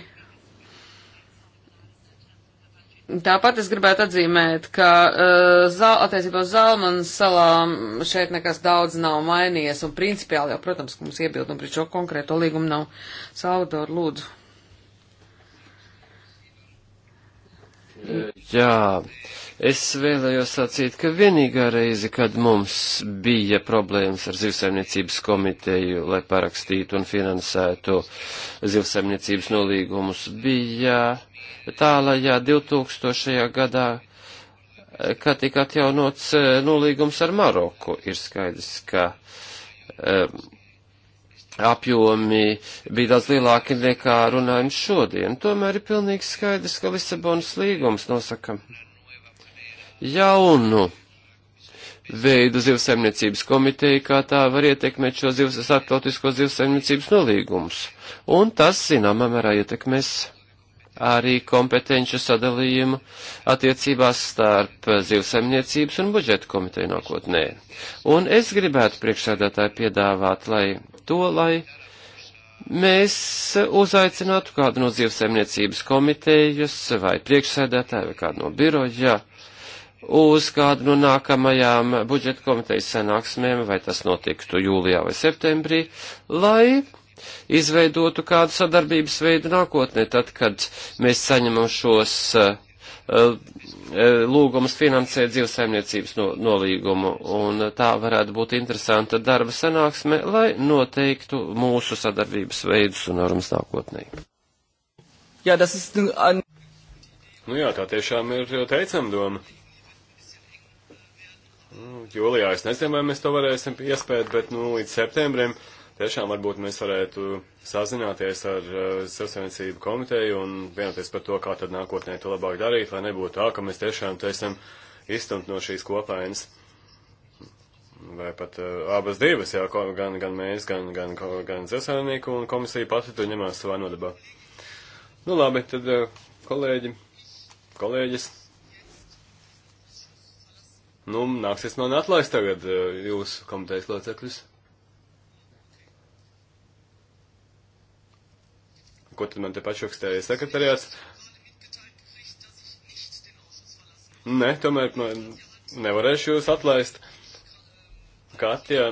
tāpat es gribētu atzīmēt, ka uh, attiecībā uz Zalmanas salām šeit nekas daudz nav mainījies, un principiāli jau, protams, ka mums iebildumi pret šo konkrēto līgumu nav. Salvador, lūdzu. Jā. Yeah. Es vēlējos sacīt, ka vienīgā reize, kad mums bija problēmas ar zivsaimniecības komiteju, lai parakstītu un finansētu zivsaimniecības nolīgumus, bija tālajā 2000. gadā, kad tika atjaunots e, nolīgums ar Maroku. Ir skaidrs, ka um, apjomi bija daudz lielāki nekā runājums šodien. Tomēr ir pilnīgi skaidrs, ka Lisabonas līgums nosaka jaunu veidu zivsaimniecības komiteju, kā tā var ietekmēt šo zivs, starptautisko zivsaimniecības nolīgumus. Un tas, zināmā mērā, ietekmēs arī kompetenču sadalījumu attiecībās starp zivsaimniecības un budžeta komiteju nākotnē. Un es gribētu priekšsēdētāju piedāvāt, lai to, lai mēs uzaicinātu kādu no zivsaimniecības komitejas vai priekšsēdētāju vai kādu no biroja uz kādu no nākamajām budžeta komitejas sanāksmēm, vai tas notiktu jūlijā vai septembrī, lai izveidotu kādu sadarbības veidu nākotnē, tad, kad mēs saņemam šos eh, eh, lūgumus finansēt dzīvesaimniecības no, nolīgumu, un tā varētu būt interesanta darba sanāksme, lai noteiktu mūsu sadarbības veidus un normas nākotnē. Jā, tas ir. Nu jā, tā tiešām ir teicam doma. Nu, jūlijā es nezinu, vai mēs to varēsim iespēt, bet nu, līdz septembrim tiešām varbūt mēs varētu sazināties ar uh, eh, Savsainicību komiteju un vienoties par to, kā tad nākotnē to labāk darīt, lai nebūtu tā, ka mēs tiešām te esam izstumt no šīs kopainas. Vai pat uh, abas divas, jā, gan, gan mēs, gan, gan, gan Zesainīku un komisija pati to ņemās savā nodabā. Nu labi, tad uh, kolēģi, kolēģis, Nu, nāksies man atlaist tagad eh, jūsu komitejas locekļus. Ko tad man te pašrakstēja sekretariāts? Nē, tomēr man nevarēšu jūs atlaist. Katja.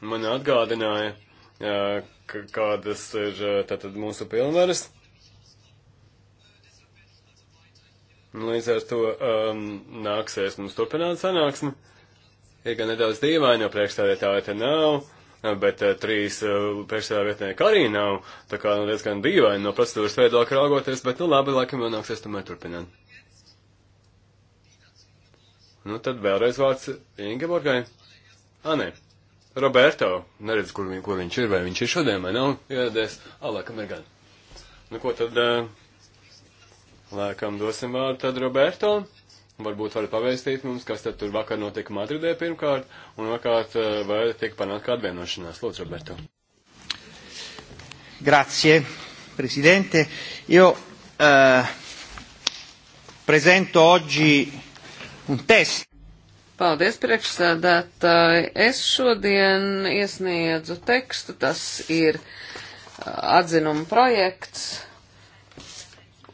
Man atgādināja, eh, kādas ir eh, tātad mūsu pilnvaras. Nu, līdz ar to um, nāksies mums turpināt sanāksmi. Ir gan nedaudz dīvaini, jo priekšstādētāja te nav, bet uh, trīs uh, priekšstādētnieki arī nav. Tā kā nu, diezgan dīvaini no procedūras veidāk raugoties, bet nu labi, laikam jau nāksies tomēr turpināt. Nu tad vēlreiz vārds Ingeborgai. Ā, nē. Roberto, neredz, kur, viņ, kur viņš ir, vai viņš ir šodien, vai nav, ieradies, alakam ir gan. Nu, ko tad, uh, Laikam dosim vārdu tad Roberto. Varbūt varat pavēstīt mums, kas tad tur vakar notika Madridē pirmkārt, un otrkārt, eh, vai tiek panākt kāda vienošanās. Lūdzu, Roberto. Grazie, Presidente. Io eh, presento oggi un test. Paldies, priekšsēdētāji. Es šodien iesniedzu tekstu, tas ir eh, atzinuma projekts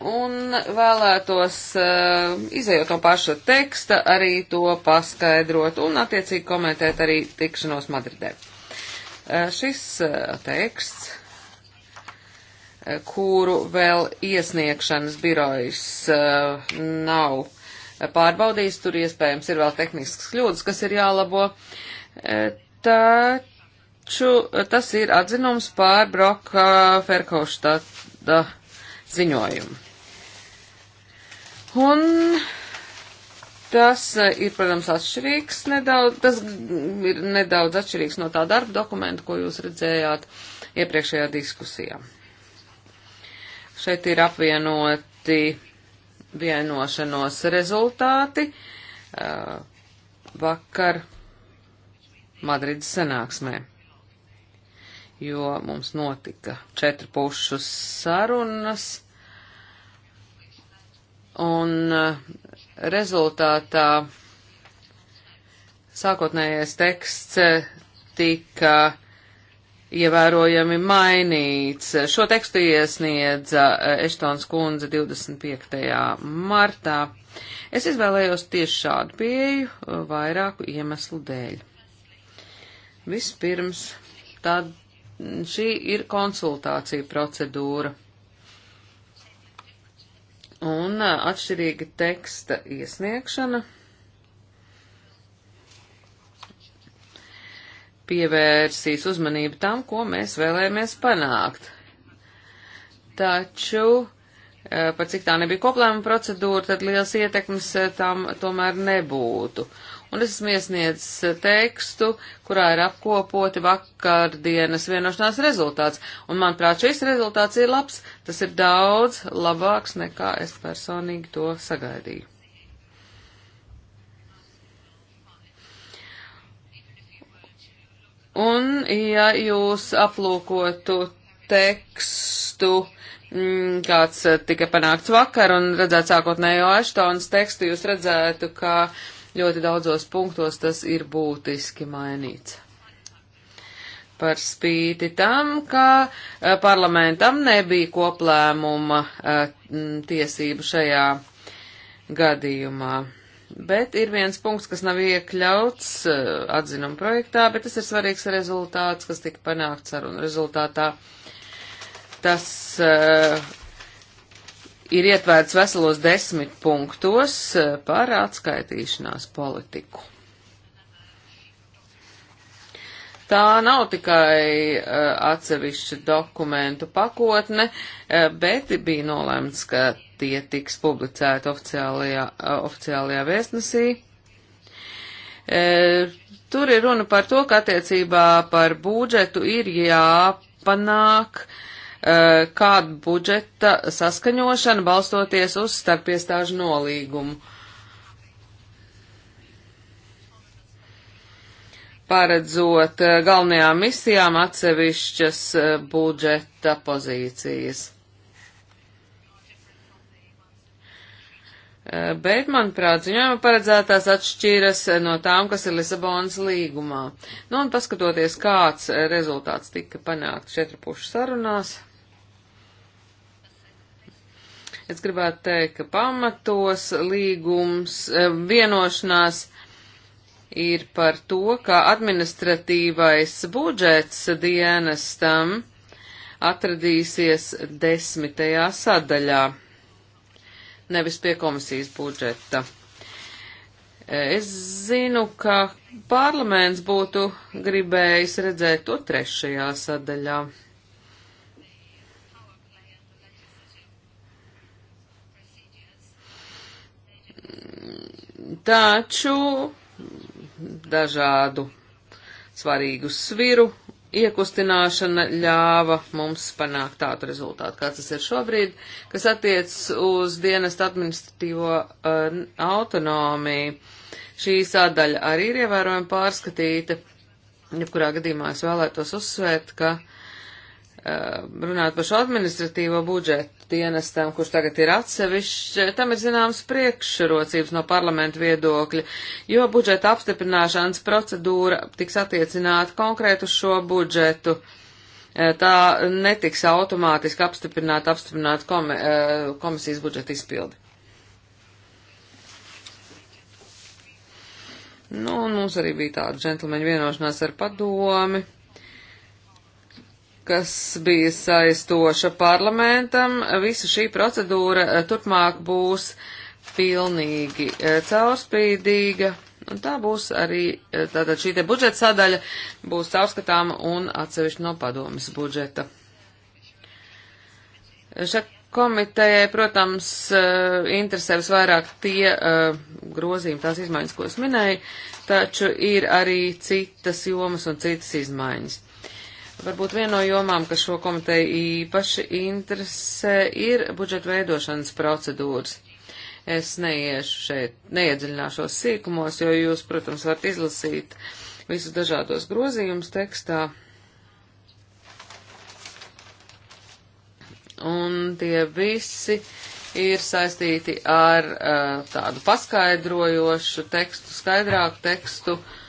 un vēlētos, eh, izējot no paša teksta, arī to paskaidrot un attiecīgi komentēt arī tikšanos Madridē. Eh, šis eh, teksts, kuru vēl iesniegšanas birojas nav pārbaudījis, tur iespējams ir vēl tehniskas kļūdas, kas ir jālabo, taču tas ir atzinums pār Broka Ferkauštata ziņojumu. Un tas eh, ir, protams, atšķirīgs nedaudz, tas ir nedaudz atšķirīgs no tā darba dokumenta, ko jūs redzējāt iepriekšējā diskusijā. Šeit ir apvienoti vienošanos rezultāti eh, vakar Madrides sanāksmē, jo mums notika četru pušu sarunas un eh, rezultātā sākotnējais teksts eh, tika ievērojami mainīts. Šo tekstu iesniedza eh, Eštons kundze 25. martā. Es izvēlējos tieši šādu pieeju vairāku iemeslu dēļ. Vispirms, tā šī ir konsultācija procedūra un atšķirīga teksta iesniegšana pievērsīs uzmanību tam, ko mēs vēlējamies panākt. Taču, par cik tā nebija koplēma procedūra, tad liels ietekmes tam tomēr nebūtu. Uh, un es esmu iesniedzis eh, tekstu, kurā ir apkopoti vakardienas vienošanās rezultāts. Un, manuprāt, šis rezultāts ir labs, tas ir daudz labāks nekā es personīgi to sagaidīju. Un, ja jūs aplūkotu tekstu, mm, kāds eh, tika panākts vakar un redzētu sākotnējo Aštons tekstu, jūs redzētu, ka ļoti daudzos punktos tas ir būtiski mainīts. Par spīti tam, ka eh, parlamentam nebija koplēmuma eh, tiesību šajā gadījumā. Bet ir viens punkts, kas nav iekļauts eh, atzinuma projektā, bet tas ir svarīgs rezultāts, kas tika panākts sarunu rezultātā. Tas uh, ir ietverts veselos desmit punktos eh, par atskaitīšanās politiku. Tā nav tikai eh, atsevišķa dokumentu pakotne, eh, bet bija nolēmts, ka tie tiks publicēti oficiālajā, oficiālajā vēstnesī. Tur ir runa par to, ka attiecībā par budžetu ir jāpanāk uh, Eh, kādu budžeta saskaņošanu balstoties uz starpiestāžu nolīgumu. paredzot eh, galvenajām misijām atsevišķas eh, budžeta pozīcijas. Bet, manuprāt, ziņojuma paredzētās atšķiras no tām, kas ir Lisabonas līgumā. Nu, un paskatoties, kāds rezultāts tika panākt četrpušu sarunās. Es gribētu teikt, ka pamatos līgums e, vienošanās ir par to, ka administratīvais budžets dienestam atradīsies desmitajā sadaļā, nevis pie komisijas budžeta. E, es zinu, ka parlaments būtu gribējis redzēt to trešajā sadaļā. Taču dažādu svarīgu sviru iekustināšana ļāva mums panākt tādu rezultātu, kāds tas ir šobrīd, kas attiec uz dienas administratīvo uh, autonomiju. Šī sādaļa arī ir ievērojami pārskatīta. Jebkurā gadījumā es vēlētos uzsvērt, ka uh, runāt par šo administratīvo budžetu dienestam, kurš tagad ir atsevišķs, tam ir zināmas priekšrocības no parlamenta viedokļa, jo budžeta apstiprināšanas procedūra tiks attiecināta konkrēt uz šo budžetu. E, tā netiks automātiski apstiprināta, apstiprināta e, komisijas budžeta izpildi. Nu, un mums arī bija tāda džentlmeņa vienošanās ar padomi kas bija saistoša parlamentam, visa šī procedūra eh, turpmāk būs pilnīgi eh, caurspīdīga, un tā būs arī, eh, tātad šī te budžeta sadaļa būs caurskatāma un atsevišķi no padomas budžeta. Šeit komitejai, protams, interesē visvairāk tie uh, grozījumi, tās izmaiņas, ko es minēju, taču ir arī citas jomas un citas izmaiņas. Varbūt viena no jomām, kas šo komiteju īpaši interesē, ir budžeta veidošanas procedūras. Es neiešu šeit, neiedziļināšos sīkumos, jo jūs, protams, varat izlasīt visus dažādos grozījumus tekstā. Un tie visi ir saistīti ar uh, tādu paskaidrojošu tekstu, skaidrāku tekstu. Uh,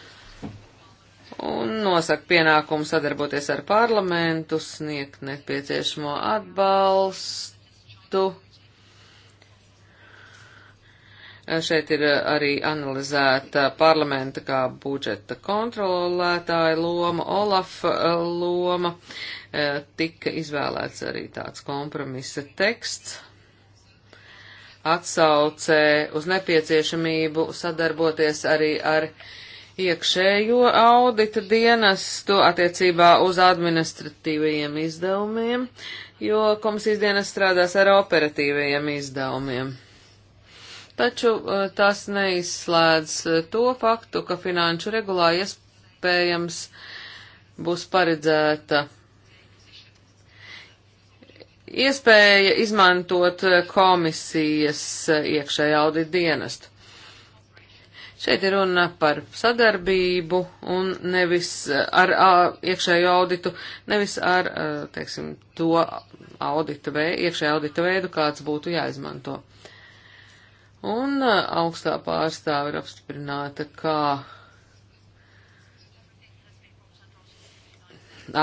un nosaka pienākumu sadarboties ar parlamentu, sniegt nepieciešamo atbalstu. Šeit ir arī analizēta parlamenta kā budžeta kontrolētāja loma, Olaf loma. Tika izvēlēts arī tāds kompromisa teksts atsaucē uz nepieciešamību sadarboties arī ar uh, iekšējo audita dienestu attiecībā uz administratīvajiem izdevumiem, jo komisijas dienas strādās ar operatīvajiem izdevumiem. Taču eh, tas neizslēdz eh, to faktu, ka finanšu regulā iespējams būs paredzēta iespēja izmantot eh, komisijas iekšējā audita dienestu. Šeit ir runa par sadarbību un nevis eh, ar a, iekšēju auditu, nevis ar, a, eh, teiksim, to audita veidu, iekšēju audita veidu, kāds būtu jāizmanto. Un a, eh, augstā pārstāve ir apstiprināta, kā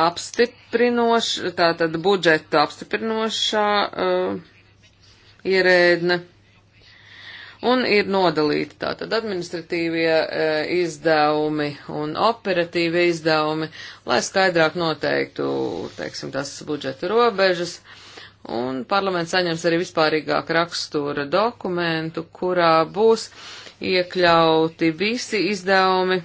apstiprinoša, tātad budžeta apstiprinošā uh, ierēdne un ir nodalīti tātad administratīvie e, izdevumi un operatīvie izdevumi, lai skaidrāk noteiktu, teiksim, tas budžeta robežas. Un parlaments saņems arī vispārīgāku rakstura dokumentu, kurā būs iekļauti visi izdevumi, e,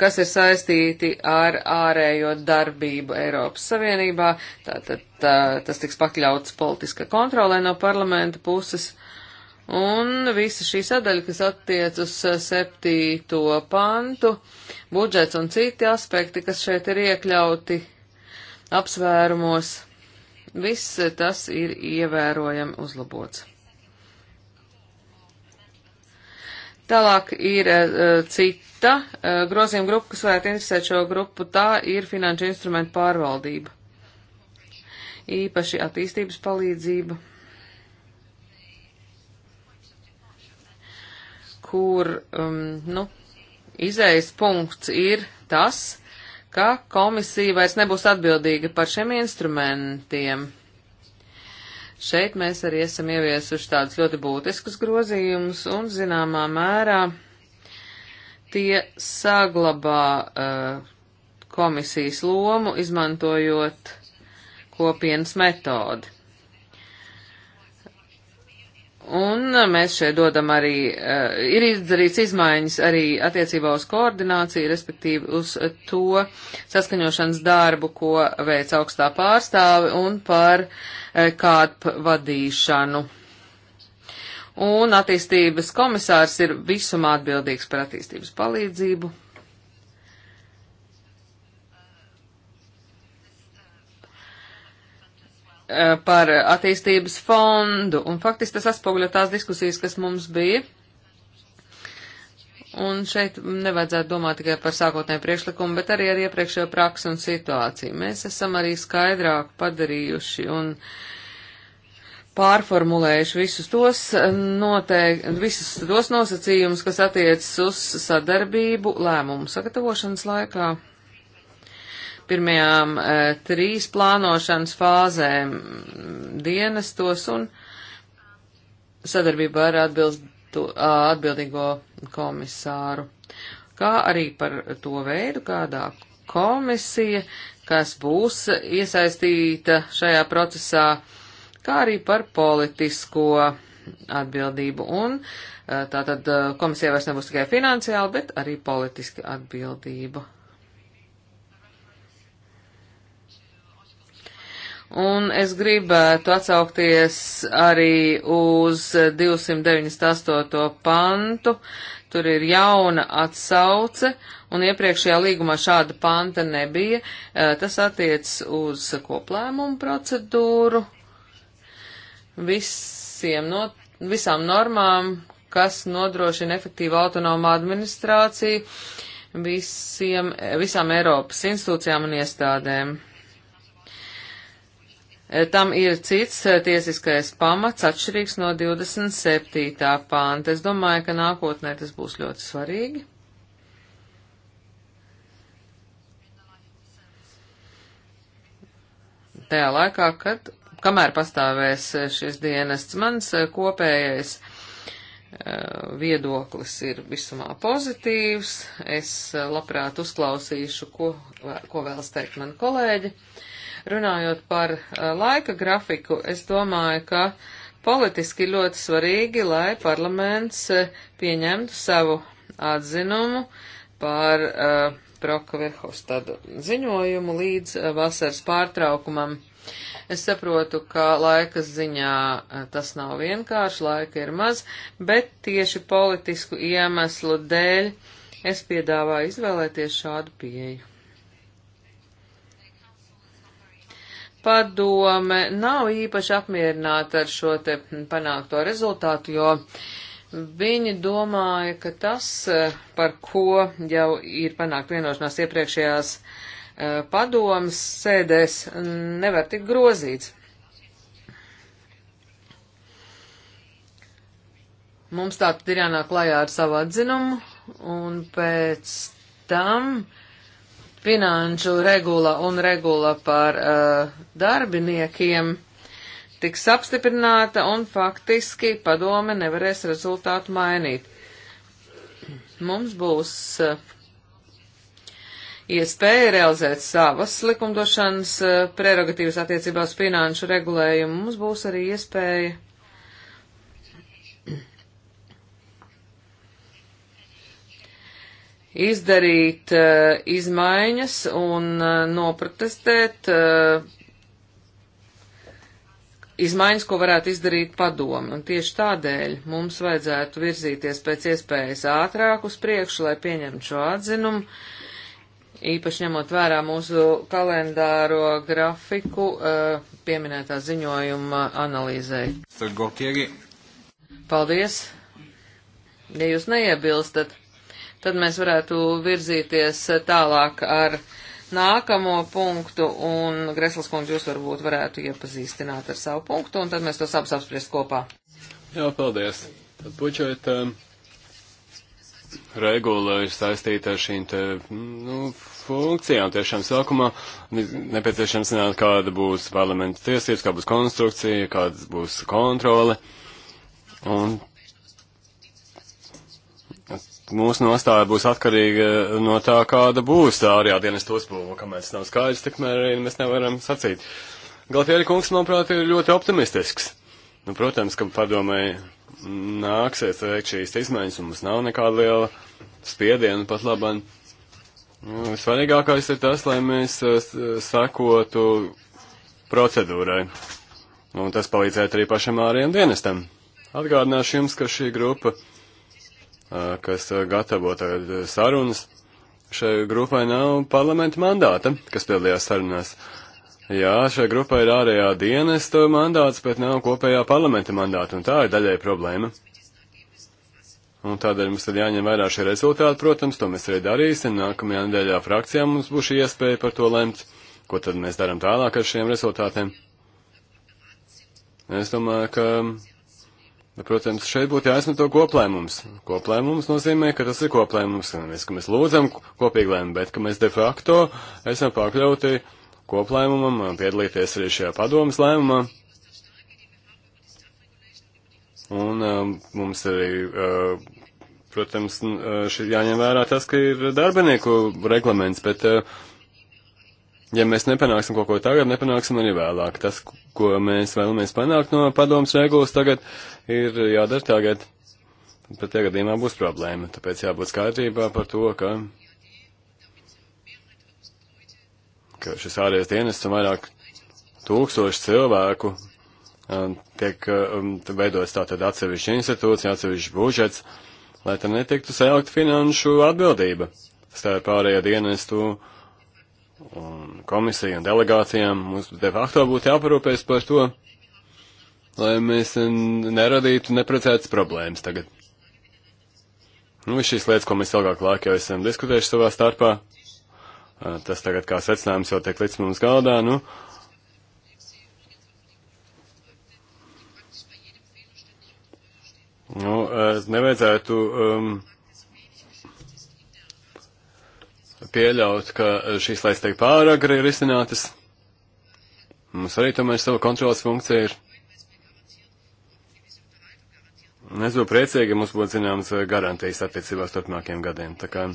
kas ir saistīti ar ārējo darbību Eiropas Savienībā. Tātad tā, tas tiks pakļauts politiska kontrolē no parlamenta puses Un visa šī sadaļa, kas attiec uz eh, septīto pantu, budžets un citi aspekti, kas šeit ir iekļauti apsvērumos, viss tas ir ievērojami uzlabots. Tālāk ir uh, cita uh, grozījuma grupa, kas varētu interesēt šo grupu, tā ir finanšu instrumentu pārvaldība. Īpaši attīstības palīdzība. kur, um, nu, izējas punkts ir tas, ka komisija vairs nebūs atbildīga par šiem instrumentiem. Šeit mēs arī esam ieviesuši tādus ļoti būtiskus grozījumus un zināmā mērā tie saglabā uh, komisijas lomu, izmantojot kopienas metodi. Un uh, mēs šeit dodam arī, uh, ir izdarīts izmaiņas arī attiecībā uz koordināciju, respektīvi uz to saskaņošanas darbu, ko veic augstā pārstāve un par uh, kādu vadīšanu. Un attīstības komisārs ir visumā atbildīgs par attīstības palīdzību. Eh, par attīstības fondu, un faktiski tas atspoguļo tās diskusijas, kas mums bija. Un šeit nevajadzētu domāt tikai par sākotnēju priekšlikumu, bet arī ar iepriekšējo praksi un situāciju. Mēs esam arī skaidrāk padarījuši un pārformulējuši visus tos, eh, noteik, visus tos nosacījumus, kas attiecas uz sadarbību lēmumu sagatavošanas laikā pirmajām e, trīs plānošanas fāzēm dienestos un sadarbībā ar atbildu, atbildīgo komisāru, kā arī par to veidu, kādā komisija, kas būs iesaistīta šajā procesā, kā arī par politisko atbildību. Un eh, tātad eh, komisija vairs nebūs tikai finansiāli, bet arī politiski atbildība. Un es gribētu atsaukties arī uz 298. pantu. Tur ir jauna atsauce, un iepriekšējā līgumā šāda panta nebija. Eh, tas attiec uz koplēmumu procedūru visiem no, visām normām, kas nodrošina efektīvu autonomu administrāciju visiem, visām Eiropas institūcijām un iestādēm. Tam ir cits eh, tiesiskais pamats atšķirīgs no 27. pānta. Es domāju, ka nākotnē tas būs ļoti svarīgi. Tajā laikā, kad, kamēr pastāvēs eh, šis dienests, mans eh, kopējais viedoklis ir visumā pozitīvs. Es labprāt uzklausīšu, ko, ko vēlas teikt mani kolēģi. Runājot par eh, laika grafiku, es domāju, ka politiski ļoti svarīgi, lai parlaments eh, pieņemtu savu atzinumu par uh, eh, Prokaverhofstadu ziņojumu līdz vasaras pārtraukumam. Es saprotu, ka laika ziņā tas nav vienkārši, laika ir maz, bet tieši politisku iemeslu dēļ es piedāvāju izvēlēties šādu pieeju. padome nav īpaši apmierināta ar šo te panākto rezultātu, jo viņi domāja, ka tas, eh, par ko jau ir panākt vienošanās iepriekšējās eh, padomas sēdēs, nevar tikt grozīts. Mums tātad ir jānāk klajā ar savu atzinumu, un pēc tam uh, finanšu regula un regula par uh, darbiniekiem tiks apstiprināta un faktiski padome nevarēs rezultātu mainīt. Mums būs uh, iespēja realizēt savas likumdošanas eh, prerogatīvas attiecībā uz finanšu regulējumu, mums būs arī iespēja izdarīt uh, izmaiņas un uh, noprotestēt uh, izmaiņas, ko varētu izdarīt padomi. Un tieši tādēļ mums vajadzētu virzīties pēc iespējas ātrāk uz priekšu, lai pieņemtu šo atzinumu. Īpaši ņemot vērā mūsu kalendāro grafiku pieminētā ziņojuma analīzē. Paldies! Ja jūs neiebilstat, tad mēs varētu virzīties tālāk ar nākamo punktu, un Gresls kundze jūs varbūt varētu iepazīstināt ar savu punktu, un tad mēs tos abus apspriest kopā. Jā, paldies. Tad budžeta um, regula ir saistīta ar šīm te, nu, funkcijām tiešām sākumā. Nepieciešams zināt, kāda būs parlamenta tiesības, kāda būs konstrukcija, kādas būs kontrole. Un mūsu nostāja būs atkarīga no tā, kāda būs tā ārējā dienas uzbūva, kamēr tas nav skaidrs, tikmēr arī mēs nevaram sacīt. Galtieri kungs, manuprāt, ir ļoti optimistisks. Nu, protams, ka padomēji nāksies veikt šīs izmaiņas, un mums nav nekāda liela spiediena pat labam. Nu, svarīgākais ir tas, lai mēs uh, sakotu procedūrai, un tas palīdzētu arī pašam ārējiem dienestam. Atgādināšu jums, ka šī grupa kas gatavo tagad sarunas. Šai grupai nav parlamenta mandāta, kas piedalījās sarunās. Jā, šai grupai ir ārējā dienesta mandāts, bet nav kopējā parlamenta mandāta, un tā ir daļai problēma. Un tādēļ mums tad jāņem vērā šie rezultāti, protams, to mēs arī darīsim. Nākamajā nedēļā frakcijā mums būs šī iespēja par to lemt, ko tad mēs darām tālāk ar šiem rezultātiem. Es domāju, ka Nu, protams, šeit būtu jāizmanto koplēmums. Koplēmums nozīmē, ka tas ir koplēmums, ka mēs, ka mēs lūdzam kopīgi lēmumu, bet ka mēs de facto esam pakļauti koplēmumam, piedalīties arī šajā padomas lēmumā. Un um, mums arī, uh, protams, uh, šī jāņem vērā tas, ka ir darbinieku reglaments, bet uh, ja mēs nepanāksim kaut ko tagad, nepanāksim arī vēlāk. Tas, ko mēs vēlamies panākt no padomas regulas tagad, ir jādara tagad. Bet tie gadījumā būs problēma, tāpēc jābūt skaidrībā par to, ka, ka šis ārējais dienests un vairāk tūkstoši cilvēku tiek um, veidots tātad atsevišķa institūcija, atsevišķa budžets, lai tam netiktu sajaukt finanšu atbildība starp ārējo dienestu un komisija un delegācijām mums de facto būtu jāparūpēs par to, lai mēs neradītu neprecētas problēmas tagad. Nu, šīs lietas, ko mēs ilgāk laika jau esam diskutējuši savā starpā, tas tagad kā secinājums jau tiek līdz mums galdā, nu. Nu, nevajadzētu um, pieļaut, ka šīs lietas tiek pāragri risinātas. Mums arī tomēr sava kontrolas funkcija ir. Es būtu priecīgi, ja mums būtu zināmas garantijas attiecībās turpmākiem gadiem. Tā kā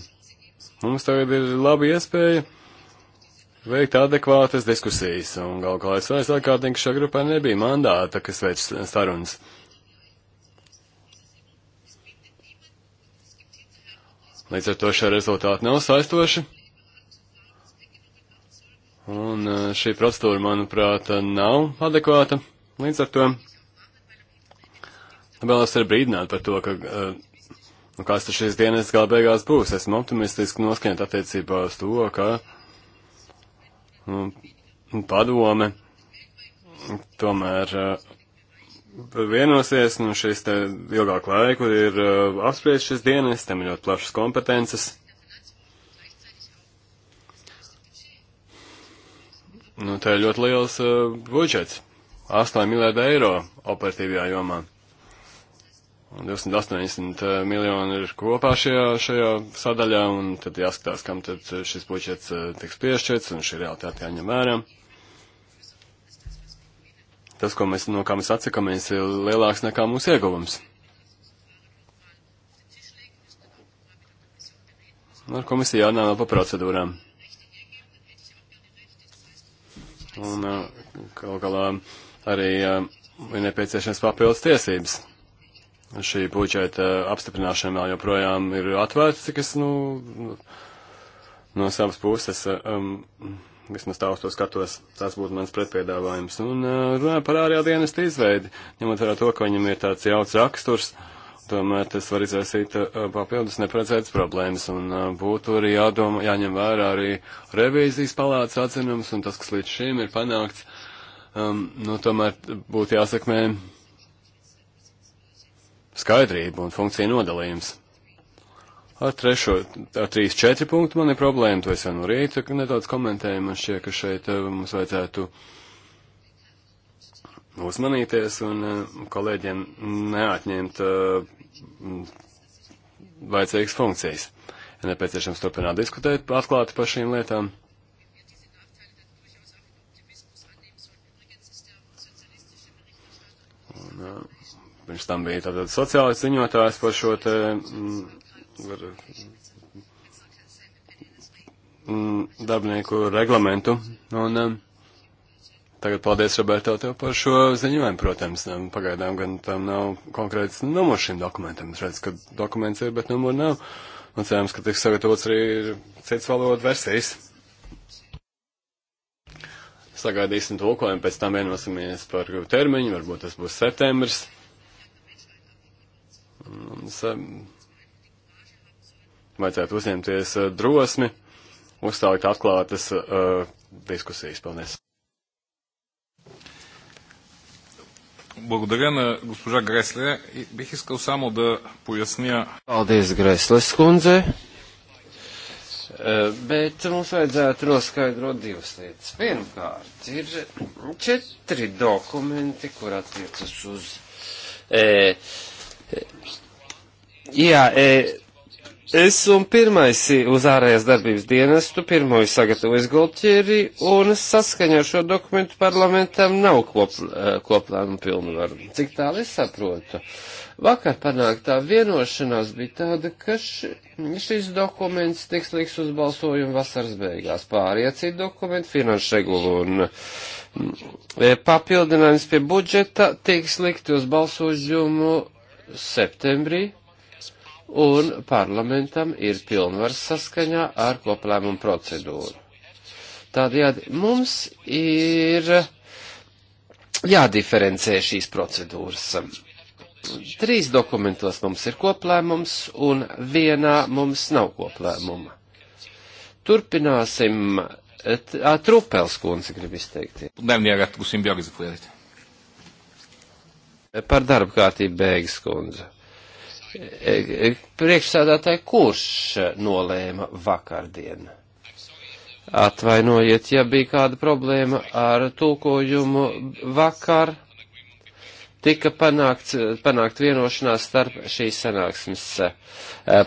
mums tagad ir laba iespēja veikt adekvātas diskusijas, un gal galā es vairs ārkārtīgi šā grupā nebija mandāta, kas veids sarunas. Līdz ar to šie rezultāti nav saistoši. Un e, šī procedūra, manuprāt, nav adekvāta. Līdz ar to vēlos arī brīdināt par to, ka, e, nu, kāds tas šīs dienas gala beigās būs. Esmu optimistiski noskaņot attiecībā uz to, ka nu, padome tomēr uh, vienosies, nu šis te ilgāk laiku ir uh, apspriest šis dienas, tam ir ļoti plašas kompetences. Nu, tā ir ļoti liels uh, budžets. 8 miljārdi eiro operatīvajā jomā. Un 280 uh, miljoni ir kopā šajā, šajā sadaļā, un tad jāskatās, kam tad šis budžets uh, tiks piešķirts, un šī realitāte jāņem vērā tas, ko mēs, no kā mēs atsakamies, ir lielāks nekā mūsu ieguvums. Ar komisiju jānāk pa procedūrām. Un kaut galā arī ir nepieciešams papildus tiesības. Šī budžeta apstiprināšana vēl joprojām ir atvērta, cik es, nu, nu no savas puses. Um, Vismaz tā uz to skatos, tas būtu mans pretpiedāvājums. Un runājot par ārējā dienesta izveidi, ņemot vērā to, ka viņam ir tāds jauks raksturs, tomēr tas var izraisīt papildus neprecētas problēmas. Un būtu arī jādoma, jāņem vērā arī revīzijas palātas atzinums un tas, kas līdz šim ir panākts, um, nu tomēr būtu jāsakmē skaidrība un funkcija nodalījums. Ar trešo, ar trīs četri punktu man ir problēma, to es jau no rīta nedaudz komentēju, man šķiet, ka šeit eh, mums vajadzētu uzmanīties un eh, kolēģiem neatņemt eh, vajadzīgas funkcijas. Ja nepieciešams turpināt diskutēt atklāti par šīm lietām. Un, pirms tam bija tātad sociālists ziņotājs par šo te. Mm, Mm, darbinieku reglamentu. Un, um, Tagad paldies, Roberto, tev par šo ziņojumu, protams, um, pagaidām gan tam nav konkrēts numurs šim dokumentam. Es redzu, ka dokuments ir, bet numuru nav. Un cerams, ka tiks sagatavots arī cits valodu versijas. Sagaidīsim tulkojumu, pēc tam vienosimies par termiņu, varbūt tas būs septembris. Un, un, um, vajadzētu uzņemties eh, drosmi, uzstāvēt atklātas uh, diskusijas. Paldies! Благодаря на госпожа Гресле. И бих искал само да поясня. Paldies, Греслес кундзе. Э, bet mums vajadzētu noskaidrot divas lietas. Pirmkārt, ir četri dokumenti, kur attiecas uz. Eh, e, jā, e, Esmu pirmais uz ārējās darbības dienestu, pirmo ir sagatavojis Goltieri, un saskaņā ar šo dokumentu parlamentam nav kop, eh, koplānu pilnvaru. Cik tālu es saprotu. Vakar panāktā vienošanās bija tāda, ka š, šis dokuments tiks liks uz balsojumu vasaras beigās. Pārējie citi dokumenti, finanšu regulu un mm, e, papildinājums pie budžeta tiks likti uz balsojumu septembrī un parlamentam ir pilnvars saskaņā ar koplēmumu procedūru. Tādējādi mums ir jādiferencē šīs procedūras. Trīs dokumentos mums ir koplēmums, un vienā mums nav koplēmuma. Turpināsim. Trupels kundze grib izteikties. Par darba kārtību beigas kundze priekšsādātāji, kurš nolēma vakardien? Atvainojiet, ja bija kāda problēma ar tulkojumu vakar. Tika panākt, panākt vienošanās starp šīs sanāksmes eh,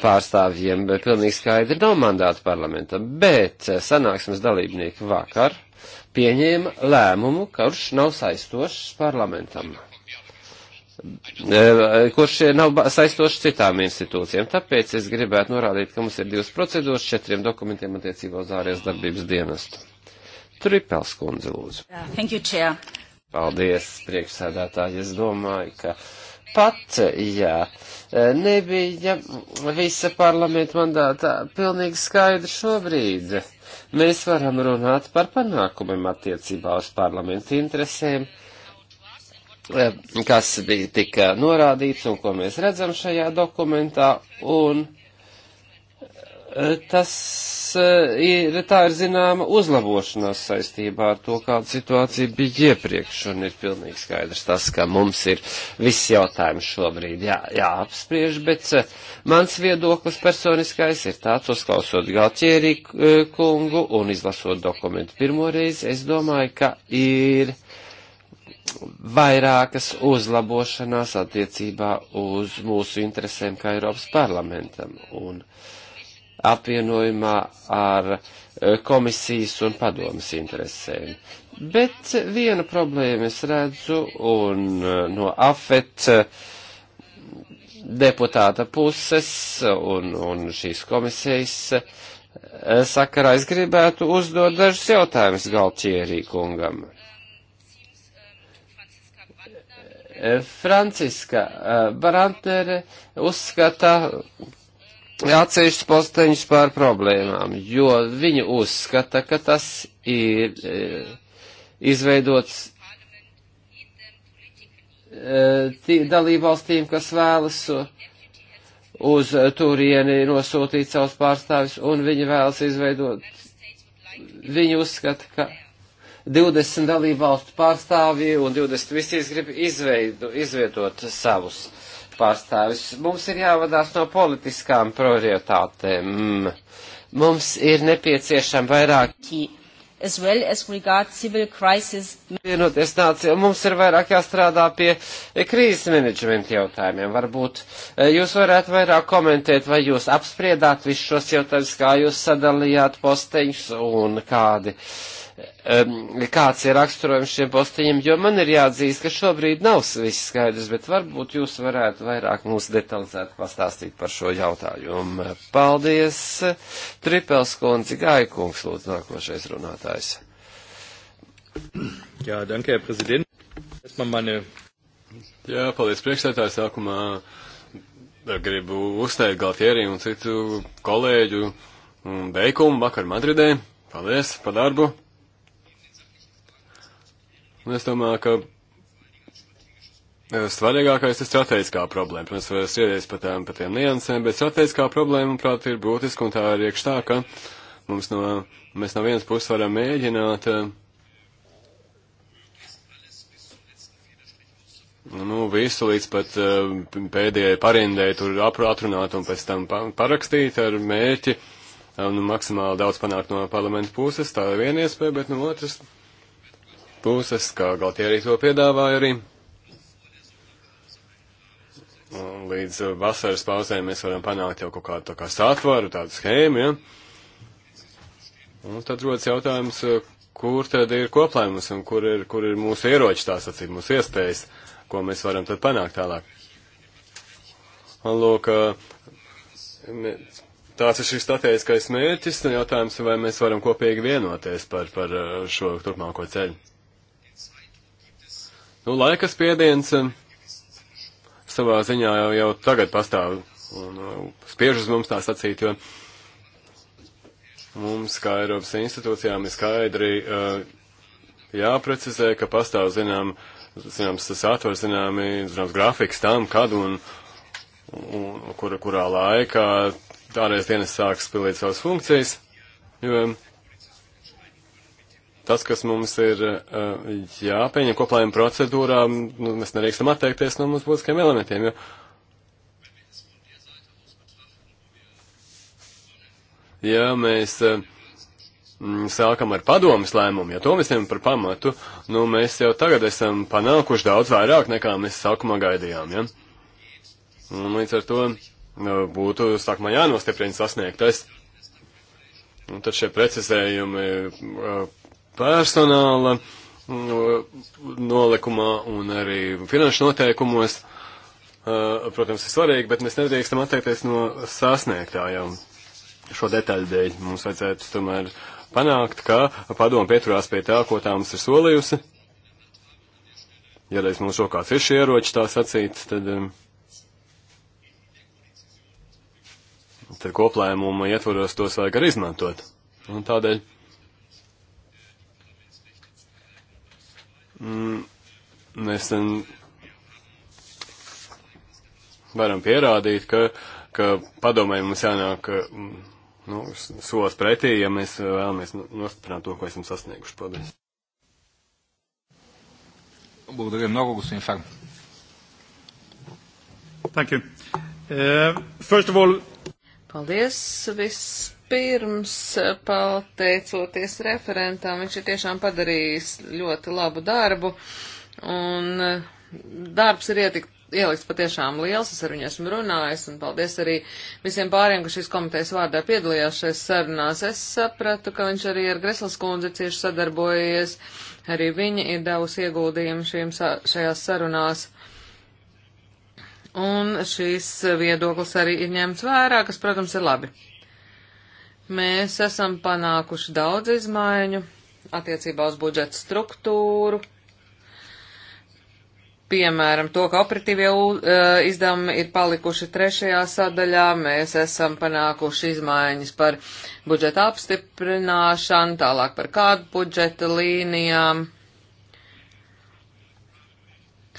pārstāvjiem. Pilnīgi skaidri nav mandāta parlamentam, bet eh, sanāksmes dalībnieki vakar pieņēma lēmumu, ka kurš nav saistošs parlamentam. Eh, kurš nav saistošs citām institūcijām. Tāpēc es gribētu norādīt, ka mums ir divas procedūras četriem dokumentiem attiecībā uz ārējās darbības dienestu. Tripels kundze, lūdzu. Thank you, chair. Paldies, priekšsēdētāji. Es domāju, ka pat, jā, eh, nebija visa parlamenta mandāta pilnīgi skaidra šobrīd. Mēs varam runāt par panākumiem attiecībā uz parlamenta interesēm Eh, kas bija tika norādīts un ko mēs redzam šajā dokumentā, un eh, tas eh, ir, tā ir zināma uzlabošanās saistībā ar to, kāda situācija bija iepriekš, un ir pilnīgi skaidrs tas, ka mums ir viss jautājums šobrīd jā, jāapspriež, bet mans viedoklis personiskais ir tāds, uzklausot Galtierī kungu un izlasot dokumentu pirmoreiz, es domāju, ka ir vairākas uzlabošanās attiecībā uz mūsu interesēm kā Eiropas parlamentam un apvienojumā ar eh, komisijas un padomas interesēm. Bet vienu problēmu es redzu un eh, no afet eh, deputāta puses un, un šīs komisijas sakarā es gribētu uzdot dažus jautājumus Galtierī kungam Eh, Franciska eh, Barantere uzskata atsevišķus posteņus pār problēmām, jo viņa uzskata, ka tas ir eh, izveidots dalībvalstīm, kas vēlas uz turieni nosūtīt savus pārstāvis, un viņi vēlas izveidot, viņi uzskata, ka 20 dalībvalstu pārstāvji un 23 grib izveidu, izvietot savus pārstāvis. Mums ir jāvadās no politiskām prioritātēm. Mm. Mums ir nepieciešama vairāk. As well as Vienoties nācija, mums ir vairāk jāstrādā pie krīzes menedžmenta jautājumiem. Varbūt eh, jūs varētu vairāk komentēt, vai jūs apspriedāt visus šos jautājumus, kā jūs sadalījāt posteņus un kādi. Uh, kāds ir raksturojums šiem postiņiem, jo man ir jāatzīst, ka šobrīd nav viss skaidrs, bet varbūt jūs varētu vairāk mums detalizēt pastāstīt par šo jautājumu. Paldies, Tripels kundzi, Gaikungs, lūdzu, nākošais runātājs. Jā, danke, Herr Präsident. Esmu mani. Jā, paldies, priekšsētājs, sākumā eh, gribu uzteikt Galtieri un citu kolēģu un mm, Beikumu vakar Madridē. Paldies par darbu! Un es domāju, ka eh, svarīgākais ir strateģiskā problēma. Protams, var sriedēties par tām, par tiem niansēm, bet strateģiskā problēma, manuprāt, ir būtiska un tā ir iekš tā, ka mums no, mēs no vienas puses varam mēģināt, eh, nu, visu līdz pat eh, pēdējai parindai tur atrunāt un pēc tam parakstīt ar mērķi, nu, maksimāli daudz panākt no parlamenta puses, tā ir viena iespēja, bet no otras. Nu, puses, kā Galtieri to piedāvāja arī. Un līdz vasaras pauzēm mēs varam panākt jau kaut kādu tā kā satvaru, tādu schēmu, ja? Un tad rodas jautājums, kur tad ir koplēmums un kur ir, kur ir mūsu ieroči, tā sacīt, mūsu iespējas, ko mēs varam tad panākt tālāk. Un lūk, tāds ir šis strateģiskais mērķis, un jautājums, vai mēs varam kopīgi vienoties par, par šo turpmāko ceļu. Nu, laika spiediens eh, savā ziņā jau, jau tagad pastāv un eh, spiež uz mums tā sacīt, jo mums, kā Eiropas institūcijām, ir skaidri eh, jāprecizē, ka pastāv zinām, zināms, satvers, zināmi, zināms, grafiks tam, kad un, un kur, kurā laikā ārējais dienas sāks pildīt savas funkcijas, jo tas, kas mums ir uh, jāpieņem koplējuma procedūrā, nu, mēs nerīkstam atteikties no nu, mums būtiskiem elementiem, jo. Ja mēs uh, sākam ar padomas lēmumu, ja to mēs ņemam par pamatu, nu mēs jau tagad esam panākuši daudz vairāk nekā mēs sākumā gaidījām, ja? Un līdz ar to nu, būtu sākumā jānostiprina sasniegtais. Un tad šie precizējumi uh, personāla mm, nolikumā un arī finanšu noteikumos, uh, protams, ir svarīgi, bet mēs nedrīkstam atteikties no sasniegtā jau šo detaļu dēļ. Mums vajadzētu tomēr panākt, ka padomu pieturās pie tā, ko tā mums ir solījusi. Ja reiz mums rokās ir šie ieroči, tā sacīt, tad, um, tad koplējumuma ietvaros tos vajag arī izmantot. Un tādēļ Nesen mm, varam pierādīt, ka, ka padomē mums jānāk mm, nu, solis pretī, ja mēs eh, vēlamies nostiprināt to, ko esam sasnieguši. Paldies. Благодаря много, господин Фарм. Thank you. Uh, first of all... Paldies. Viss Vispirms, eh, pateicoties referentam, viņš ir tiešām padarījis ļoti labu darbu, un eh, darbs ir ietikt, ielikts patiešām liels, es ar viņu esmu runājis, un paldies arī visiem pāriem, kas šīs komitejas vārdā piedalījās šajās sarunās. Es sapratu, ka viņš arī ar Greslas kundzi cieši sadarbojies, arī viņa ir devusi ieguldījumu šīm, šajās sarunās. Un šīs viedoklis arī ir ņemts vērā, kas, protams, ir labi. Mēs esam panākuši daudz izmaiņu attiecībā uz budžeta struktūru, piemēram, to, ka operatīvie e, izdevumi ir palikuši trešajā sadaļā, mēs esam panākuši izmaiņas par budžeta apstiprināšanu, tālāk par kādu budžeta līnijām.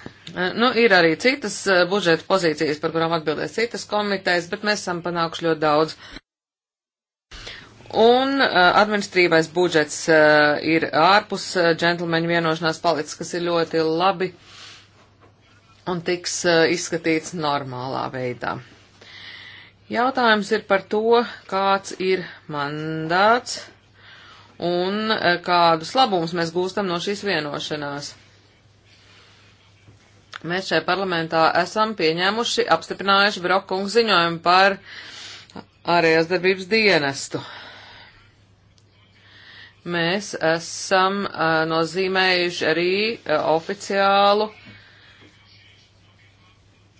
E, nu, ir arī citas e, budžeta pozīcijas, par kurām atbildēs citas komitejas, bet mēs esam panākuši ļoti daudz. Un uh, administrīvais budžets uh, ir ārpus uh, džentlmeņu vienošanās palicis, kas ir ļoti labi un tiks uh, izskatīts normālā veidā. Jautājums ir par to, kāds ir mandāts un uh, kādus labumus mēs gūstam no šīs vienošanās. Mēs šajā parlamentā esam pieņēmuši, apstiprinājuši Brokungu ziņojumu par ārējās darbības dienestu. Uh, mēs esam uh, nozīmējuši arī uh, oficiālu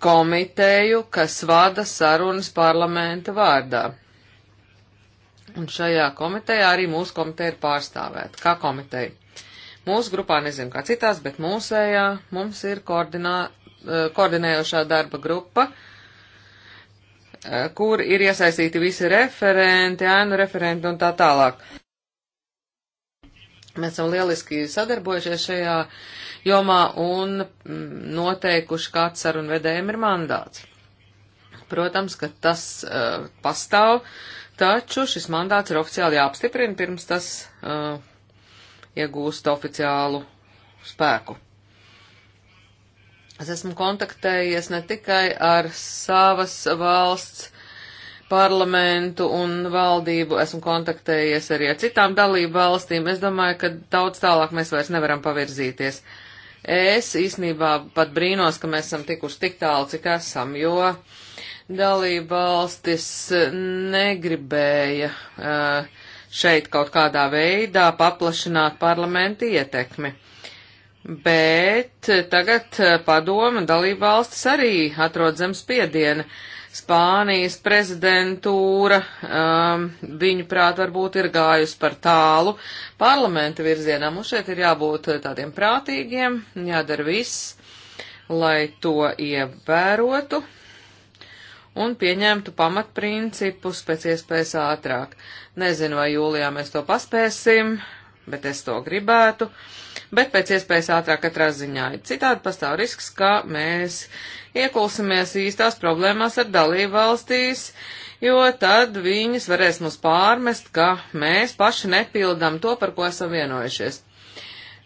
komiteju, kas vada sarunas parlamenta vārdā. Un šajā komitejā arī mūsu komiteja ir pārstāvēta, kā komiteja. Mūsu grupā, nezinu kā citās, bet mūsējā mums ir koordinā, uh, koordinējošā darba grupa, kur ir iesaistīti visi referenti, ēnu referenti un tā tālāk. Mēs esam lieliski sadarbojušies šajā jomā un mm, noteikuši, kāds sarunvedējiem ir mandāts. Protams, ka tas uh, pastāv, taču šis mandāts ir oficiāli jāapstiprina, pirms tas uh, iegūst oficiālu spēku. Es esmu kontaktējies ne tikai ar savas valsts parlamentu un valdību, esmu kontaktējies arī ar citām dalību valstīm. Es domāju, ka daudz tālāk mēs vairs nevaram pavirzīties. Es īsnībā pat brīnos, ka mēs esam tikuši tik tālu, cik esam, jo dalību valstis negribēja uh, šeit kaut kādā veidā paplašināt parlamentu ietekmi. Bet tagad eh, padoma dalībvalstis arī atrod zem spiediena. Spānijas prezidentūra, um, viņu prāt, varbūt ir gājusi par tālu parlamenta virzienā. Mums šeit ir jābūt tādiem prātīgiem, jādara viss, lai to ievērotu un pieņemtu pamatprincipus pēc iespējas ātrāk. Nezinu, vai jūlijā mēs to paspēsim, bet es to gribētu, bet pēc iespējas ātrāk katrā ziņā. Citādi pastāv risks, ka mēs iekulsimies īstās problēmās ar dalību valstīs, jo tad viņas varēs mums pārmest, ka mēs paši nepildam to, par ko esam vienojušies.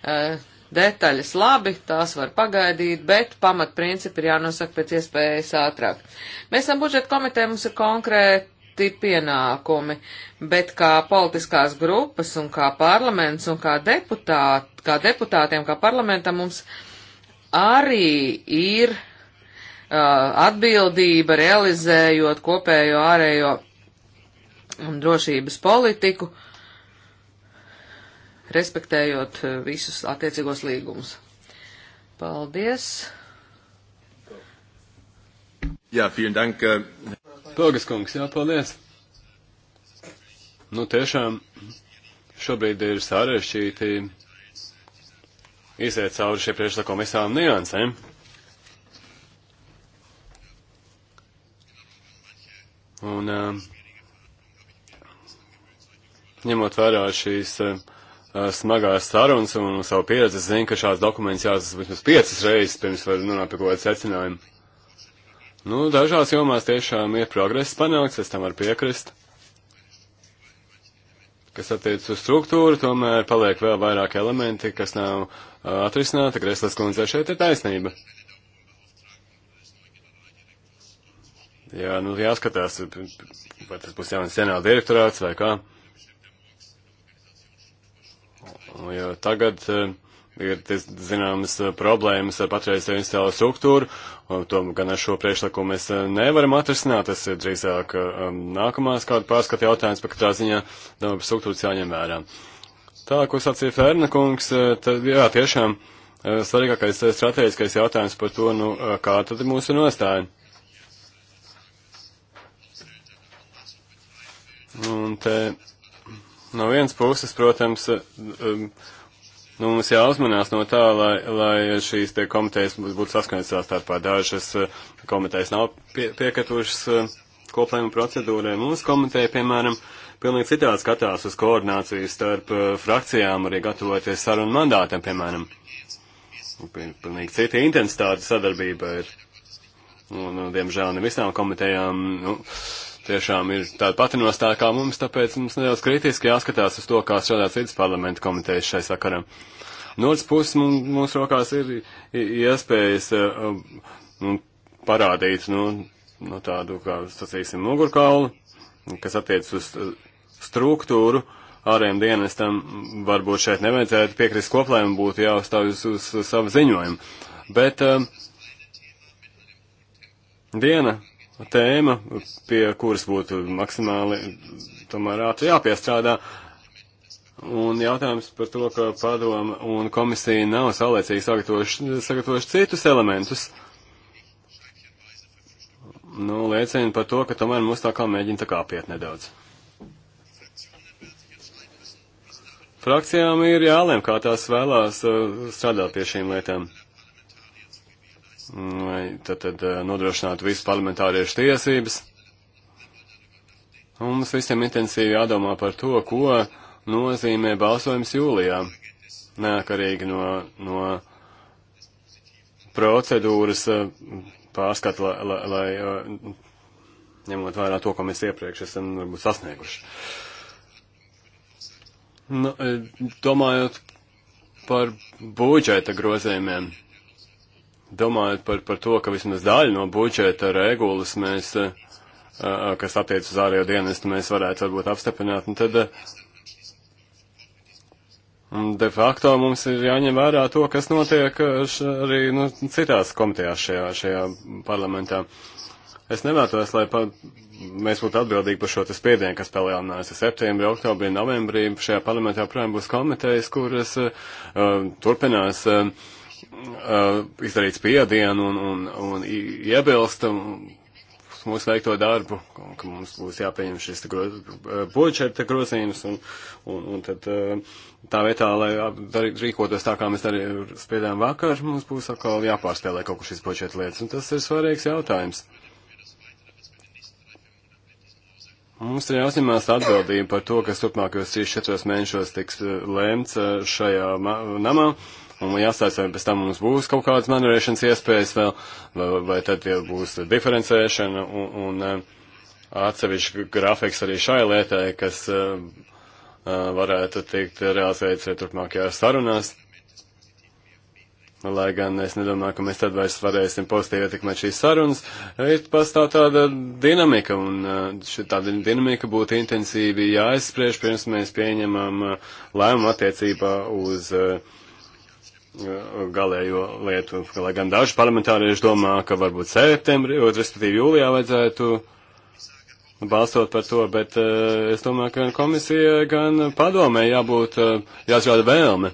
Eh, detaļas labi, tās var pagaidīt, bet pamatprincipi ir jānosaka pēc iespējas ātrāk. Mēs esam budžeta komiteja, mums ir konkrēti citi pienākumi, bet kā politiskās grupas un kā parlaments un kā, deputāt, kā deputātiem, kā parlamentam mums arī ir uh, atbildība realizējot kopējo ārējo un drošības politiku, respektējot uh, visus attiecīgos līgumus. Paldies! Jā, vielen dank. Uh, Pogas kungs, jā, paldies. Nu, tiešām šobrīd ir sarežģīti iziet cauri šie priekšlikumi visām niansēm. Un eh, ņemot vērā šīs eh, smagās sarunas un savu pieredzi, es zinu, ka šāds dokuments jāsas vismaz piecas reizes, pirms var nonākt pie kaut kāda secinājuma. Nu, dažās jomās tiešām ir progress panāks, es tam varu piekrist. Kas attiec uz struktūru, tomēr paliek vēl vairāk elementi, kas nav uh, atrisināti. Kreslas kundze šeit ir taisnība. Jā, nu jāskatās, vai tas būs jauns ģenerāla direktorāts vai kā. Jo tagad. Uh, Eh, eh, ir zināmas problēmas ar patreizēju institucionālo struktūru, to gan ar šo priekšlikumu mēs eh, nevaram atrisināt, tas ir drīzāk um, nākamās kāda pārskata jautājums, par katrā ziņā darba struktūras jāņem vērā. Tā, ko sacīja Fērna kungs, tad jā, tiešām svarīgākais strateģiskais jautājums par to, nu, kā tad ir mūsu nostāja. Un te no vienas puses, protams, um, Nu, mums jāuzmanās no tā, lai, lai šīs te komitejas būtu saskaņotas tā starpā. Dažas eh, komitejas nav pie, piekatušas eh, koplējuma procedūrai. Mums komiteja, piemēram, pilnīgi citādi skatās uz koordināciju starp eh, frakcijām, arī gatavoties sarunu mandātam, piemēram. Pilnīgi cita intensitāte sadarbība ir. Un, nu, diemžēl ne visām komitejām, nu, uh, tiešām ir tāda pati nostāja kā mums, tāpēc mums nedaudz kritiski jāskatās uz to, kā strādāt citas parlamenta komitejas šai sakaram. No otras puses, mums rokās ir iespējas e, e, nu, parādīt nu, nu, tādu, kā sacīsim, mugurkaulu, kas attiec uz e, struktūru. Ārējiem dienestam varbūt šeit nevajadzētu piekrist koplēm, būtu jāuzstāv uz, uz savu ziņojumu. Bet um, diena tēma, pie kuras būtu maksimāli tomēr ātri jāpiestrādā. Un jautājums par to, ka padoma un komisija nav saulēcīgi sagatavojuši, sagatavojuši citus elementus. Nu, liecina par to, ka tomēr mums tā kā mēģina tā kāpiet nedaudz. Frakcijām ir jālēm, kā tās vēlās uh, strādāt pie šīm lietām lai tad, tad eh, nodrošinātu visu parlamentāriešu tiesības. Un mums visiem intensīvi jādomā par to, ko nozīmē balsojums jūlijā, neakarīgi no, no procedūras eh, pārskata, lai, lai eh, ņemot vērā to, ko mēs iepriekš esam varbūt sasnieguši. Nu, domājot par budžeta grozējumiem domājot par, par to, ka vismaz daļu no budžeta regulas mēs, eh, eh, kas attiec uz ārējo dienestu, mēs varētu varbūt apstiprināt, un tad eh, de facto mums ir jāņem vērā to, kas notiek arī nu, citās komitejās šajā, šajā parlamentā. Es nevētos, lai pa, mēs būtu atbildīgi par šo spiedienu, kas palielinās septembrī, oktobrī, novembrī. Šajā parlamentā, protams, būs komitejas, kuras uh, turpinās uh, Uh, izdarīt spiedienu un, un, un iebilst mūsu veikto darbu, ka mums būs jāpieņem šis uh, budžeta grozījums, un, un, un tad uh, tā vietā, lai darīt, rīkotos tā, kā mēs arī spiedām vakar, mums būs atkal jāpārspēlē kaut kur šis budžeta lietas, un tas ir svarīgs jautājums. Mums ir jāuzņemās atbildība par to, kas turpmākajos 3-4 mēnešos tiks lēmts šajā namā. Ma Un jāstāsta, vai pēc tam mums būs kaut kādas manevrēšanas iespējas vēl, vai, vai tad jau būs diferencēšana un, un eh, atsevišķi grafiks arī šai lietai, kas uh, varētu tikt realizēts arī turpmākajās sarunās. Lai gan es nedomāju, ka mēs tad vairs varēsim pozitīvi ietekmēt šīs sarunas, ir pastāv tāda dinamika, un šī tāda dinamika būtu intensīvi jāizspriež, pirms mēs pieņemam lēmumu attiecībā uz uh, galējo lietu. Lai gan daži parlamentārieši domā, ka varbūt septembrī, respektīvi jūlijā vajadzētu balsot par to, bet uh, es domāju, ka gan komisija, gan padomē jābūt, uh, eh, jāsrāda vēlme.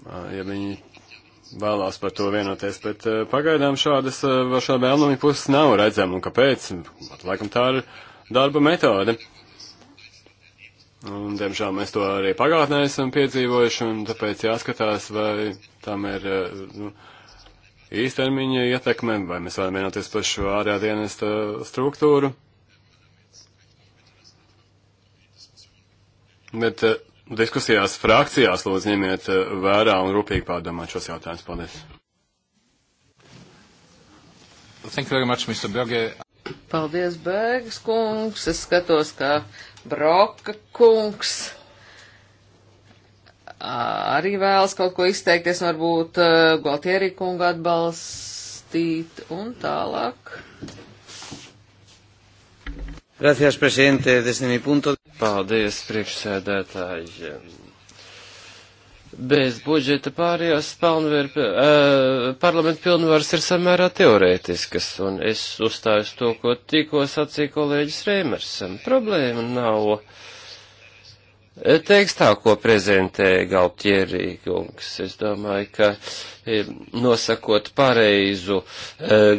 Uh, ja viņi vēlās par to vienoties, bet uh, pagaidām šādas, uh, šāda vēlme puses nav redzama, un kāpēc? At, laikam tā ir darba metode. Un, diemžēl mēs to arī pagātnē esam piedzīvojuši, un tāpēc jāskatās, vai tam ir eh, nu, īstermiņa ietekme, vai mēs varam vienoties par šo ārējā dienesta struktūru. Bet eh, diskusijās frakcijās lūdzu ņemiet eh, vērā un rūpīgi pārdomāt šos jautājumus. Paldies. Thank you very much, Mr. Berge. Paldies, Bēgas kungs. Es skatos, ka Broka kungs arī vēlas kaut ko izteikties, varbūt Galtieri kungu atbalstīt un tālāk. Gracias, presidente, desde mi punto. Paldies, priekšsēdētāji bez budžeta pārējās palnver, uh, eh, parlamenta pilnvaras ir samērā teorētiskas, un es uzstāju to, ko tikko sacīja kolēģis Rēmers. Problēma nav eh, tekstā, ko prezentē Galtjērī kungs. Es domāju, ka eh, nosakot pareizu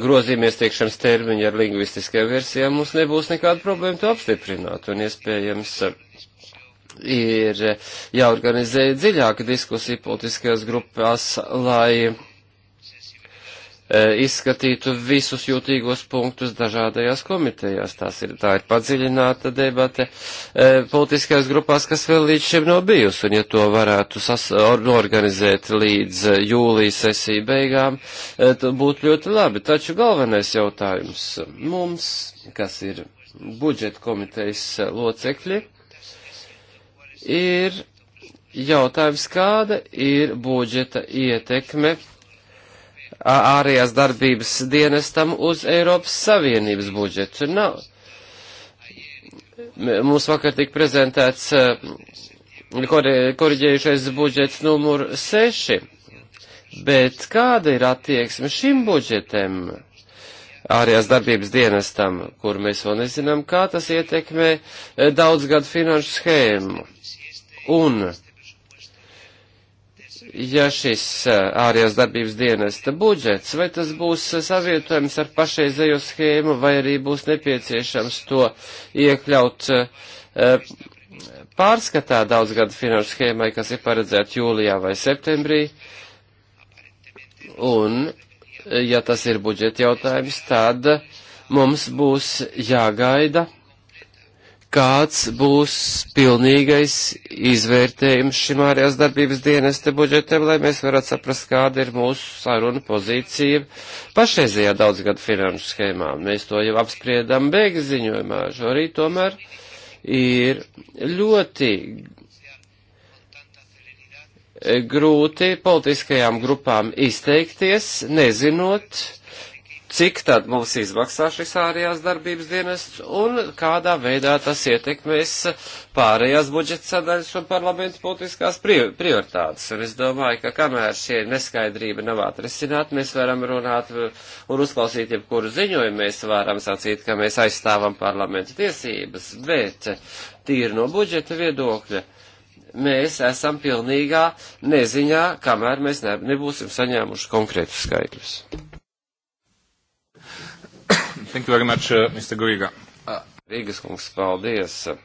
grozījumies tiekšanas termiņu ar lingvistiskajām versijām, mums nebūs nekāda problēma to apstiprināt, un iespējams. Ja ir jāorganizē dziļāka diskusija politiskajās grupās, lai eh, izskatītu visus jūtīgos punktus dažādajās komitejās. Tās ir, tā ir padziļināta debate eh, politiskajās grupās, kas vēl līdz šim nav bijusi, un ja to varētu sas, or, organizēt līdz eh, jūlijas sesiju beigām, būtu ļoti labi. Taču galvenais jautājums mums, kas ir budžeta komitejas locekļi, ir jautājums, kāda ir budžeta ietekme ārējās darbības dienestam uz Eiropas Savienības budžetu. Nav. Mums vakar tika prezentēts koriģējušais budžets numur 6, bet kāda ir attieksme šim budžetam? ārējās darbības dienestam, kur mēs vēl nezinām, kā tas ietekmē eh, daudzgadu finanšu schēmu. Un, ja šis eh, ārējās darbības dienesta budžets, vai tas būs savietojams ar pašreizējo schēmu, vai arī būs nepieciešams to iekļaut eh, pārskatā daudzgadu finanšu schēmai, kas ir paredzēta jūlijā vai septembrī. Un ja tas ir budžeta jautājums, tad mums būs jāgaida, kāds būs pilnīgais izvērtējums šim ārējās darbības dienesta budžetam, lai mēs varētu saprast, kāda ir mūsu saruna pozīcija pašreizajā daudzgadu finanšu schēmā. Mēs to jau apspriedām beigas ziņojumā. Šorīt tomēr ir ļoti grūti politiskajām grupām izteikties, nezinot, cik tad mums izmaksā šis ārējās darbības dienests un kādā veidā tas ietekmēs pārējās budžeta sadaļas un parlaments politiskās prioritātes. Un es domāju, ka kamēr šie neskaidrība nav atrisināta, mēs varam runāt un uzklausīt jebkuru ziņojumu, mēs varam sacīt, ka mēs aizstāvam parlamentu tiesības, bet tīri no budžeta viedokļa mēs esam pilnīgā neziņā, kamēr mēs ne, nebūsim saņēmuši konkrētus skaitļus. Thank you very much, uh, Mr. Griga. Uh. Rīgas kungs, paldies. Uh,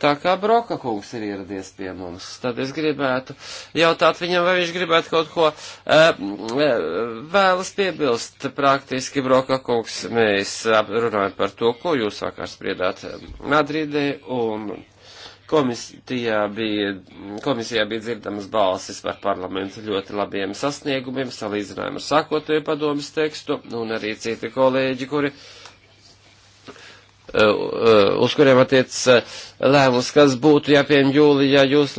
tā kā Broka kungs ir ieradies pie mums, tad es gribētu jautāt viņam, vai viņš gribētu kaut ko uh, vēlas piebilst. Praktiski Broka kungs, mēs runājam par to, ko jūs vakar spriedāt Madridē, un Komisijā bija, komisijā bija dzirdamas balsis par parlamentu ļoti labiem sasniegumiem, salīdzinājumu ar sākotnēju padomas tekstu, un arī citi kolēģi, kuri, eh, eh, uz kuriem attiec eh, lēmums, kas būtu jāpieņem jūlijā jūs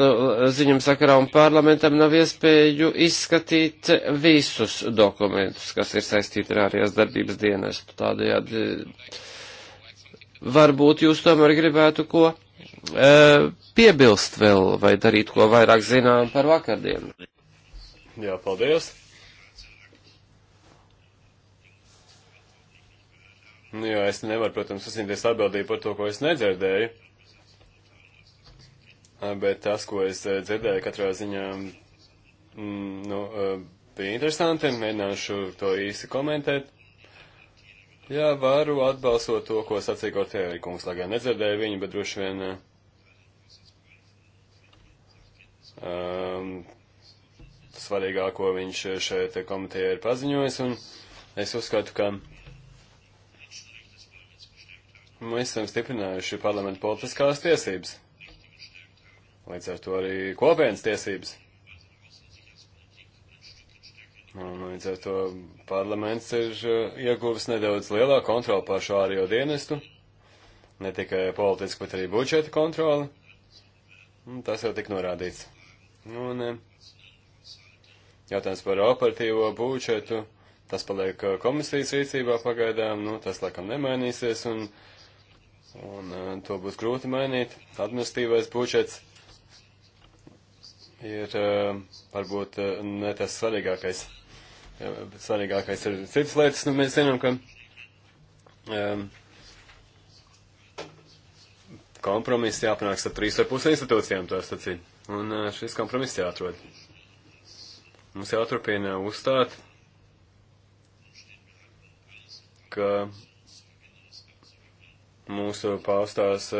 ziņam sakarā, un parlamentam nav iespēju izskatīt visus dokumentus, kas ir saistīti ar ārējās darbības dienestu. Tādējādi varbūt jūs tomēr gribētu ko Eh, piebilst vēl vai darīt ko vairāk zinām par vakardienu? Jā, paldies. Nu, jā, es nevaru, protams, uzņemties atbildību par to, ko es nedzirdēju. Eh, bet tas, ko es eh, dzirdēju, katrā ziņā mm, nu, bija interesanti. Mēģināšu to īsi komentēt. Jā, varu atbalstot to, ko sacīja Gotēri kungs, lai gan nedzirdēju viņu, bet droši vien. Uh, um, svarīgāko viņš šeit komitejā ir paziņojis, un es uzskatu, ka mēs esam stiprinājuši parlamentu politiskās tiesības. Līdz ar to arī kopienas tiesības. Un līdz ar to parlaments ir uh, ieguvis nedaudz lielāku kontroli pār šo ārējo dienestu. Ne tikai politisku, bet arī budžeta kontroli. Un tas jau tik norādīts. Un eh, jautājums par operatīvo būčetu, tas paliek eh, komisijas rīcībā pagaidām, nu, tas laikam nemainīsies, un, un eh, to būs grūti mainīt. Administratīvais būčets ir varbūt ne tas svarīgākais. Svarīgākais ir citas lietas, nu mēs zinām, ka um, kompromiss jāpanāks ar trīs vai pus institūcijām, tā sacīt. Un šis kompromiss jāatrod. Mums jāturpina uzstāt, ka mūsu paustās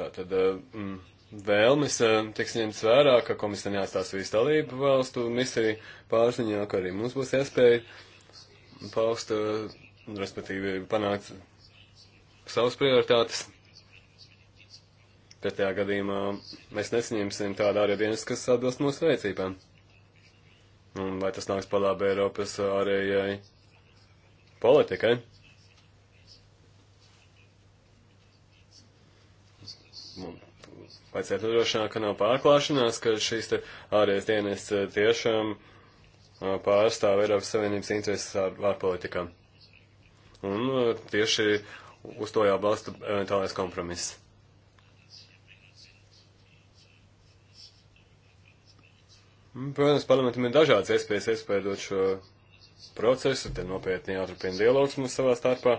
tātad vēlmes tiks ņemts vērā, ka komisija neatstās visu dalību valstu misiju pārziņā, ka arī mums būs iespēja paust, respektīvi panākt savas prioritātes. Pretējā gadījumā mēs nesaņemsim tādu ārēju dienas, kas atbilst mūsu vajadzībām. Un vai tas nāks par labu Eiropas ārējai politikai? vajadzētu nodrošināt, ka nav pārklāšanās, ka šīs ārējais dienas tiešām pārstāv Eiropas Savienības intereses ār, ārpolitikā. Un tieši uz to jābalsta eventuālais kompromiss. Nu, protams, parlamentam ir dažādas iespējas iespējot šo procesu, te nopietni jāturpina dialogs mums savā starpā.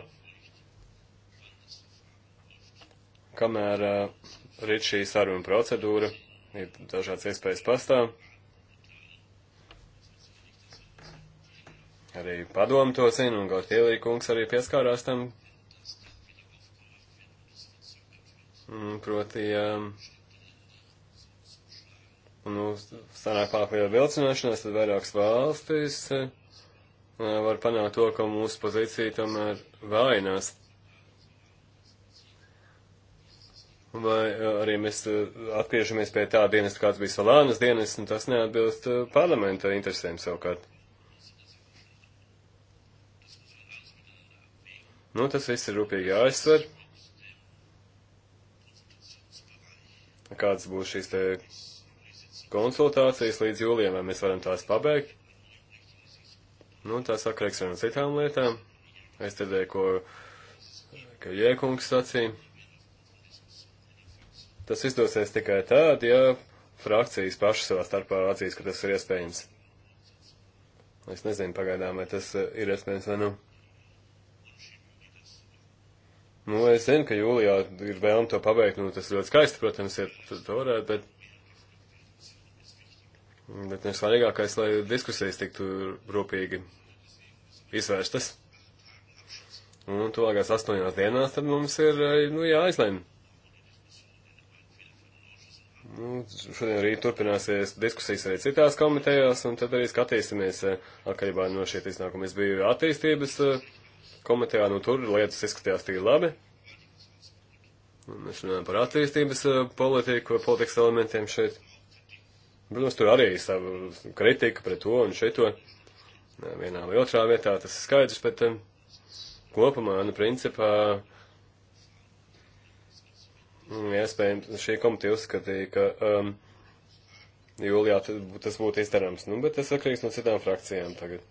Kamēr uh, rīt šī saruna procedūra, ir dažādas iespējas pastāv. Arī padomu to zinu, un Gautielī kungs arī pieskārās tam. Mm, proti, uh, nu, sanāk pārpējā vilcināšanās, tad vairākas valstis eh, var panākt to, ka mūsu pozīcija tomēr vājinās. Vai eh, arī mēs eh, atgriežamies pie tā dienesta, kāds bija Solānas dienests, un tas neatbilst parlamenta interesēm savukārt. Nu, tas viss ir rūpīgi jāizsver. Kādas būs šīs te konsultācijas līdz jūlijam, vai mēs varam tās pabeigt. Nu, tā sakarīgs ar citām lietām. Es dzirdēju, ko, ka Jēkungs sacīja. Tas izdosies tikai tad, ja frakcijas pašas savā starpā atzīs, ka tas ir iespējams. Es nezinu pagaidām, vai tas eh, ir iespējams vai nu. Nu, es zinu, ka jūlijā ir vēlme to pabeigt, nu, tas ļoti skaisti, protams, ja to varētu, bet Bet nesvarīgākais, lai diskusijas tiktu rūpīgi izvērstas. Un tuvākās astoņās dienās tad mums ir, eh, nu, jāizlēma. Nu, šodien arī turpināsies diskusijas arī citās komitejās, un tad arī skatīsimies eh, atkarībā no šī iznākuma. Es biju attīstības eh, komitejā, nu tur lietas izskatījās tik labi. Un mēs runājam par attīstības politiku, politikas elementiem šeit. Protams, tur arī savu kritiku pret to un šito. Vienā vai otrā vietā tas ir skaidrs, bet um, kopumā, nu, principā, mm, iespējams, šī komiteja uzskatīja, ka um, jūlijā tas būtu izdarāms. Nu, bet tas atkarīgs no citām frakcijām tagad.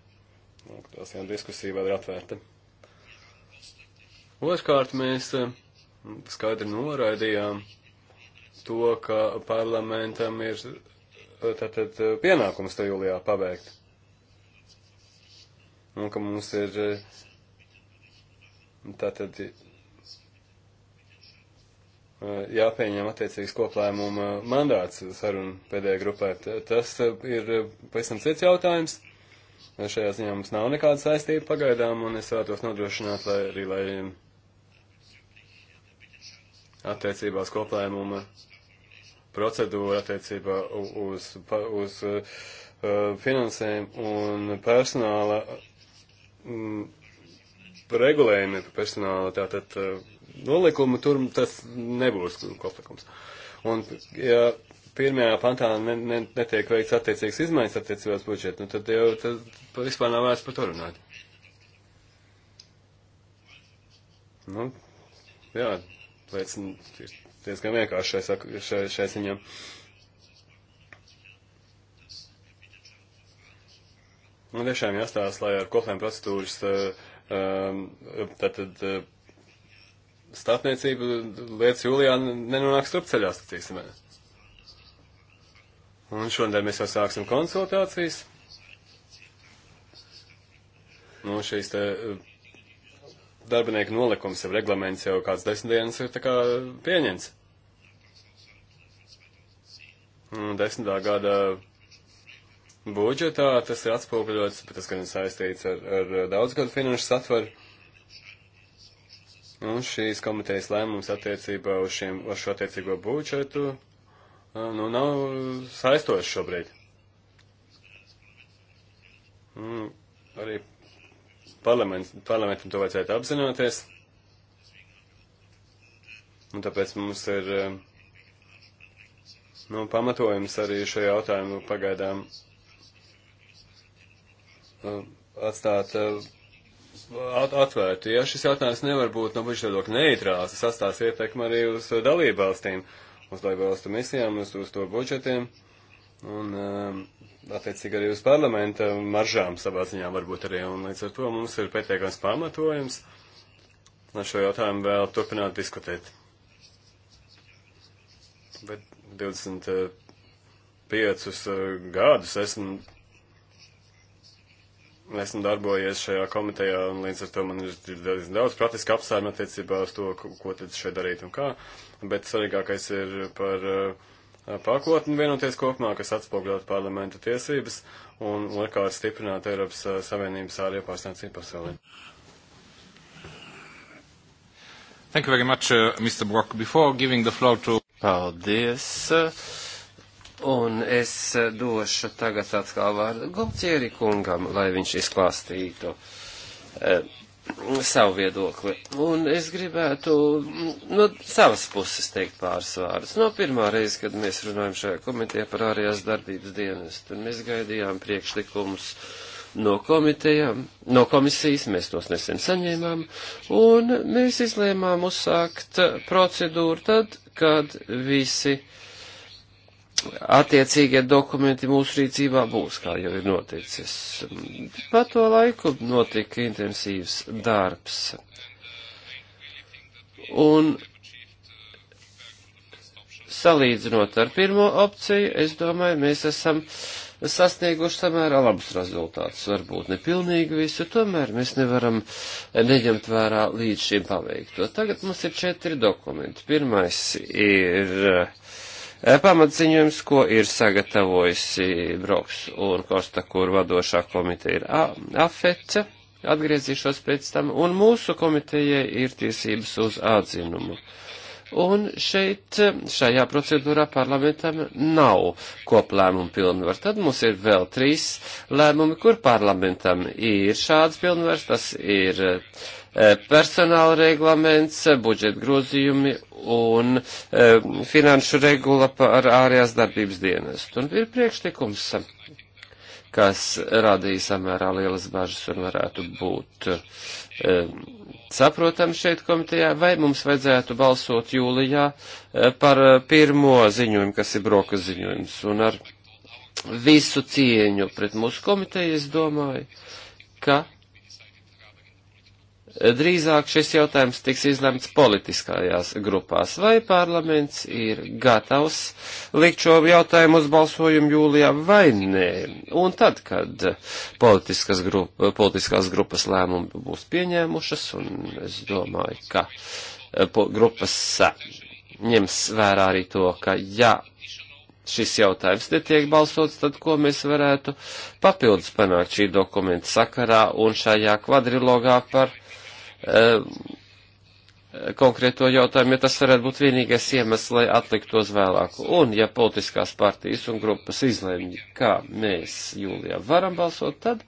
Nu, tās jau diskusija vēl ir atvērta. Otrkārt, mēs um, skaidri noraidījām to, ka parlamentam ir tātad eh, pienākums to jūlijā pabeigt. Un ka mums ir eh, tātad eh, jāpieņem attiecīgs koplēmuma mandāts sarunu pēdējai grupai. Tas ir pavisam cits jautājums. Šajā ziņā mums nav nekāda saistība pagaidām, un es vēlētos nodrošināt, lai arī, lai attiecībās koplēmuma procedūra attiecībā uz, uz, uz uh, finansēm un personāla m, mm, regulējumi personāla, tātad uh, nolikumu tur tas nebūs konflikums. Un, ja pirmajā pantā ne, ne, netiek veikts attiecīgs izmaiņas attiecībās budžetu, nu tad jau tad vispār nav vērts par to runāt. Nu, jā, liecina, ir diezgan vienkārši šai, šai, šai ziņā. Man tiešām jāstāsta, lai ar koplēm procedūras eh, ehm, tātad eh, stātniecība lietas jūlijā nenonāks turpceļā, skatīsim. Un šodien mēs jau sāksim konsultācijas. Nu, šīs te eh, darbinieku nolikums, jau reglaments jau kāds desmit dienas ir tā kā pieņemts. Un desmitā gada budžetā tas ir atspoguļots, bet tas gan ir saistīts ar, ar daudzgadu finanšu satvaru. Un šīs komitejas lēmums attiecībā uz, šiem, uz šo attiecīgo būčetu eh, nu, nav saistošs šobrīd. Un arī Parlaments, parlamentam to vajadzētu apzināties. Un tāpēc mums ir eh, nu, pamatojums arī šo jautājumu pagaidām eh, atstāt eh, at, atvērtu. Ja šis jautājums nevar būt no budžetodokļa neitrāls, tas atstās ietekmi arī uz dalībvalstīm, uz dalībvalstu misijām, uz, uz to budžetiem. Un attiecīgi arī uz parlamenta maržām savā ziņā varbūt arī, un līdz ar to mums ir pietiekams pamatojums ar šo jautājumu vēl turpināt diskutēt. Bet 25 eh, gadus esmu, esmu darbojies šajā komitejā, un līdz ar to man ir daudz praktiski apsvērumi attiecībā uz to, ko, ko tad šeit darīt un kā, bet svarīgākais ir par uh, pakotni vienoties kopumā, kas atspoguļot parlamenta tiesības un otrkārt stiprināt Eiropas Savienības ārējo pārstāvniecību pasaulē. Thank you very much, uh, Mr. Brock. Before giving the floor to... Paldies. Un es došu tagad atkal vārdu Gopcieri kungam, lai viņš izklāstītu. Uh, savu viedokli. Un es gribētu no nu, savas puses teikt pāris vārdus. No pirmā reize, kad mēs runājam šajā komitejā par ārējās darbības dienestu, un mēs gaidījām priekšlikumus no komitejām, no komisijas, mēs tos nesen saņēmām, un mēs izlēmām uzsākt procedūru tad, kad visi uh, attiecīgie dokumenti mūsu rīcībā būs, kā jau ir noticis. Pa to laiku notika intensīvs darbs. Un salīdzinot ar pirmo opciju, es domāju, mēs esam sasnieguši samērā labus rezultātus. Varbūt ne pilnīgi visu, tomēr mēs nevaram neņemt vērā līdz šim paveikto. Tagad mums ir četri dokumenti. Pirmais ir uh, Eh, pamatziņojums, ko ir sagatavojusi Broks un Kosta, kur vadošā komiteja ir AFET. Atgriezīšos pēc tam, un mūsu komitejai ir tiesības uz atzinumu. Uh, Un šeit, eh, šajā procedūrā parlamentam nav koplēmuma pilnvar. Tad mums ir vēl trīs lēmumi, kur parlamentam ir šāds pilnvars. Tas ir eh, personāla reglaments, budžeta grozījumi un e, finanšu regula par ārējās darbības dienestu. Un ir priekšlikums kas radīja samērā lielas bažas un varētu būt e, eh, saprotami šeit komitejā, vai mums vajadzētu balsot jūlijā eh, par eh, pirmo ziņojumu, kas ir broka ziņojums. Un ar visu cieņu pret mūsu komiteju es domāju, ka Drīzāk šis jautājums tiks izlemts politiskajās grupās, vai parlaments ir gatavs likt šo jautājumu uz balsojumu jūlijā vai nē. Un tad, kad politiskas, grup, politiskās grupas lēmumi būs pieņēmušas, un es domāju, ka eh, grupas eh, ņems vērā arī to, ka ja šis jautājums netiek balsots, tad ko mēs varētu papildus panākt šī dokumenta sakarā un šajā kvadrilogā par Eh, konkrēto jautājumu, jo tas varētu būt vienīgais iemesls, lai atliktu uz vēlāku. Un, ja politiskās partijas un grupas izlēmj, kā mēs jūlijā varam balsot, tad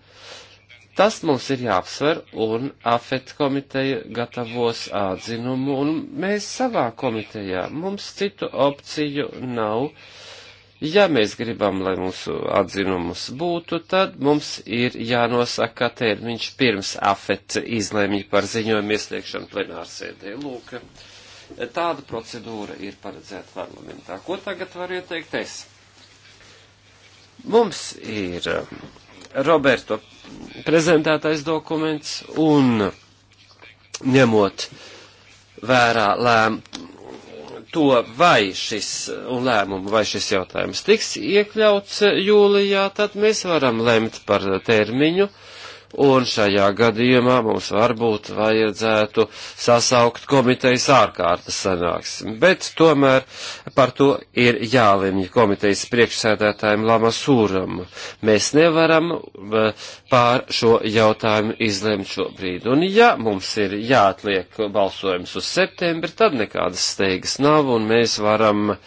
tas mums ir jāapsver, un AFET komiteja gatavos atzinumu, un mēs savā komitejā, mums citu opciju nav Ja mēs gribam, lai mūsu atzinumus būtu, tad mums ir jānosaka termiņš pirms afet izlēmja par ziņojumu iesniegšanu plenārsēdē. Lūk, tāda procedūra ir paredzēta parlamentā. Ko tagad var ieteikt es? Mums ir um, Roberto prezentētais dokuments un ņemot vērā lēm, to, vai šis un lēmumu, vai šis jautājums tiks iekļauts jūlijā, tad mēs varam lemt par termiņu. Uh, un šajā gadījumā mums varbūt vajadzētu sasaukt komitejas ārkārtas sanāksmi. Bet tomēr par to ir jālemj komitejas priekšsēdētājiem Lama Sūram. Mēs nevaram eh, pār šo jautājumu izlemt šobrīd. Un ja mums ir jāatliek balsojums uz septembri, tad nekādas steigas nav un mēs varam uh,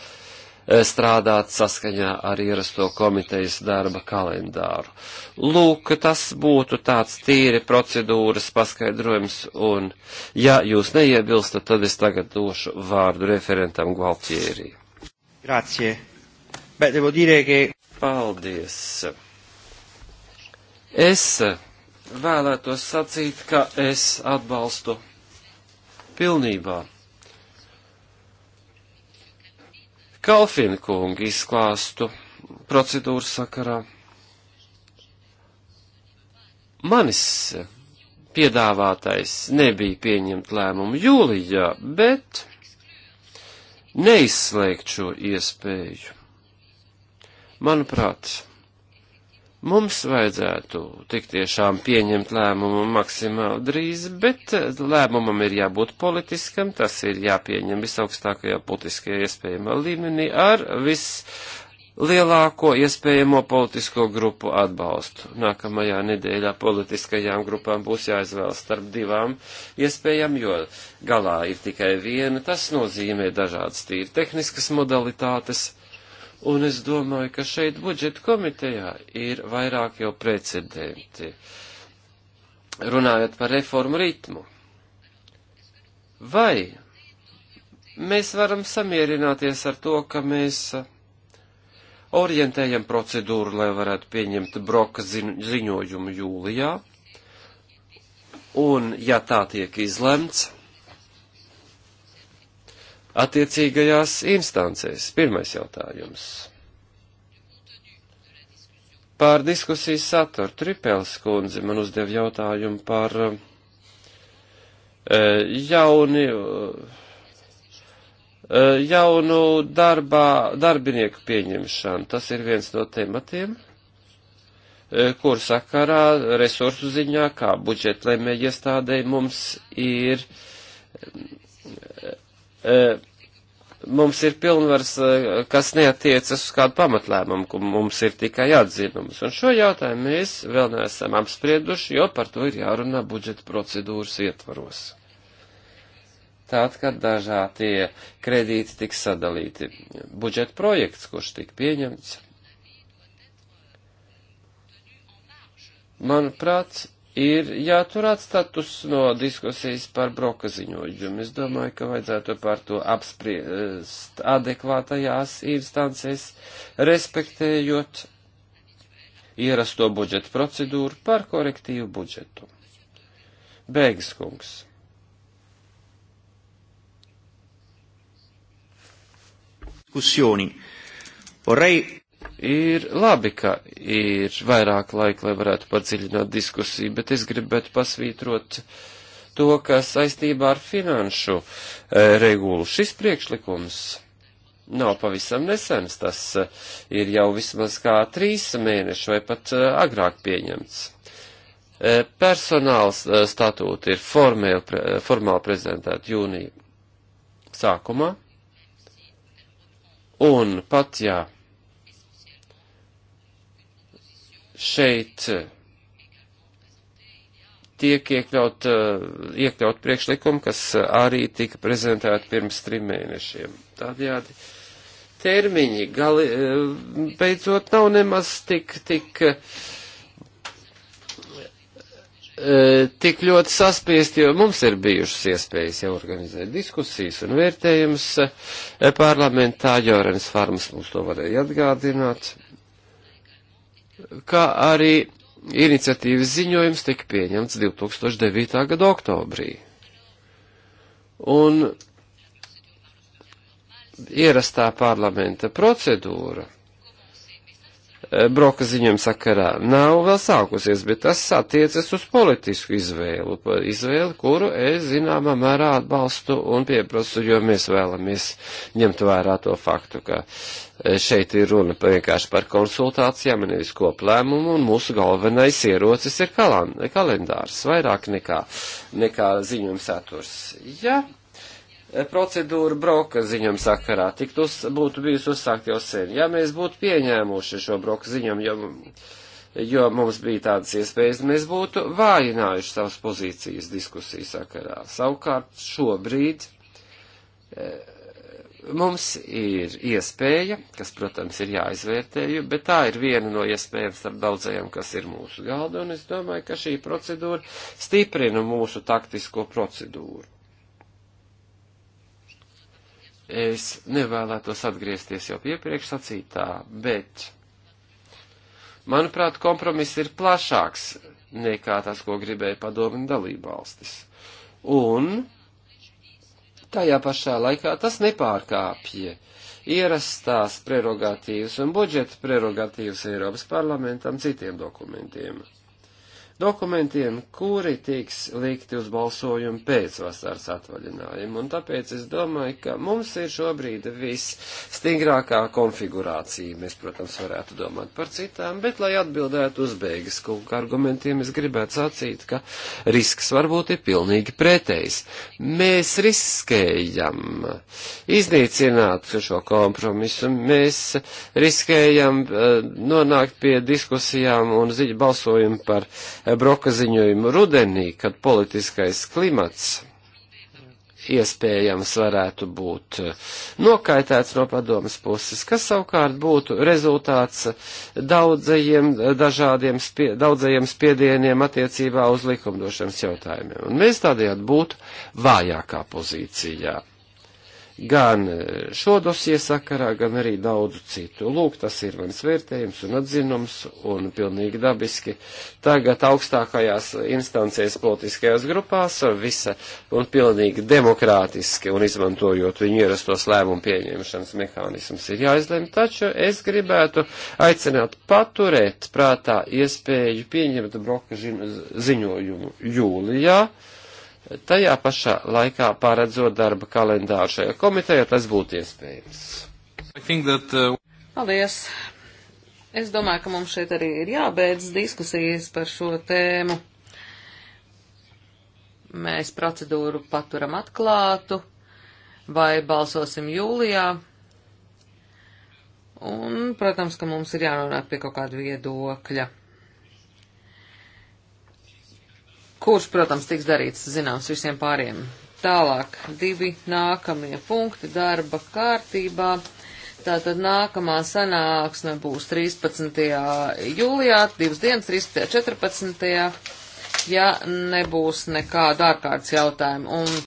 Eh, strādāt saskaņā ar ierasto komitejas darba kalendāru. Lūk, tas būtu tāds tīri procedūras paskaidrojums, un ja jūs neiebilstat, tad es tagad došu vārdu referentam Gualtierī. Grazie. Bet devo dire che... Paldies. Es eh, vēlētos sacīt, ka es atbalstu pilnībā Kalfina kunga izklāstu procedūru sakarā. Manis piedāvātais nebija pieņemt lēmumu jūlijā, bet neizslēgt šo iespēju. Manuprāt, Mums vajadzētu tik tiešām pieņemt lēmumu maksimāli drīz, bet lēmumam ir jābūt politiskam, tas ir jāpieņem visaugstākajā politiskajā iespējamā līmenī ar vislielāko iespējamo politisko grupu atbalstu. Nākamajā nedēļā politiskajām grupām būs jāizvēl starp divām iespējām, jo galā ir tikai viena. Tas nozīmē dažādas tīri tehniskas modalitātes Un es domāju, ka šeit budžeta komitejā ir vairāk jau precedenti. Runājot par reformu ritmu. Vai mēs varam samierināties ar to, ka mēs orientējam procedūru, lai varētu pieņemt broka ziņojumu jūlijā? Un, ja tā tiek izlemts, attiecīgajās instancēs. Pirmais jautājums. Pār diskusijas saturu Tripels kundze man uzdev jautājumu par e, jauni, e, jaunu darbā, darbinieku pieņemšanu. Tas ir viens no tematiem, e, kur sakarā resursu ziņā, kā budžetlēmē iestādē mums ir e, mums ir pilnvars, eh, kas neatiecas uz kādu pamatlēmumu, ka mums ir tikai atzinums. Un šo jautājumu mēs vēl neesam apsprieduši, jo par to ir jārunā budžeta procedūras ietvaros. Tātad, kad dažā tie kredīti tiks sadalīti, budžeta projekts, kurš tika pieņemts, manuprāt, ir jātur atstatus no diskusijas par broka ziņojumu. Es domāju, ka vajadzētu par to apspriest adekvātajās instancēs, respektējot ierasto budžeta procedūru par korektīvu budžetu. Bēgas kungs. Diskusjoni. Vorrei Ir labi, ka ir vairāk laika, lai varētu padziļināt diskusiju, bet es gribētu pasvītrot to, ka saistībā ar finanšu e, regulu šis priekšlikums nav pavisam nesens, tas e, ir jau vismaz kā trīs mēneši vai pat e, agrāk pieņemts. E, personāls statūti ir formēl, formāli prezentēti jūnija sākumā, un pat jā. Ja šeit eh, tiek iekļaut, eh, iekļaut priekšlikumi, kas eh, arī tika prezentēti pirms trim mēnešiem. Tādējādi termiņi gali, beidzot nav nemaz tik, tik, tik ļoti saspiesti, jo mums ir bijušas iespējas jau organizēt diskusijas un vērtējums parlamentā, jo Rens Farms mums to varēja atgādināt kā arī iniciatīvas ziņojums tika pieņemts 2009. gada oktobrī. Un ierastā parlamenta procedūra Eh, Broka ziņojuma sakarā nav vēl sākusies, bet tas attiecas uz politisku izvēlu, izvēli, kuru es zināmā mērā atbalstu un pieprasu, jo mēs vēlamies ņemt vērā to faktu, ka eh, šeit ir runa vienkārši par konsultācijām, nevis koplēmumu, un mūsu galvenais ierocis ir kalendārs, vairāk nekā, nekā ziņojuma saturs. Ja procedūra broka ziņojuma sakarā tiktu uz, būtu bijusi uzsākt jau sen. Ja mēs būtu pieņēmuši šo broka ziņojumu, jo, jo mums bija tādas iespējas, mēs būtu vājinājuši savas pozīcijas diskusiju sakarā. Savukārt šobrīd e, mums ir iespēja, kas, protams, ir jāizvērtē, bet tā ir viena no iespējām starp daudzajām, kas ir mūsu galda, un es domāju, ka šī procedūra stiprina mūsu taktisko procedūru. Es nevēlētos atgriezties jau piepriekš sacītā, bet, manuprāt, kompromiss ir plašāks nekā tas, ko gribēja padomi dalībvalstis. Un tajā pašā laikā tas nepārkāpja ierastās prerogatīvas un budžeta prerogatīvas Eiropas parlamentam citiem dokumentiem dokumentiem, kuri tiks likti uz balsojumu pēc vasaras atvaļinājuma. Un tāpēc es domāju, ka mums ir šobrīd visstingrākā konfigurācija. Mēs, protams, varētu domāt par citām, bet, lai atbildētu uz beigas kunga argumentiem, es gribētu sacīt, ka risks varbūt ir pilnīgi pretējs. Mēs riskējam iznīcināt šo kompromisu, mēs riskējam eh, nonākt pie diskusijām un ziņu balsojumu par eh, Broka ziņojumu rudenī, kad politiskais klimats iespējams varētu būt eh, nokaitēts no padomas puses, kas savukārt būtu rezultāts daudzajiem eh, dažādiem spie, daudzajiem spiedieniem attiecībā uz likumdošanas jautājumiem. Un mēs tādējādi būtu vājākā pozīcijā gan e, šo dosie sakarā, gan arī daudzu citu. Lūk, tas ir mans vērtējums un atzinums, un pilnīgi dabiski tagad augstākajās instancēs politiskajās grupās visa un pilnīgi demokrātiski un izmantojot viņu ierastos lēmumu pieņemšanas mehānismus ir jāizlem, taču es gribētu aicināt paturēt prātā iespēju pieņemt bloka ziņojumu jūlijā tajā pašā laikā paredzot darba kalendāru šajā komitejā, tas būtu iespējams. That, uh... Paldies! Es domāju, ka mums šeit arī ir jābeidz diskusijas par šo tēmu. Mēs procedūru paturam atklātu, vai balsosim jūlijā. Un, protams, ka mums ir jānonāk pie kaut kāda viedokļa. kurš, protams, tiks darīts zināms visiem pāriem. Tālāk divi nākamie punkti darba kārtībā. Tātad nākamā sanāksme būs 13. jūlijā, divas dienas, 13. 14. ja nebūs nekāda ārkārtas jautājuma. Un